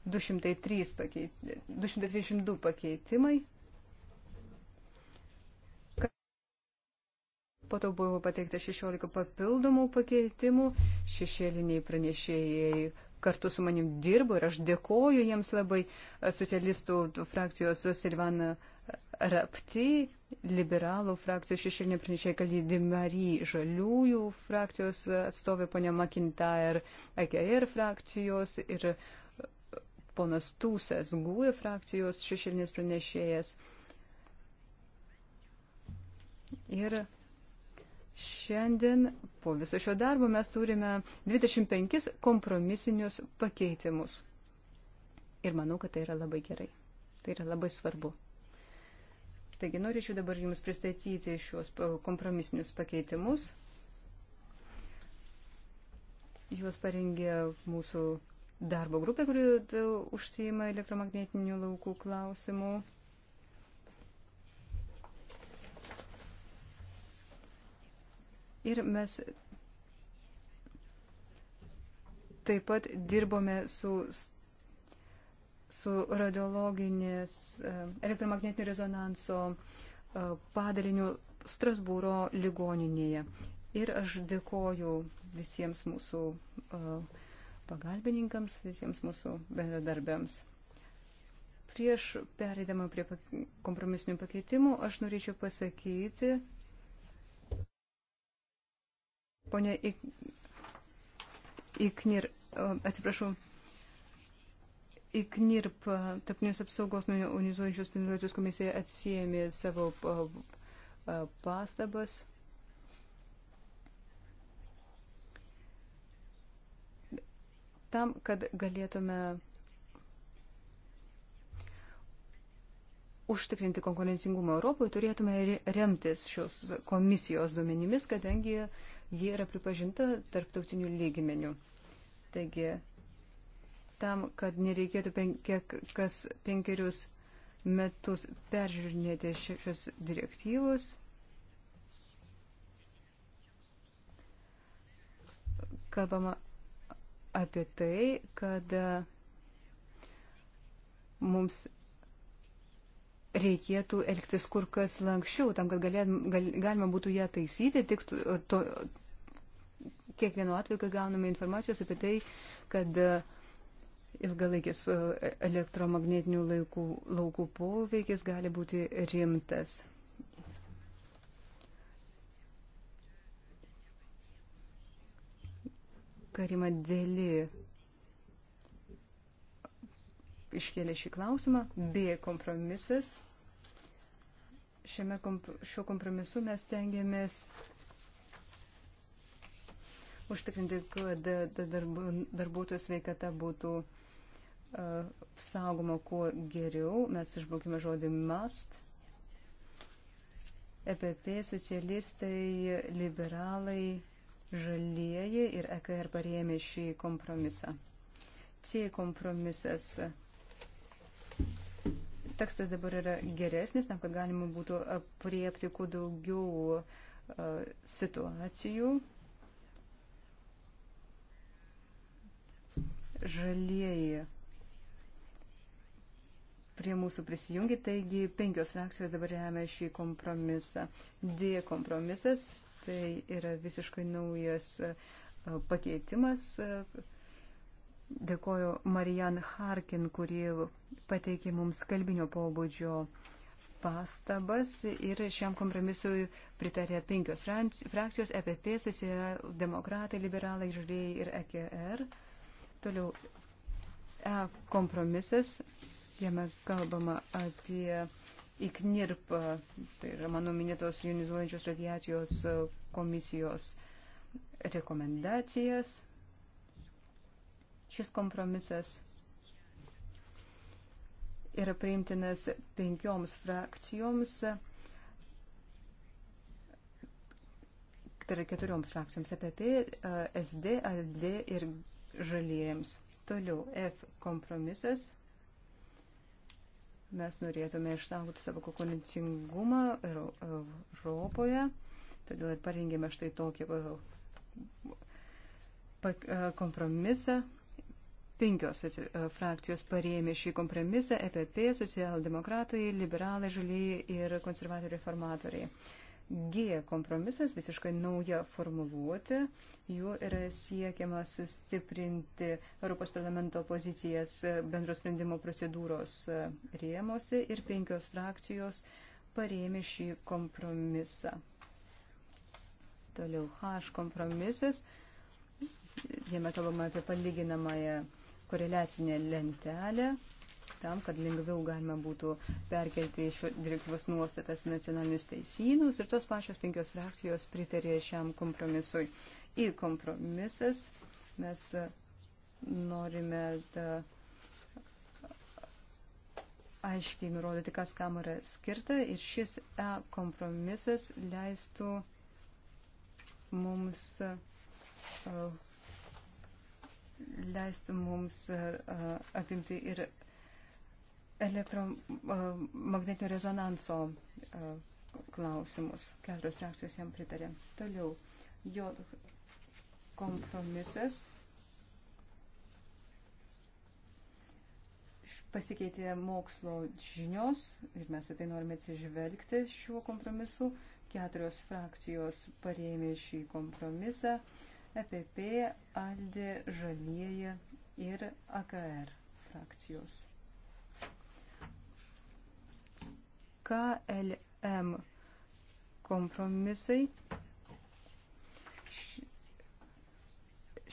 203 pakeit, 232 pakeitimai. Po to buvo pateikta 16 papildomų pakeitimų. Šešėliniai pranešėjai kartu su manim dirbo ir aš dėkoju jiems labai socialistų frakcijos Silvana Rapti, liberalų frakcijos šešėlinė pranešėja Kalydė Mary, žaliųjų frakcijos atstovė ponia McIntyre, AKR frakcijos ir uh, ponas Tūsas, GUE frakcijos šešėlinis pranešėjas. Ir šiandien po viso šio darbo mes turime 25 kompromisinius pakeitimus. Ir manau, kad tai yra labai gerai. Tai yra labai svarbu. Taigi norėčiau dabar Jums pristatyti šios kompromisinius pakeitimus. Juos parengė mūsų darbo grupė, kuri e, užsijima elektromagnetinių laukų klausimų. Ir mes taip pat dirbome su, su radiologinės e, elektromagnetinio rezonanso e, padaliniu Strasbūro ligoninėje. Ir aš dėkoju visiems mūsų uh, pagalbininkams, visiems mūsų bendradarbiams. Prieš pereidama prie kompromisinių pakeitimų, aš norėčiau pasakyti, ponia Ik... Iknir, atsiprašau, IKNIRP, tapnės apsaugos nuo unizuojančios spinduliuotės komisija atsijėmė savo pastabas. Pa, tam, kad galėtume užtikrinti konkurencingumą Europoje, turėtume remtis šios komisijos duomenimis, kadangi jie yra pripažinta tarptautiniu lygmeniu. Taigi, tam, kad nereikėtų penkiek, kas penkerius metus peržiūrinėti šios direktyvos, kalbama apie tai, kad e, mums reikėtų elgtis kur kas lankščiau, tam, kad galė, gal, galima būtų ją taisyti, tik to, kiekvienu atveju, kai gauname informacijos apie tai, kad e, ilgalaikis e, elektromagnetinių laikų, laukų poveikis gali būti rimtas. Karima Deli iškėlė šį klausimą. B kompromisas. Šiame, komp šiuo kompromisu mes tengiamės užtikrinti, kad darbuotojų sveikata būtų uh, saugoma kuo geriau. Mes išbraukime žodį must. EPP, socialistai, liberalai Žalieji ir EKR parėmė šį kompromisą. C kompromisas. Tekstas dabar yra geresnis, tam, kad galima būtų apriepti kuo daugiau situacijų. Žalieji prie mūsų prisijungi, taigi penkios frakcijos dabar remia šį kompromisą. D kompromisas Tai yra visiškai naujas e, pakeitimas. E, dėkoju Marian Harkin, kuri pateikė mums kalbinio pobūdžio pastabas ir šiam kompromisui pritarė penkios frakcijos e - EPP, Socialdemokratai, Liberalai, Žalieji ir EKR. Toliau E kompromisas, jame kalbama apie IKNIRP, tai yra mano minėtos jonizuojančios radiacijos komisijos rekomendacijas. Šis kompromisas yra priimtinas penkioms frakcijoms, tai yra keturioms frakcijoms EPP, SD, AD ir žaliems. Toliau F kompromisas Mes norėtume išsaugoti savo konkurencingumą Europoje, todėl ir parengėme štai tokį e, e, kompromisą. Penkios e, frakcijos parėmė šį kompromisą - EPP, socialdemokratai, liberalai, žaliai ir konservatoriai reformatoriai. G kompromisas, visiškai nauja formuluoti, jų yra siekiama sustiprinti Europos parlamento pozicijas bendro sprendimo procedūros rėmose ir penkios frakcijos parėmė šį kompromisą. Toliau H kompromisas, jame kalbama apie palyginamąją koreliacinę lentelę tam, kad lengviau galima būtų perkelti šio direktyvos nuostatas nacionalinius teisynus ir tos pačios penkios frakcijos pritarė šiam kompromisui. Į kompromisas mes e, norime da, e, aiškiai nurodyti, kas kam yra skirta ir šis e kompromisas leistų mums e, leistų mums apimti ir elektromagnetinio rezonanso klausimus. Keturios reakcijos jam pritarė. Toliau, jo kompromisas pasikeitė mokslo žinios ir mes į tai norime atsižvelgti šiuo kompromisu. Keturios frakcijos parėmė šį kompromisą e – EPP, ALDE, Žalieji ir AKR frakcijos. KLM kompromisai.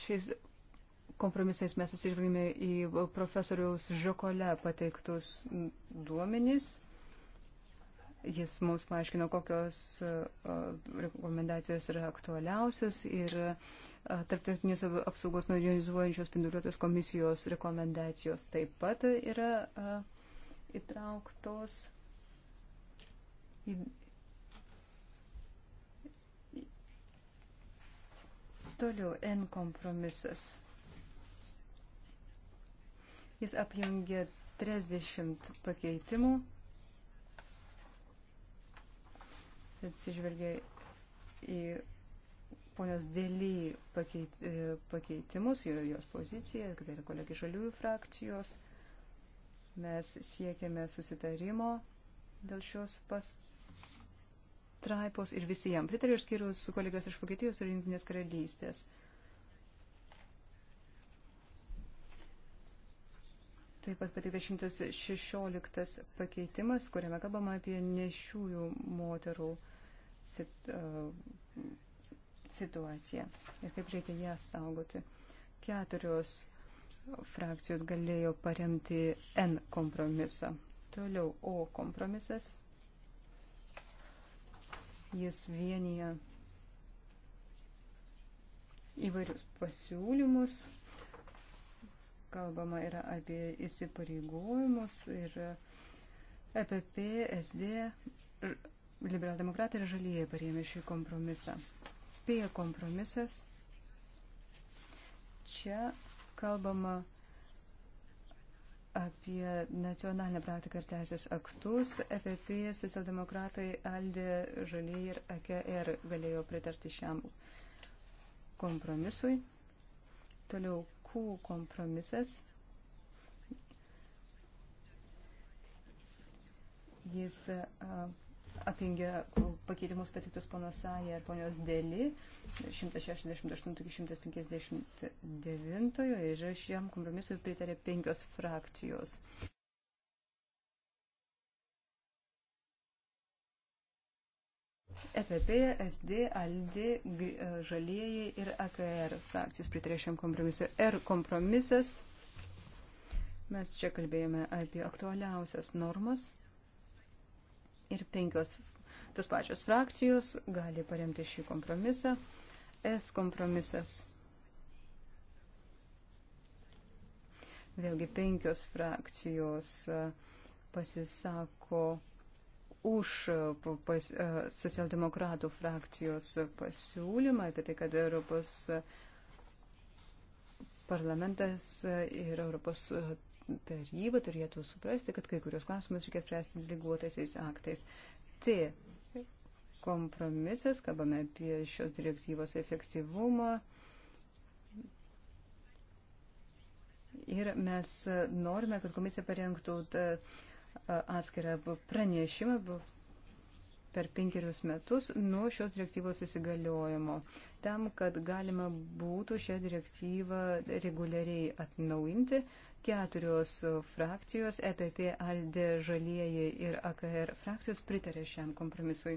Šiais kompromisais mes atsižvelgėme į profesoriaus Žokole pateiktus duomenys. Jis mums paaiškino, kokios e, rekomendacijos yra aktualiausios ir e, tarptautinės apsaugos nuo jonizuojančios spinduliuotos komisijos rekomendacijos taip pat yra e, įtrauktos. Toliau N kompromisas. Jis apjungia 30 pakeitimų. Jis atsižvelgia į ponios dėly pakeit, e, pakeitimus, jos poziciją, kad tai yra kolegai žaliųjų frakcijos. Mes siekiame susitarimo dėl šios pastatymus pastraipos ir visi jam pritariu, išskyrus kolegas iš Vokietijos ir Junktinės karalystės. Taip pat pateiktas 116 pakeitimas, kuriame kalbama apie nešiųjų moterų sit, uh, situaciją ir kaip reikia ją saugoti. Keturios frakcijos galėjo paremti N kompromisą. Toliau O kompromisas Jis vienyje įvairius pasiūlymus. Kalbama yra apie įsipareigojimus ir EPP, SD, liberaldemokratai ir žalieji parėmė šį kompromisą. P kompromisas. Čia kalbama apie nacionalinę praktiką ir teisės aktus, FFP, e socialdemokratai, Aldė, Žaliai ir AKR galėjo pritarti šiam kompromisui. Toliau Q kompromisas. Jis. Uh, apingia pakeitimus patiktus ponos Sąja ir ponios Dėlį 168-159 ir šiam kompromisui pritarė penkios frakcijos. EPP, SD, ALDI, e, Žalieji ir AKR frakcijos pritarė šiam kompromisui. R kompromisas. Mes čia kalbėjome apie aktualiausias normas ir penkios tos pačios frakcijos gali paremti šį kompromisą. S kompromisas. Vėlgi penkios frakcijos pasisako už pas, socialdemokratų frakcijos pasiūlymą apie tai, kad Europos parlamentas ir Europos taryba turėtų suprasti, kad kai kurios klausimus reikės spręsti lyguotaisiais aktais. T. Kompromisas, kalbame apie šios direktyvos efektyvumą. Ir mes norime, kad komisija parengtų atskirą pranešimą per penkerius metus nuo šios direktyvos įsigaliojimo, tam, kad galima būtų šią direktyvą reguliariai atnaujinti, keturios frakcijos e - EPP, ALDE, Žalieji ir AKR frakcijos - pritarė šiam kompromisui.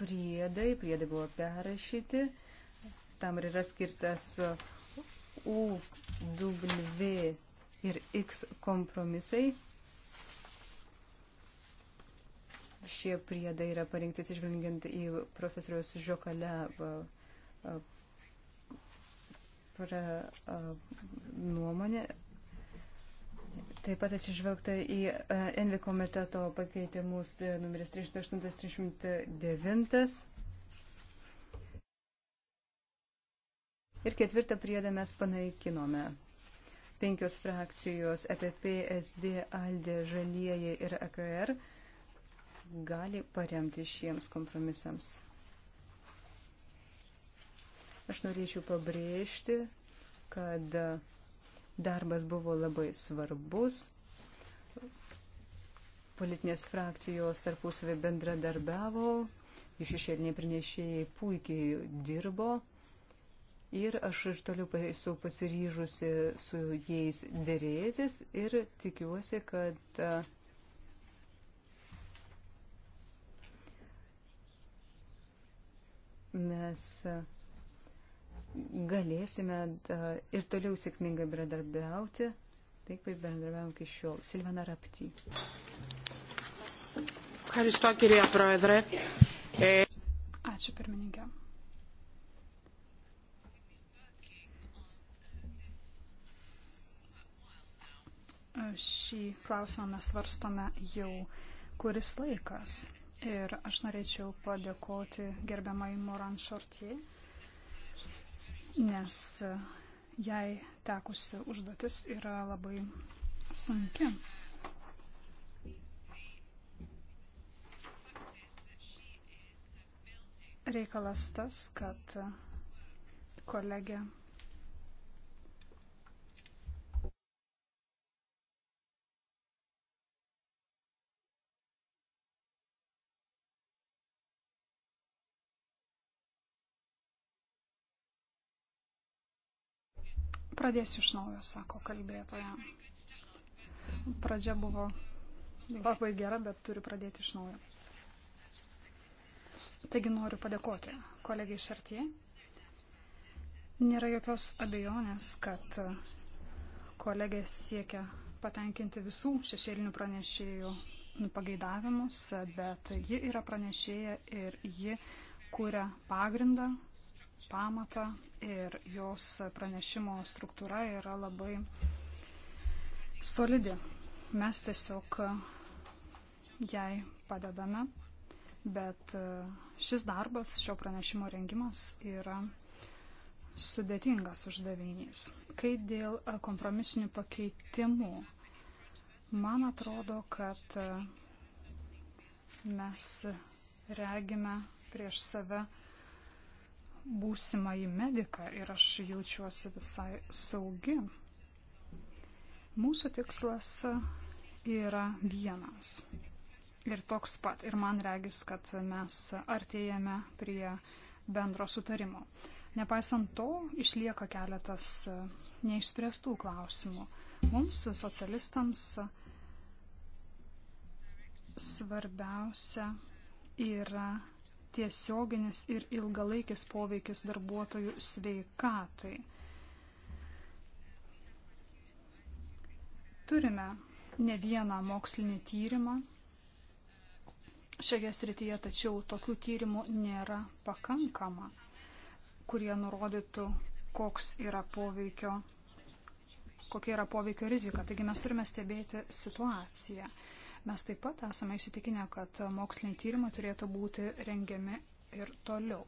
Priedai, priedai buvo perrašyti, tam yra skirtas U, W ir X kompromisai. Šie priedai yra parinkti atsižvelgiant į profesorius Žiokalę nuomonė. Taip pat atsižvelgta į Envi komiteto pakeitimus e, numeris 308-309. Ir ketvirtą priedą mes panaikinome. Penkios frakcijos EPP, SD, ALDE, Žalieji ir AKR e gali paremti šiems kompromisams. Aš norėčiau pabrėžti, kad darbas buvo labai svarbus. Politinės frakcijos tarpusavį bendradarbiavo, išešėliniai prinešėjai puikiai dirbo. Ir aš ir toliau esu pasiryžusi su jais dėrėtis ir tikiuosi, kad uh, mes. Uh, galėsime ir toliau sėkmingai bendradarbiauti, taip kaip bendradarbiavom iki šiol. Silvana Rapti. Ačiū pirmininkė. Šį klausimą mes svarstome jau kuris laikas. Ir aš norėčiau padėkoti gerbiamai Moran Šortijai nes e, jai tekusi užduotis yra labai sunki. Reikalas tas, kad e, kolegė Pradėsiu iš naujo, sako kalbėtoja. Pradžia buvo labai gera, bet turiu pradėti iš naujo. Taigi noriu padėkoti kolegiai Šartie. Nėra jokios abejonės, kad kolegė siekia patenkinti visų šešėlinių pranešėjų pageidavimus, bet ji yra pranešėja ir ji kūrė pagrindą, pamatą ir jos pranešimo struktūra yra labai solidi. Mes tiesiog uh, jai padedame, bet uh, šis darbas, šio pranešimo rengimas yra sudėtingas uždavinys. Kai dėl uh, kompromisinių pakeitimų, man atrodo, kad mes regime prieš save būsimąjį mediką ir aš jaučiuosi visai saugi. Mūsų tikslas yra vienas ir toks pat. Ir man regis, kad mes artėjame prie bendro sutarimo. Nepaisant to, išlieka keletas neišspręstų klausimų. Mums, socialistams, svarbiausia yra tiesioginis ir ilgalaikis poveikis darbuotojų sveikatai. Turime ne vieną mokslinį tyrimą šioje srityje, tačiau tokių tyrimų nėra pakankama, kurie nurodytų, koks yra poveikio, kokia yra poveikio rizika. Taigi mes turime stebėti situaciją. Mes taip pat esame įsitikinę, kad moksliniai tyrimai turėtų būti rengiami ir toliau.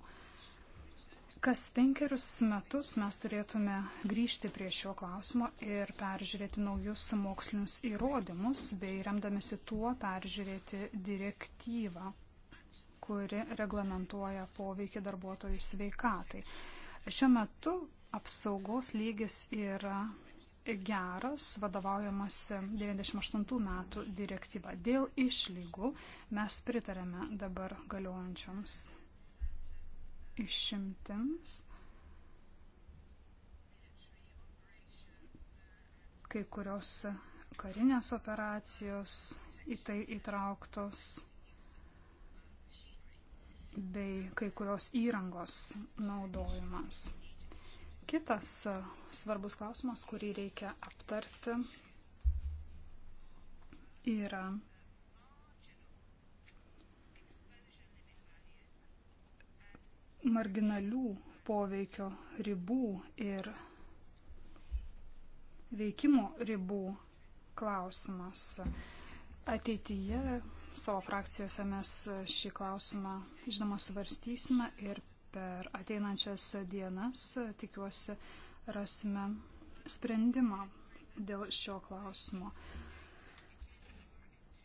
Kas penkerius metus mes turėtume grįžti prie šio klausimo ir peržiūrėti naujus mokslinius įrodymus, bei remdamėsi tuo peržiūrėti direktyvą, kuri reglamentuoja poveikį darbuotojų sveikatai. Šiuo metu apsaugos lygis yra geras, vadovaujamas 98 metų direktyva. Dėl išlygų mes pritarėme dabar galiojančioms išimtims. Kai kurios karinės operacijos į tai įtrauktos bei kai kurios įrangos naudojimas. Kitas e, svarbus klausimas, kurį reikia aptarti, yra marginalių poveikio ribų ir veikimo ribų klausimas. Ateityje savo frakcijose mes šį klausimą, žinoma, svarstysime ir per ateinančias dienas tikiuosi rasime sprendimą dėl šio klausimo.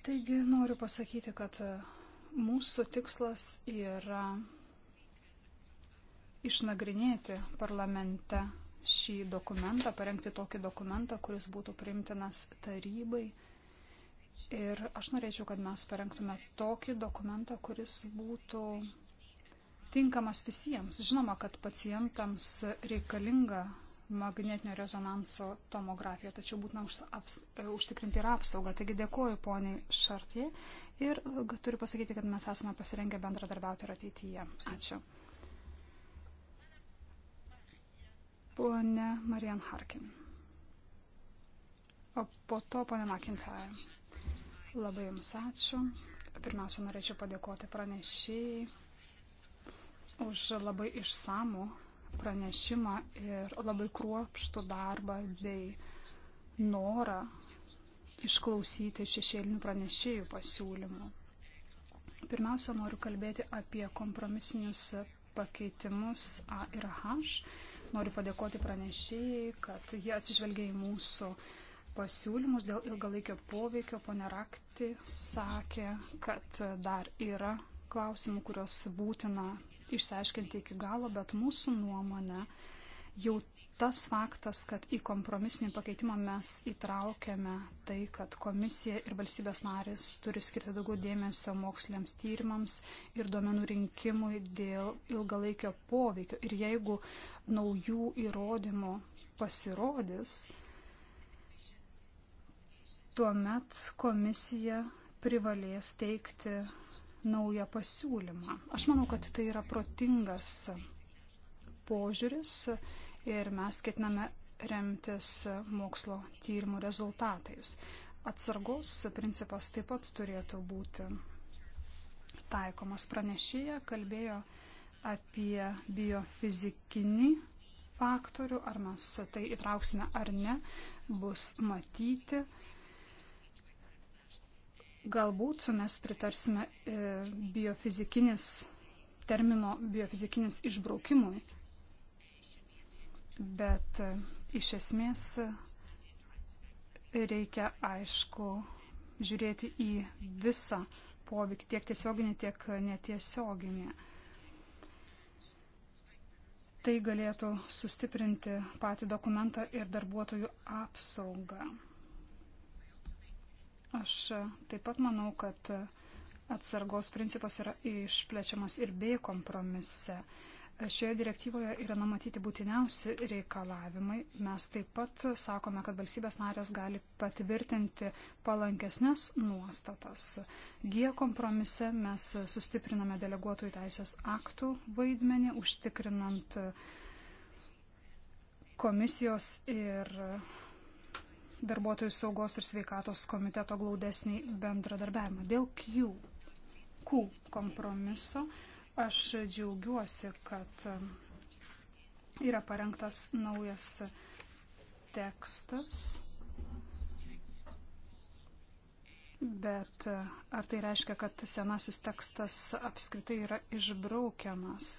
Taigi noriu pasakyti, kad e, mūsų tikslas yra išnagrinėti parlamente šį dokumentą, parengti tokį dokumentą, kuris būtų priimtinas tarybai. Ir aš norėčiau, kad mes parengtume tokį dokumentą, kuris būtų tinkamas visiems. Žinoma, kad pacientams reikalinga magnetinio rezonanso tomografija, tačiau būtina už, aps, e, užtikrinti ir apsaugą. Taigi dėkuoju poniai Šartie ir e, turiu pasakyti, kad mes esame pasirengę bendradarbiauti ir ateityje. Ačiū. Pone Marian Harkin. O po to pone Makintaja. Labai Jums ačiū. Pirmiausia, norėčiau padėkoti pranešėjai už labai išsamų pranešimą ir labai kruopštų darbą bei norą išklausyti šešėlinių pranešėjų pasiūlymų. Pirmiausia, noriu kalbėti apie kompromisinius pakeitimus A ir H. Noriu padėkoti pranešėjai, kad jie atsižvelgia į mūsų pasiūlymus dėl ilgalaikio poveikio. Pone Rakti sakė, kad dar yra klausimų, kuriuos būtina išsiaiškinti iki galo, bet mūsų nuomonė jau tas faktas, kad į kompromisinį pakeitimą mes įtraukėme tai, kad komisija ir valstybės narės turi skirti daugiau dėmesio moksliniams tyrimams ir duomenų rinkimui dėl ilgalaikio poveikio. Ir jeigu naujų įrodymų pasirodys, tuomet komisija privalės teikti naują pasiūlymą. Aš manau, kad tai yra protingas požiūris ir mes ketiname remtis mokslo tyrimų rezultatais. Atsargos principas taip pat turėtų būti taikomas. Pranešėja kalbėjo apie biofizikinį faktorių, ar mes tai įtrauksime ar ne, bus matyti. Galbūt mes pritarsime e, biofizikinis termino biofizikinis išbraukimui, bet e, iš esmės e, reikia aišku žiūrėti į visą poveikį, tiek tiesioginį, tiek netiesioginį. Tai galėtų sustiprinti patį dokumentą ir darbuotojų apsaugą. Aš taip pat manau, kad atsargos principas yra išplečiamas ir B kompromise. Šioje direktyvoje yra numatyti būtiniausi reikalavimai. Mes taip pat sakome, kad valstybės narės gali patvirtinti palankesnės nuostatas. G kompromise mes sustipriname deleguotojų teisės aktų vaidmenį, užtikrinant komisijos ir darbuotojų saugos ir sveikatos komiteto glaudesnį bendradarbiavimą. Dėl Q, Q kompromiso aš džiaugiuosi, kad e, yra parengtas naujas tekstas. Bet e, ar tai reiškia, kad senasis tekstas apskritai yra išbraukiamas?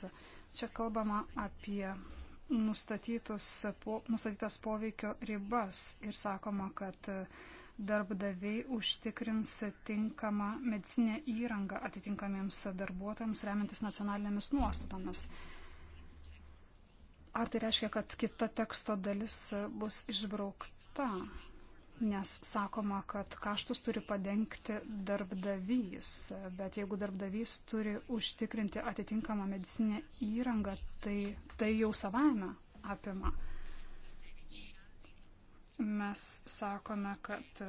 Čia kalbama apie po, nustatytas poveikio ribas ir sakoma, kad darbdaviai užtikrins tinkamą medicinę įrangą atitinkamiems darbuotojams remiantis nacionalinėmis nuostatomis. Ar tai reiškia, kad kita teksto dalis bus išbraukta? nes sakoma, kad kaštus turi padengti darbdavys, bet jeigu darbdavys turi užtikrinti atitinkamą medicinę įrangą, tai tai jau savame apima. Mes sakome, kad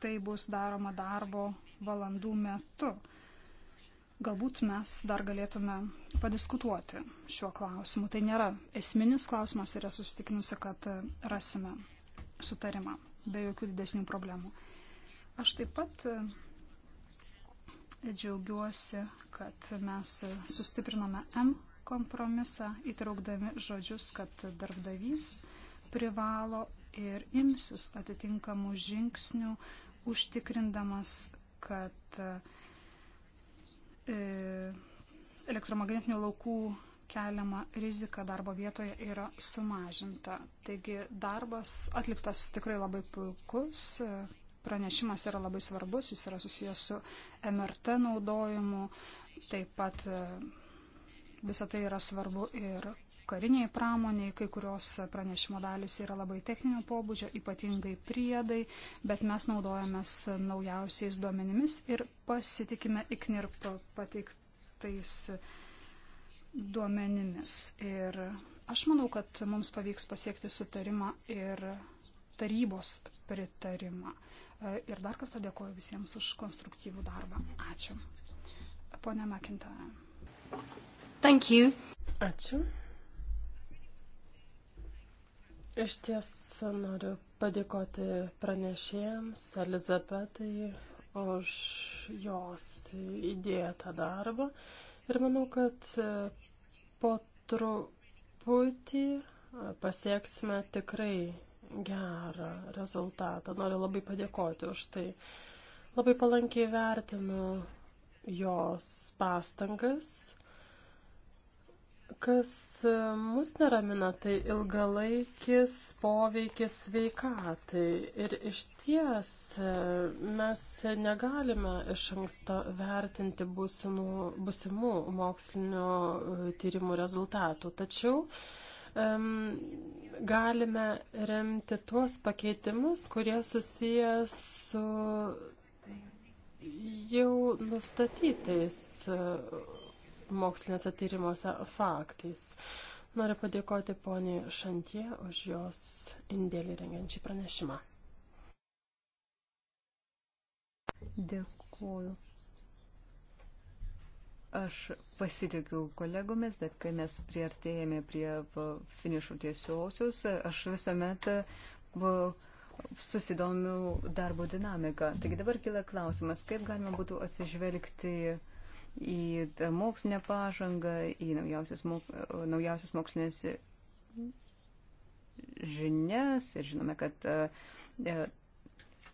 tai bus daroma darbo valandų metu. Galbūt mes dar galėtume padiskutuoti šiuo klausimu. Tai nėra esminis klausimas ir esu susitikinusi, kad rasime sutarimą be jokių didesnių problemų. Aš taip pat e, džiaugiuosi, kad mes sustiprinome M kompromisą, įtraukdami žodžius, kad darbdavys privalo ir imsis atitinkamų žingsnių, užtikrindamas, kad uh, E, elektromagnetinių laukų keliama rizika darbo vietoje yra sumažinta. Taigi darbas atliktas tikrai labai puikus, e, pranešimas yra labai svarbus, jis yra susijęs su MRT naudojimu, taip pat e, visą tai yra svarbu ir kariniai pramoniai, kai kurios pranešimo dalis yra labai techninio pobūdžio, ypatingai priedai, bet mes naudojamės naujausiais duomenimis ir pasitikime IKNIRP pateiktais duomenimis. Ir aš manau, kad mums pavyks pasiekti sutarimą ir tarybos pritarimą. E, ir dar kartą dėkoju visiems už konstruktyvų darbą. Ačiū. Pone Makintoje. Ačiū. Iš ties noriu padėkoti pranešėjams Elizabetai už jos įdėtą darbą ir manau, kad e, po truputį e, pasieksime tikrai gerą rezultatą. Noriu labai padėkoti už tai. Labai palankiai vertinu jos pastangas Kas e, mus neramina, tai ilgalaikis poveikis sveikatai. Ir iš ties e, mes negalime iš anksto vertinti būsimų, būsimų mokslinio e, tyrimų rezultatų. Tačiau um, galime remti tuos pakeitimus, kurie susijęs su jau nustatytais moksliniuose tyrimuose faktais. Noriu padėkoti poniai Šantie už jos indėlį rengiančią pranešimą. Dėkuoju. Aš pasitikiu kolegomis, bet kai mes priartėjame prie finišų tiesiosius, aš visuomet susidomiu darbo dinamiką. Taigi dabar kila klausimas, kaip galima būtų atsižvelgti į į mokslinę pažangą, į naujausias, mok, naujausias mokslinės žinias ir žinome, kad, e,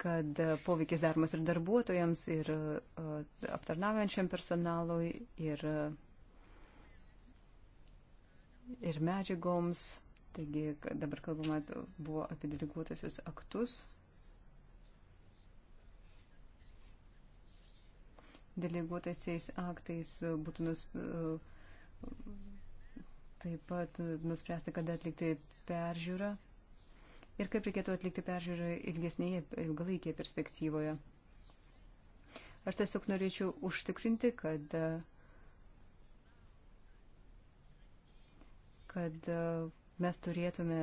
kad poveikis daromas ir darbuotojams, ir aptarnaujančiam personalui, ir, ir medžiagoms. Taigi dabar kalbama buvo apie deleguotasius aktus deleguotaisiais aktais e, būtų nus, e, taip pat nuspręsta, kada atlikti peržiūrą ir kaip reikėtų atlikti peržiūrą ilgesnėje, ilgalaikėje perspektyvoje. Aš tiesiog norėčiau užtikrinti, kad, kad mes turėtume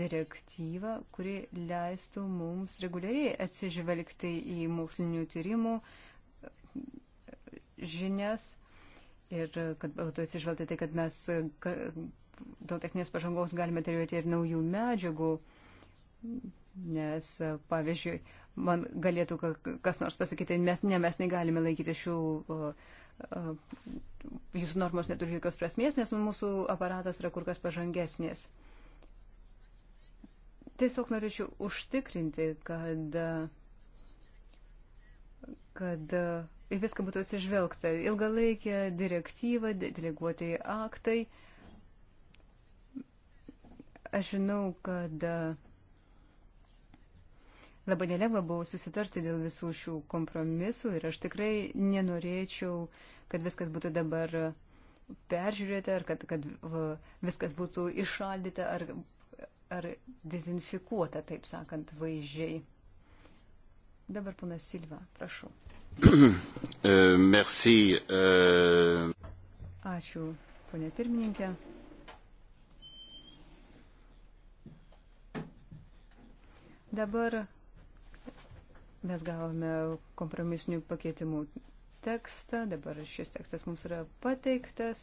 direktyvą, kuri leistų mums reguliariai atsižvelgti į mokslinių tyrimų, žinias ir kad būtų atsižvelgta tai, kad mes dėl techninės pažangos galime turėti ir naujų medžiagų, nes, pavyzdžiui, man galėtų kas nors pasakyti, mes, ne, mes negalime laikyti šių, jūsų normos neturi jokios prasmės, nes mūsų aparatas yra kur kas pažangesnis. Tiesiog norėčiau užtikrinti, kad, kad viską būtų atsižvelgta. Ilgalaikė direktyva, deleguotai aktai. Aš žinau, kad e, labai nelengva buvo susitarti dėl visų šių kompromisų ir aš tikrai nenorėčiau, kad viskas būtų dabar peržiūrėta ar kad, kad viskas būtų išaldyta ar, ar dezinfikuota, taip sakant, vaizdžiai. Dabar panas Silva, prašau. E, merci. Uh... Ačiū, ponė pirmininkė. Dabar mes gavome kompromisinių pakeitimų tekstą, dabar šis tekstas mums yra pateiktas.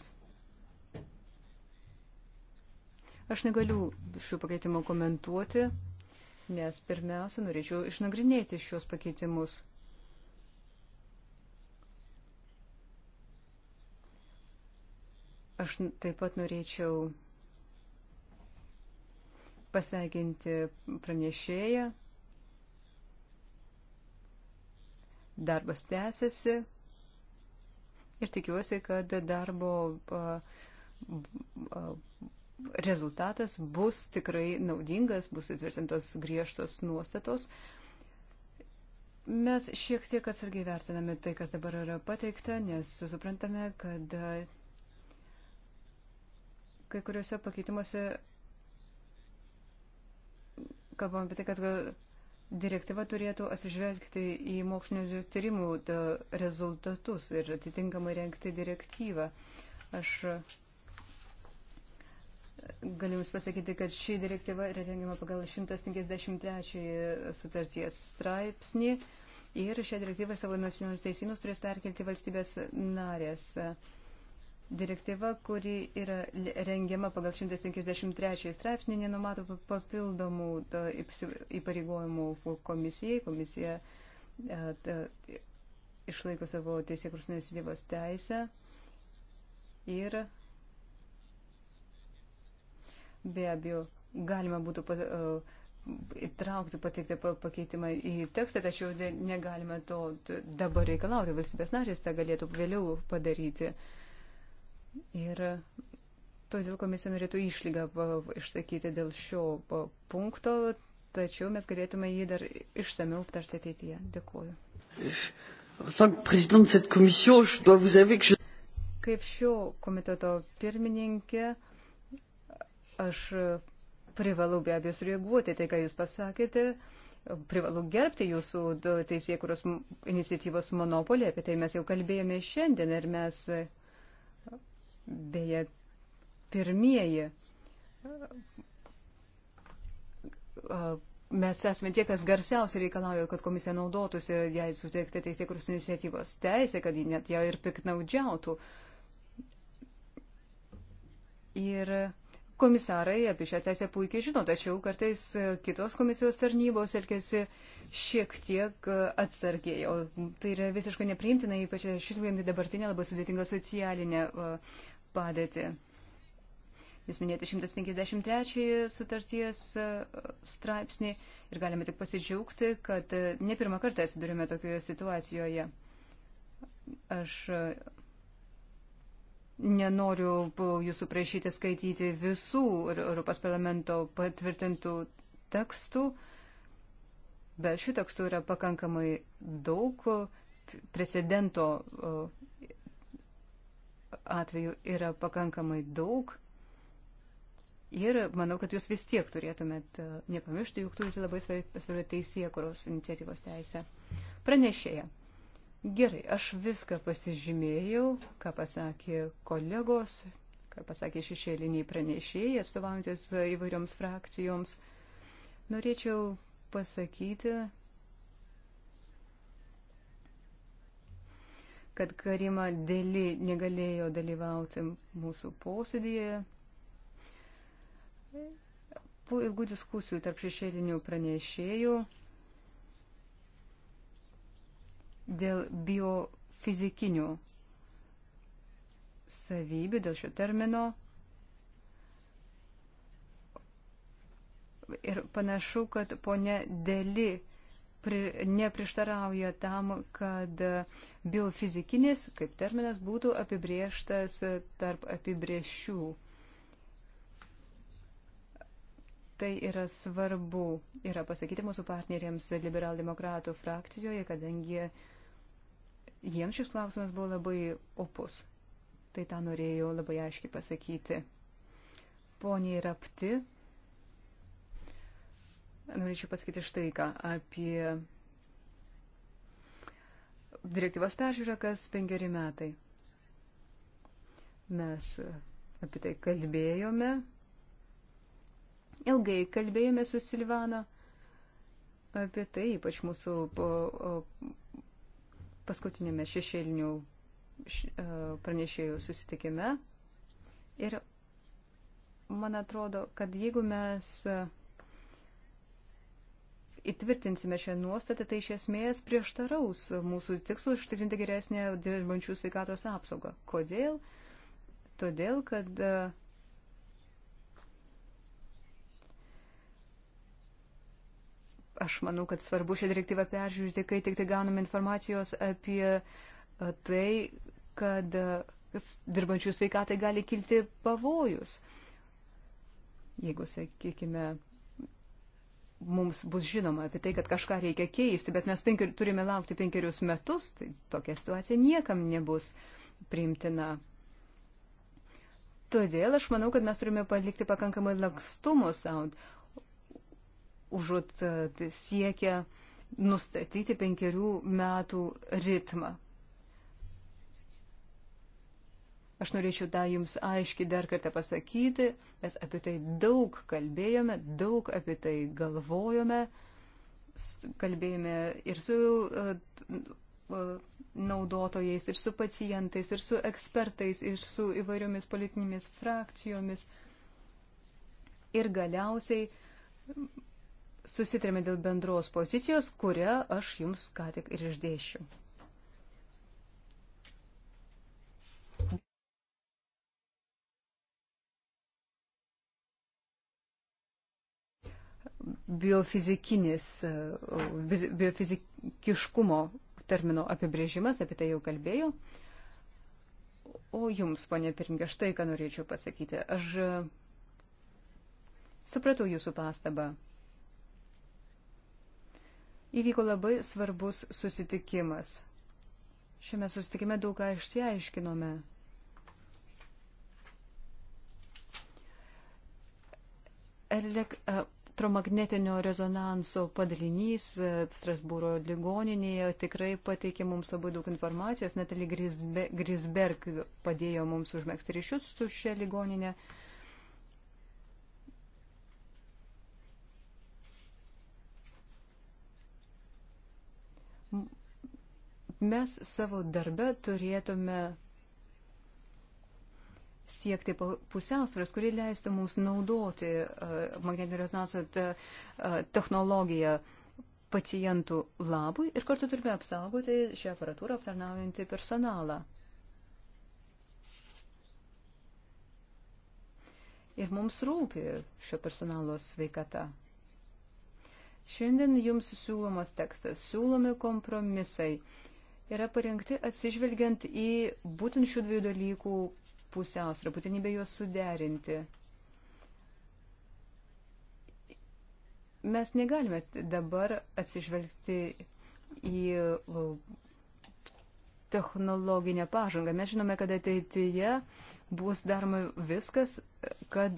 Aš negaliu šių pakeitimų komentuoti, nes pirmiausia, norėčiau išnagrinėti šios pakeitimus. Aš taip pat norėčiau pasveikinti pranešėją. Darbas tęsiasi ir tikiuosi, kad darbo uh, uh, rezultatas bus tikrai naudingas, bus įtvirtintos griežtos nuostatos. Mes šiek tiek atsargiai vertiname tai, kas dabar yra pateikta, nes suprantame, kad e, kai kuriuose pakeitimuose kalbam apie tai, kad e, direktyva turėtų atsižvelgti į mokslinio tyrimų e, rezultatus ir atitinkamai renkti direktyvą. Aš Galiu Jums pasakyti, kad ši direktyva yra rengiama pagal 153 sutarties straipsnį ir šią direktyvą savo nacionalinius teisinus turės perkelti valstybės narės. Direktyva, kuri yra rengiama pagal 153 straipsnį, nenumato papildomų įpareigojimų komisijai. Komisija išlaiko savo teisėkrusnės dėvos teisę ir Be abejo, galima būtų pat, uh, e, įtraukti pateikti pakeitimą į tekstą, tačiau negalime to dabar reikalauti. Valstybės narės tą galėtų vėliau padaryti. Ir todėl komisija norėtų išlygą išsakyti dėl šio punkto, tačiau mes galėtume jį dar išsameu aptarti ateityje. Dėkuoju. Kaip šio komiteto pirmininkė, Aš privalau be abejo sureaguoti tai, ką Jūs pasakėte. Privalu gerbti Jūsų teisėkuros iniciatyvos monopolį, apie tai mes jau kalbėjome šiandien ir mes beje pirmieji mes esame tie, kas garsiausiai reikalauja, kad komisija naudotųsi jai suteikti teisėkurus iniciatyvos teisę, kad ji net ją ir piknaudžiautų. Ir Komisarai apie šią teisę puikiai žino, tačiau kartais kitos komisijos tarnybos elgesi šiek tiek e, atsargiai, o tai yra visiškai nepriimtina, ypač šiandien dabartinė labai sudėtinga socialinė e, padėtį. Jūs minėjote 153 sutarties e, straipsnį ir galime tik pasidžiaugti, kad ne pirmą kartą atsidurime tokioje situacijoje. Aš Nenoriu jūsų prašyti skaityti visų Europos parlamento patvirtintų tekstų, bet šių tekstų yra pakankamai daug. Precedento atveju yra pakankamai daug. Ir manau, kad jūs vis tiek turėtumėt e, nepamiršti, juk turite labai svarbią teisėkuros iniciatyvos teisę. Pranešėja. Gerai, aš viską pasižymėjau, ką pasakė kolegos, ką pasakė šešėliniai pranešėjai, atstovaujantis įvairioms frakcijoms. Norėčiau pasakyti, kad Karima Deli negalėjo dalyvauti mūsų posėdėje. Po ilgų diskusijų tarp šešėlinių pranešėjų dėl biofizikinių savybių, dėl šio termino. Ir panašu, kad ponia Deli pri, neprieštarauja tam, kad biofizikinis kaip terminas būtų apibrieštas tarp apibriešių. Tai yra svarbu, yra pasakyti mūsų partneriams liberaldemokratų frakcijoje, kadangi uh, Jiems šis klausimas buvo labai opus. Tai tą norėjau labai aiškiai pasakyti. Poniai Rapti, norėčiau pasakyti štai ką apie direktyvos peržiūrą kas penkeri metai. Mes apie tai kalbėjome, ilgai kalbėjome su Silvana apie tai, ypač mūsų paskutinėme šešėlinių e, pranešėjų susitikime. Ir man atrodo, kad jeigu mes e, įtvirtinsime šią nuostatą, tai iš esmės prieštaraus mūsų tikslu užtikrinti geresnę dirbančių sveikatos apsaugą. Kodėl? Todėl, kad uh, Aš manau, kad svarbu šią direktyvą peržiūrėti, kai tik tai gauname informacijos apie tai, kad dirbančių sveikatai gali kilti pavojus. Jeigu, sakykime, mums bus žinoma apie tai, kad kažką reikia keisti, bet mes penker, turime laukti penkerius metus, tai tokia situacija niekam nebus priimtina. Todėl aš manau, kad mes turime palikti pakankamai lankstumo sound, užuot e, siekia nustatyti penkerių metų ritmą. Aš norėčiau tą jums aiškiai dar kartą pasakyti, mes apie tai daug kalbėjome, daug apie tai galvojome, kalbėjome ir su e, e, naudotojais, ir su pacientais, ir su ekspertais, ir su įvairiomis politinėmis frakcijomis. Ir galiausiai susitrėmė dėl bendros pozicijos, kurią aš jums ką tik ir išdėšiu. Biofizikinis, e, biofizikiškumo termino apibrėžimas, apie tai jau kalbėjau. O jums, ponė Pirinkė, štai ką norėčiau pasakyti. Aš supratau jūsų pastabą įvyko labai svarbus susitikimas. Šiame susitikime daug ką išsiaiškinome. Elektromagnetinio rezonanso padalinys Strasbūro ligoninėje tikrai pateikė mums labai daug informacijos. Natalie Grisberg padėjo mums užmėgsti ryšius su šia ligoninė. Uh, mes savo darbę turėtume siekti pusiausvėros, kuri leistų mums naudoti e, magnetinio rezonanso e, technologiją pacientų labui ir kartu turime apsaugoti šią aparatūrą aptarnaujantį personalą. Ir mums rūpi šio personalo sveikata. Šiandien jums siūlomas tekstas, siūlomi kompromisai yra parengti atsižvelgiant į būtent šių dviejų dalykų pusiausvyrą, būtinybę juos suderinti. Mes negalime dabar atsižvelgti į technologinę pažangą. Mes žinome, kad ateityje bus daroma viskas, kad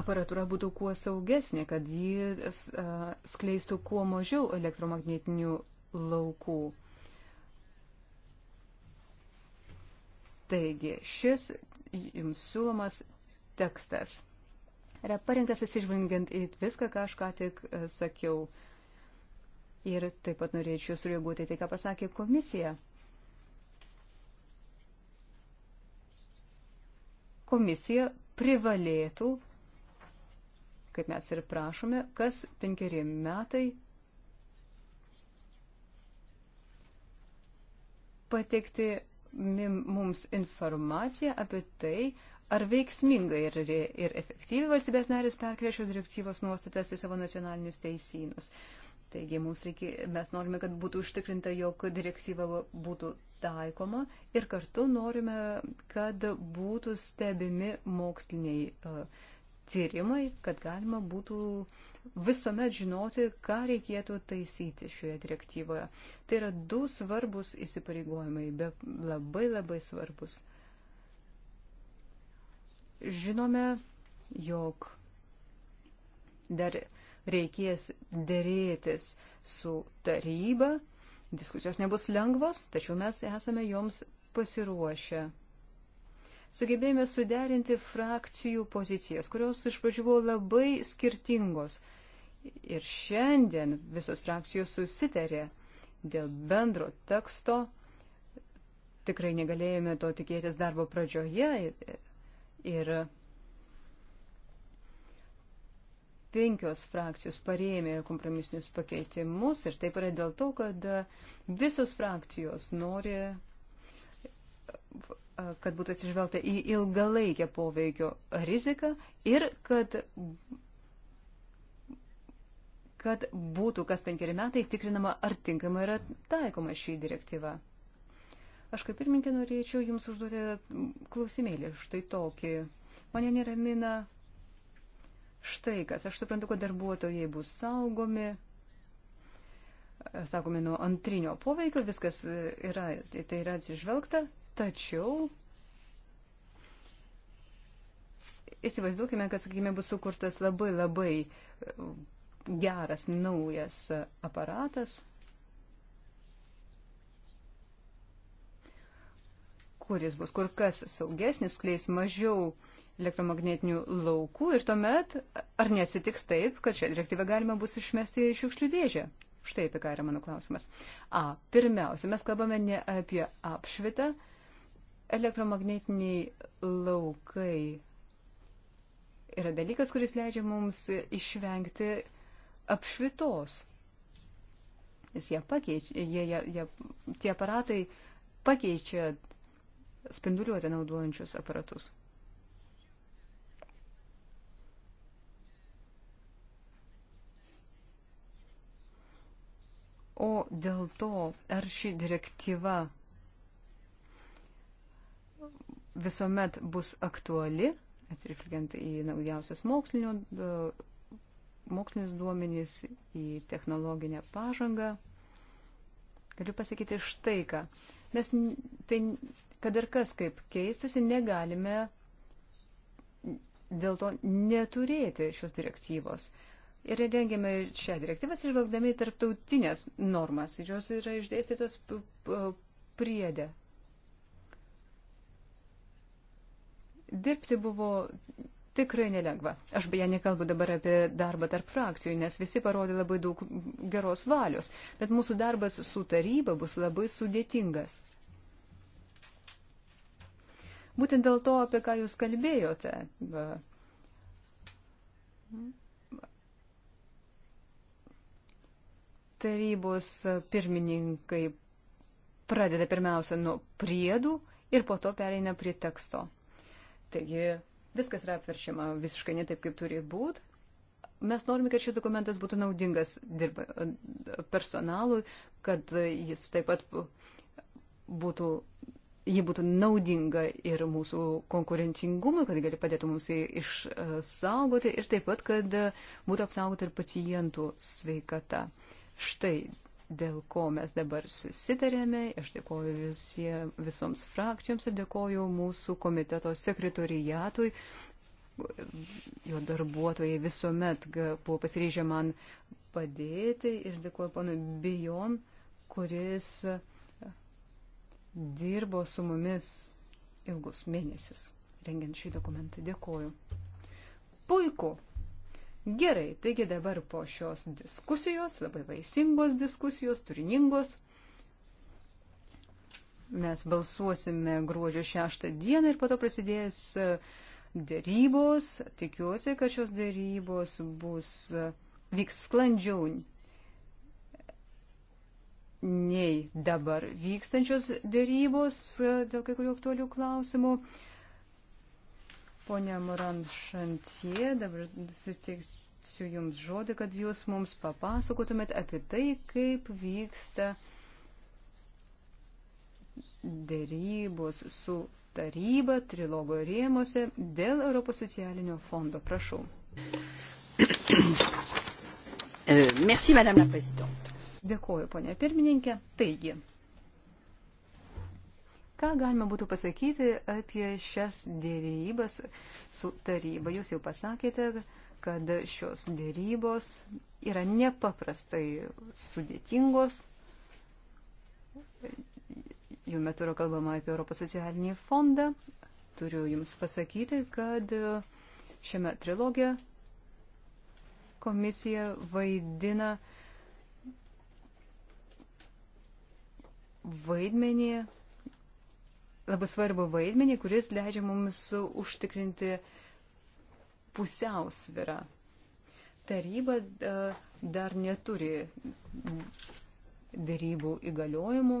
aparatūra būtų kuo saugesnė, kad ji skleistų kuo mažiau elektromagnetinių laukų. Taigi, šis jums siūlomas tekstas yra parinktas atsižvelgiant į viską, ką aš ką tik e, sakiau. Ir taip pat norėčiau sureaguoti tai, ką pasakė komisija. Komisija privalėtų, kaip mes ir prašome, kas penkeri metai pateikti mums informaciją apie tai, ar veiksmingai ir, ir efektyviai valstybės narės perkelia šios direktyvos nuostatas į savo nacionalinius teisynus. Taigi reikia, mes norime, kad būtų užtikrinta, jog direktyva būtų taikoma ir kartu norime, kad būtų stebimi moksliniai uh, tyrimai, kad galima būtų uh, visuomet žinoti, ką reikėtų taisyti šioje direktyvoje. Tai yra du svarbus įsipareigojimai, bet labai labai svarbus. Žinome, jog dar reikės dėrėtis su taryba. Diskusijos nebus lengvos, tačiau mes esame joms pasiruošę sugebėjome suderinti frakcijų pozicijas, kurios iš pradžių buvo labai skirtingos. Ir šiandien visos frakcijos susitarė dėl bendro teksto. Tikrai negalėjome to tikėtis darbo pradžioje. Ir penkios frakcijos parėmė kompromisinius pakeitimus ir taip yra dėl to, kad visos frakcijos nori kad būtų atsižvelgta į ilgalaikę poveikio riziką ir kad kad būtų kas penkeri metai tikrinama, ar tinkamai yra taikoma šį direktyvą. Aš kaip pirmininkė norėčiau Jums užduoti klausimėlį štai tokį. Mane neramina štai kas. Aš suprantu, kad darbuotojai bus saugomi, sakome, nuo antrinio poveikio, viskas yra, tai yra atsižvelgta, Tačiau įsivaizduokime, kad, sakykime, bus sukurtas labai labai e, geras naujas aparatas, kuris bus kur kas saugesnis, kleis mažiau elektromagnetinių laukų ir tuomet ar nesitiks taip, kad šią direktyvą galima bus išmesti į šiukšlių dėžę? Štai apie ką yra mano klausimas. A. Pirmiausia, mes kalbame ne apie apšvitą, Elektromagnetiniai laukai yra dalykas, kuris leidžia mums išvengti apšvitos. Nes jie pakeičia, jie, jie, jie, tie aparatai pakeičia spinduliuotę naudojančius aparatus. O dėl to, ar ši direktyva visuomet bus aktuali, atsižvelgiant į naujausias mokslinius duomenys, į technologinę pažangą. Galiu pasakyti štai ką. Mes tai, kad ir kas kaip keistusi, negalime dėl to neturėti šios direktyvos. Ir rengiame šią direktyvą atsižvelgdami tarptautinės normas. Jos yra išdėstytos priedė dirbti buvo tikrai nelengva. Aš beje nekalbu dabar apie darbą tarp frakcijų, nes visi parodė labai daug geros valios, bet mūsų darbas su taryba bus labai sudėtingas. Būtent dėl to, apie ką jūs kalbėjote. Tarybos pirmininkai pradeda pirmiausia nuo priedų ir po to pereina prie teksto. Taigi viskas yra apverčiama visiškai ne taip, kaip turi būti. Mes norime, kad šis dokumentas būtų naudingas dirba, personalui, kad jis taip pat būtų, jį būtų naudinga ir mūsų konkurencingumui, kad gali padėti mums jį išsaugoti ir taip pat, kad būtų apsaugoti ir pacientų sveikata. Štai dėl ko mes dabar susitarėme. Aš dėkoju visie, visoms frakcijoms ir dėkoju mūsų komiteto sekretorijatui. Jo darbuotojai visuomet buvo pasiryžę man padėti ir dėkoju panu Bijon, kuris dirbo su mumis ilgus mėnesius rengiant šį dokumentą. Dėkoju. Puiku. Gerai, taigi dabar po šios diskusijos, labai vaisingos diskusijos, turiningos, mes balsuosime gruodžio 6 dieną ir po to prasidės e, dėrybos. Tikiuosi, kad šios dėrybos bus, e, vyks sklandžiau nei dabar vykstančios dėrybos e, dėl kai kurių aktualių klausimų. Pone Moran Šantie, dabar suteiksiu Jums žodį, kad Jūs mums papasakotumėt apie tai, kaip vyksta dėrybos su taryba trilogo rėmose dėl Europos socialinio fondo. Prašau. Eh, merci, Madame la Présidente. Dėkuoju, ponė pirmininkė. Taigi, Ką galima būtų pasakyti apie šias dėrybas su taryba? Jūs jau pasakėte, kad šios dėrybos yra nepaprastai sudėtingos. Jų metu yra kalbama apie Europos socialinį fondą. Turiu Jums pasakyti, kad šiame trilogė komisija vaidina vaidmenį labai svarbu vaidmenį, kuris leidžia mums užtikrinti pusiausvirą. Taryba e, dar neturi dėrybų įgaliojimų.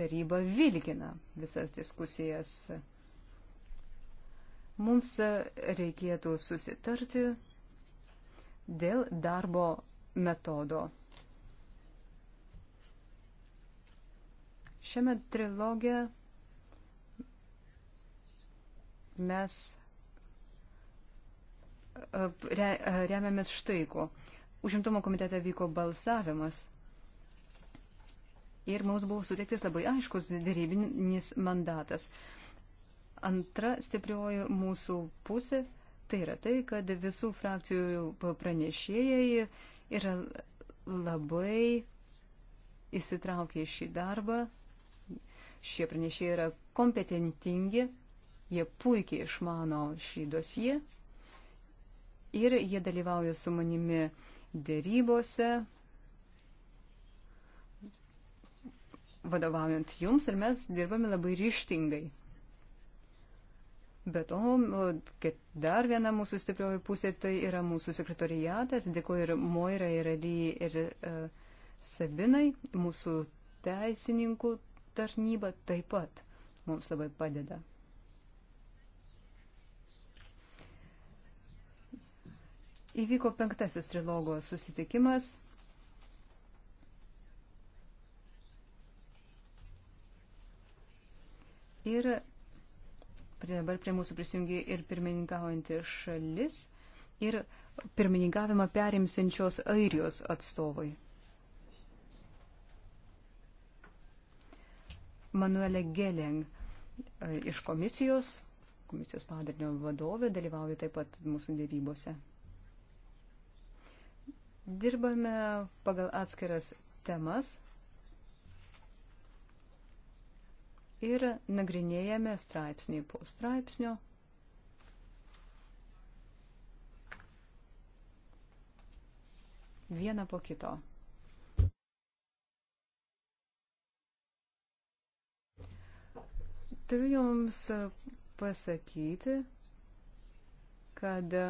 Taryba vilkina visas diskusijas. Mums reikėtų susitarti dėl darbo metodo. Šiame trilogė mes e, e, remiamės štai ko. Užimtumo komitete vyko balsavimas ir mums buvo suteiktas labai aiškus dėrybinis mandatas. Antra stiprioji mūsų pusė tai yra tai, kad visų frakcijų pranešėjai yra labai įsitraukę į šį darbą Šie pranešėjai yra kompetentingi, jie puikiai išmano šį dosiją ir jie dalyvauja su manimi dėrybose, vadovaujant jums ir mes dirbame labai ryštingai. Be to, dar viena mūsų stiprioji pusė tai yra mūsų sekretorijatas. Dėkuoju ir Moira, ir Ali, ir uh, Sabinai, mūsų teisininkų tarnyba taip pat mums labai padeda. Įvyko penktasis trilogo susitikimas. Ir prie, dabar prie mūsų prisijungi ir pirmininkaujantį šalis, ir pirmininkavimą perimsinčios Airijos atstovai. Manuelė Geleng e, iš komisijos, komisijos padarinio vadovė, dalyvauja taip pat mūsų dėrybose. Dirbame pagal atskiras temas ir nagrinėjame straipsnį po straipsnio. Vieną po kito. Turiu Jums e, pasakyti, kad e,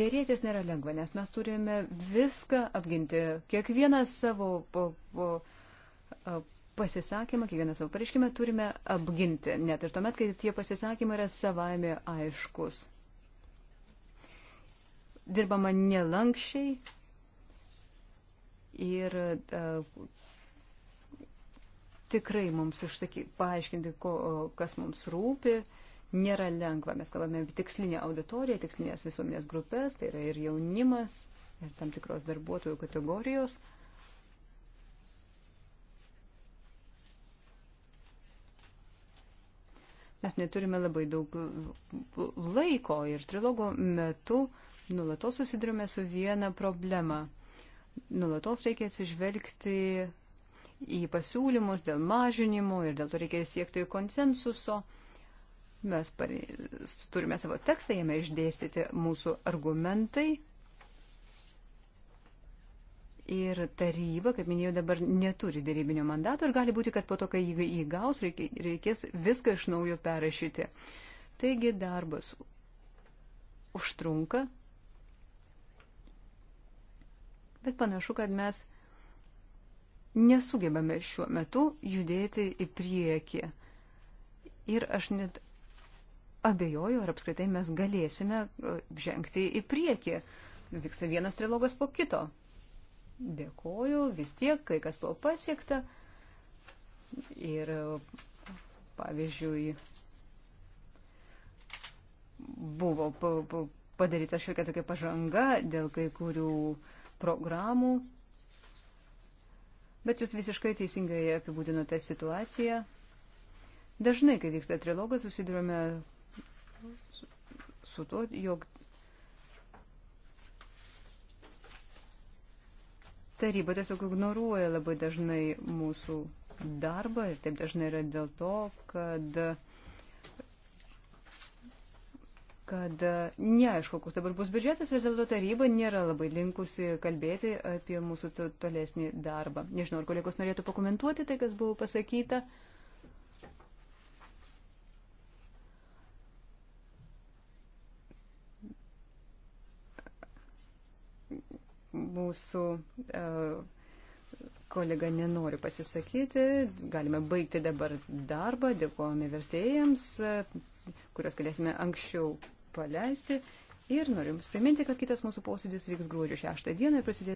dėrėtis nėra lengva, nes mes turime viską apginti. Kiekvieną savo po, po, e, pasisakymą, kiekvieną savo pareiškimą turime apginti, net ir tuomet, kai tie pasisakymai yra savaime aiškus. Dirbama nelankščiai ir uh, tikrai mums išsaky, paaiškinti, ko, kas mums rūpi, nėra lengva. Mes kalbame apie tikslinę auditoriją, tikslinės visuomenės grupės, tai yra ir jaunimas, ir tam tikros darbuotojų kategorijos. Mes neturime labai daug laiko ir trilogo metu nulatos susidurime su viena problema. Nulatos reikia atsižvelgti į pasiūlymus dėl mažinimų ir dėl to reikia siekti konsensuso. Mes turime savo tekstą, jame išdėstyti mūsų argumentai. Ir taryba, kaip minėjau, dabar neturi dėrybinio mandato ir gali būti, kad po to, kai jį įgaus, reikės viską iš naujo perrašyti. Taigi darbas užtrunka, bet panašu, kad mes nesugebame šiuo metu judėti į priekį. Ir aš net abejoju, ar apskritai mes galėsime e, žengti į priekį. Vyksta vienas trilogas po kito. Dėkoju, vis tiek kai kas buvo pasiekta. Ir pavyzdžiui, buvo padaryta šiokia tokia pažanga dėl kai kurių programų Bet jūs visiškai teisingai apibūdinote situaciją. Dažnai, kai vyksta trilogas, susidurime su to, jog taryba tiesiog ignoruoja labai dažnai mūsų darbą ir taip dažnai yra dėl to, kad uh, kad e, neaišku, koks dabar bus biudžetas ir dėl to taryba nėra labai linkusi kalbėti apie mūsų to, tolesnį darbą. Nežinau, ar kolegos norėtų pakomentuoti tai, kas buvo pasakyta. Mūsų uh, kolega nenori pasisakyti, galime baigti dabar darbą, dėkojame vertėjams, e, kuriuos galėsime anksčiau paleisti. Ir noriu Jums priminti, kad kitas mūsų posėdis vyks gruodžio 6 dieną ir prasidės.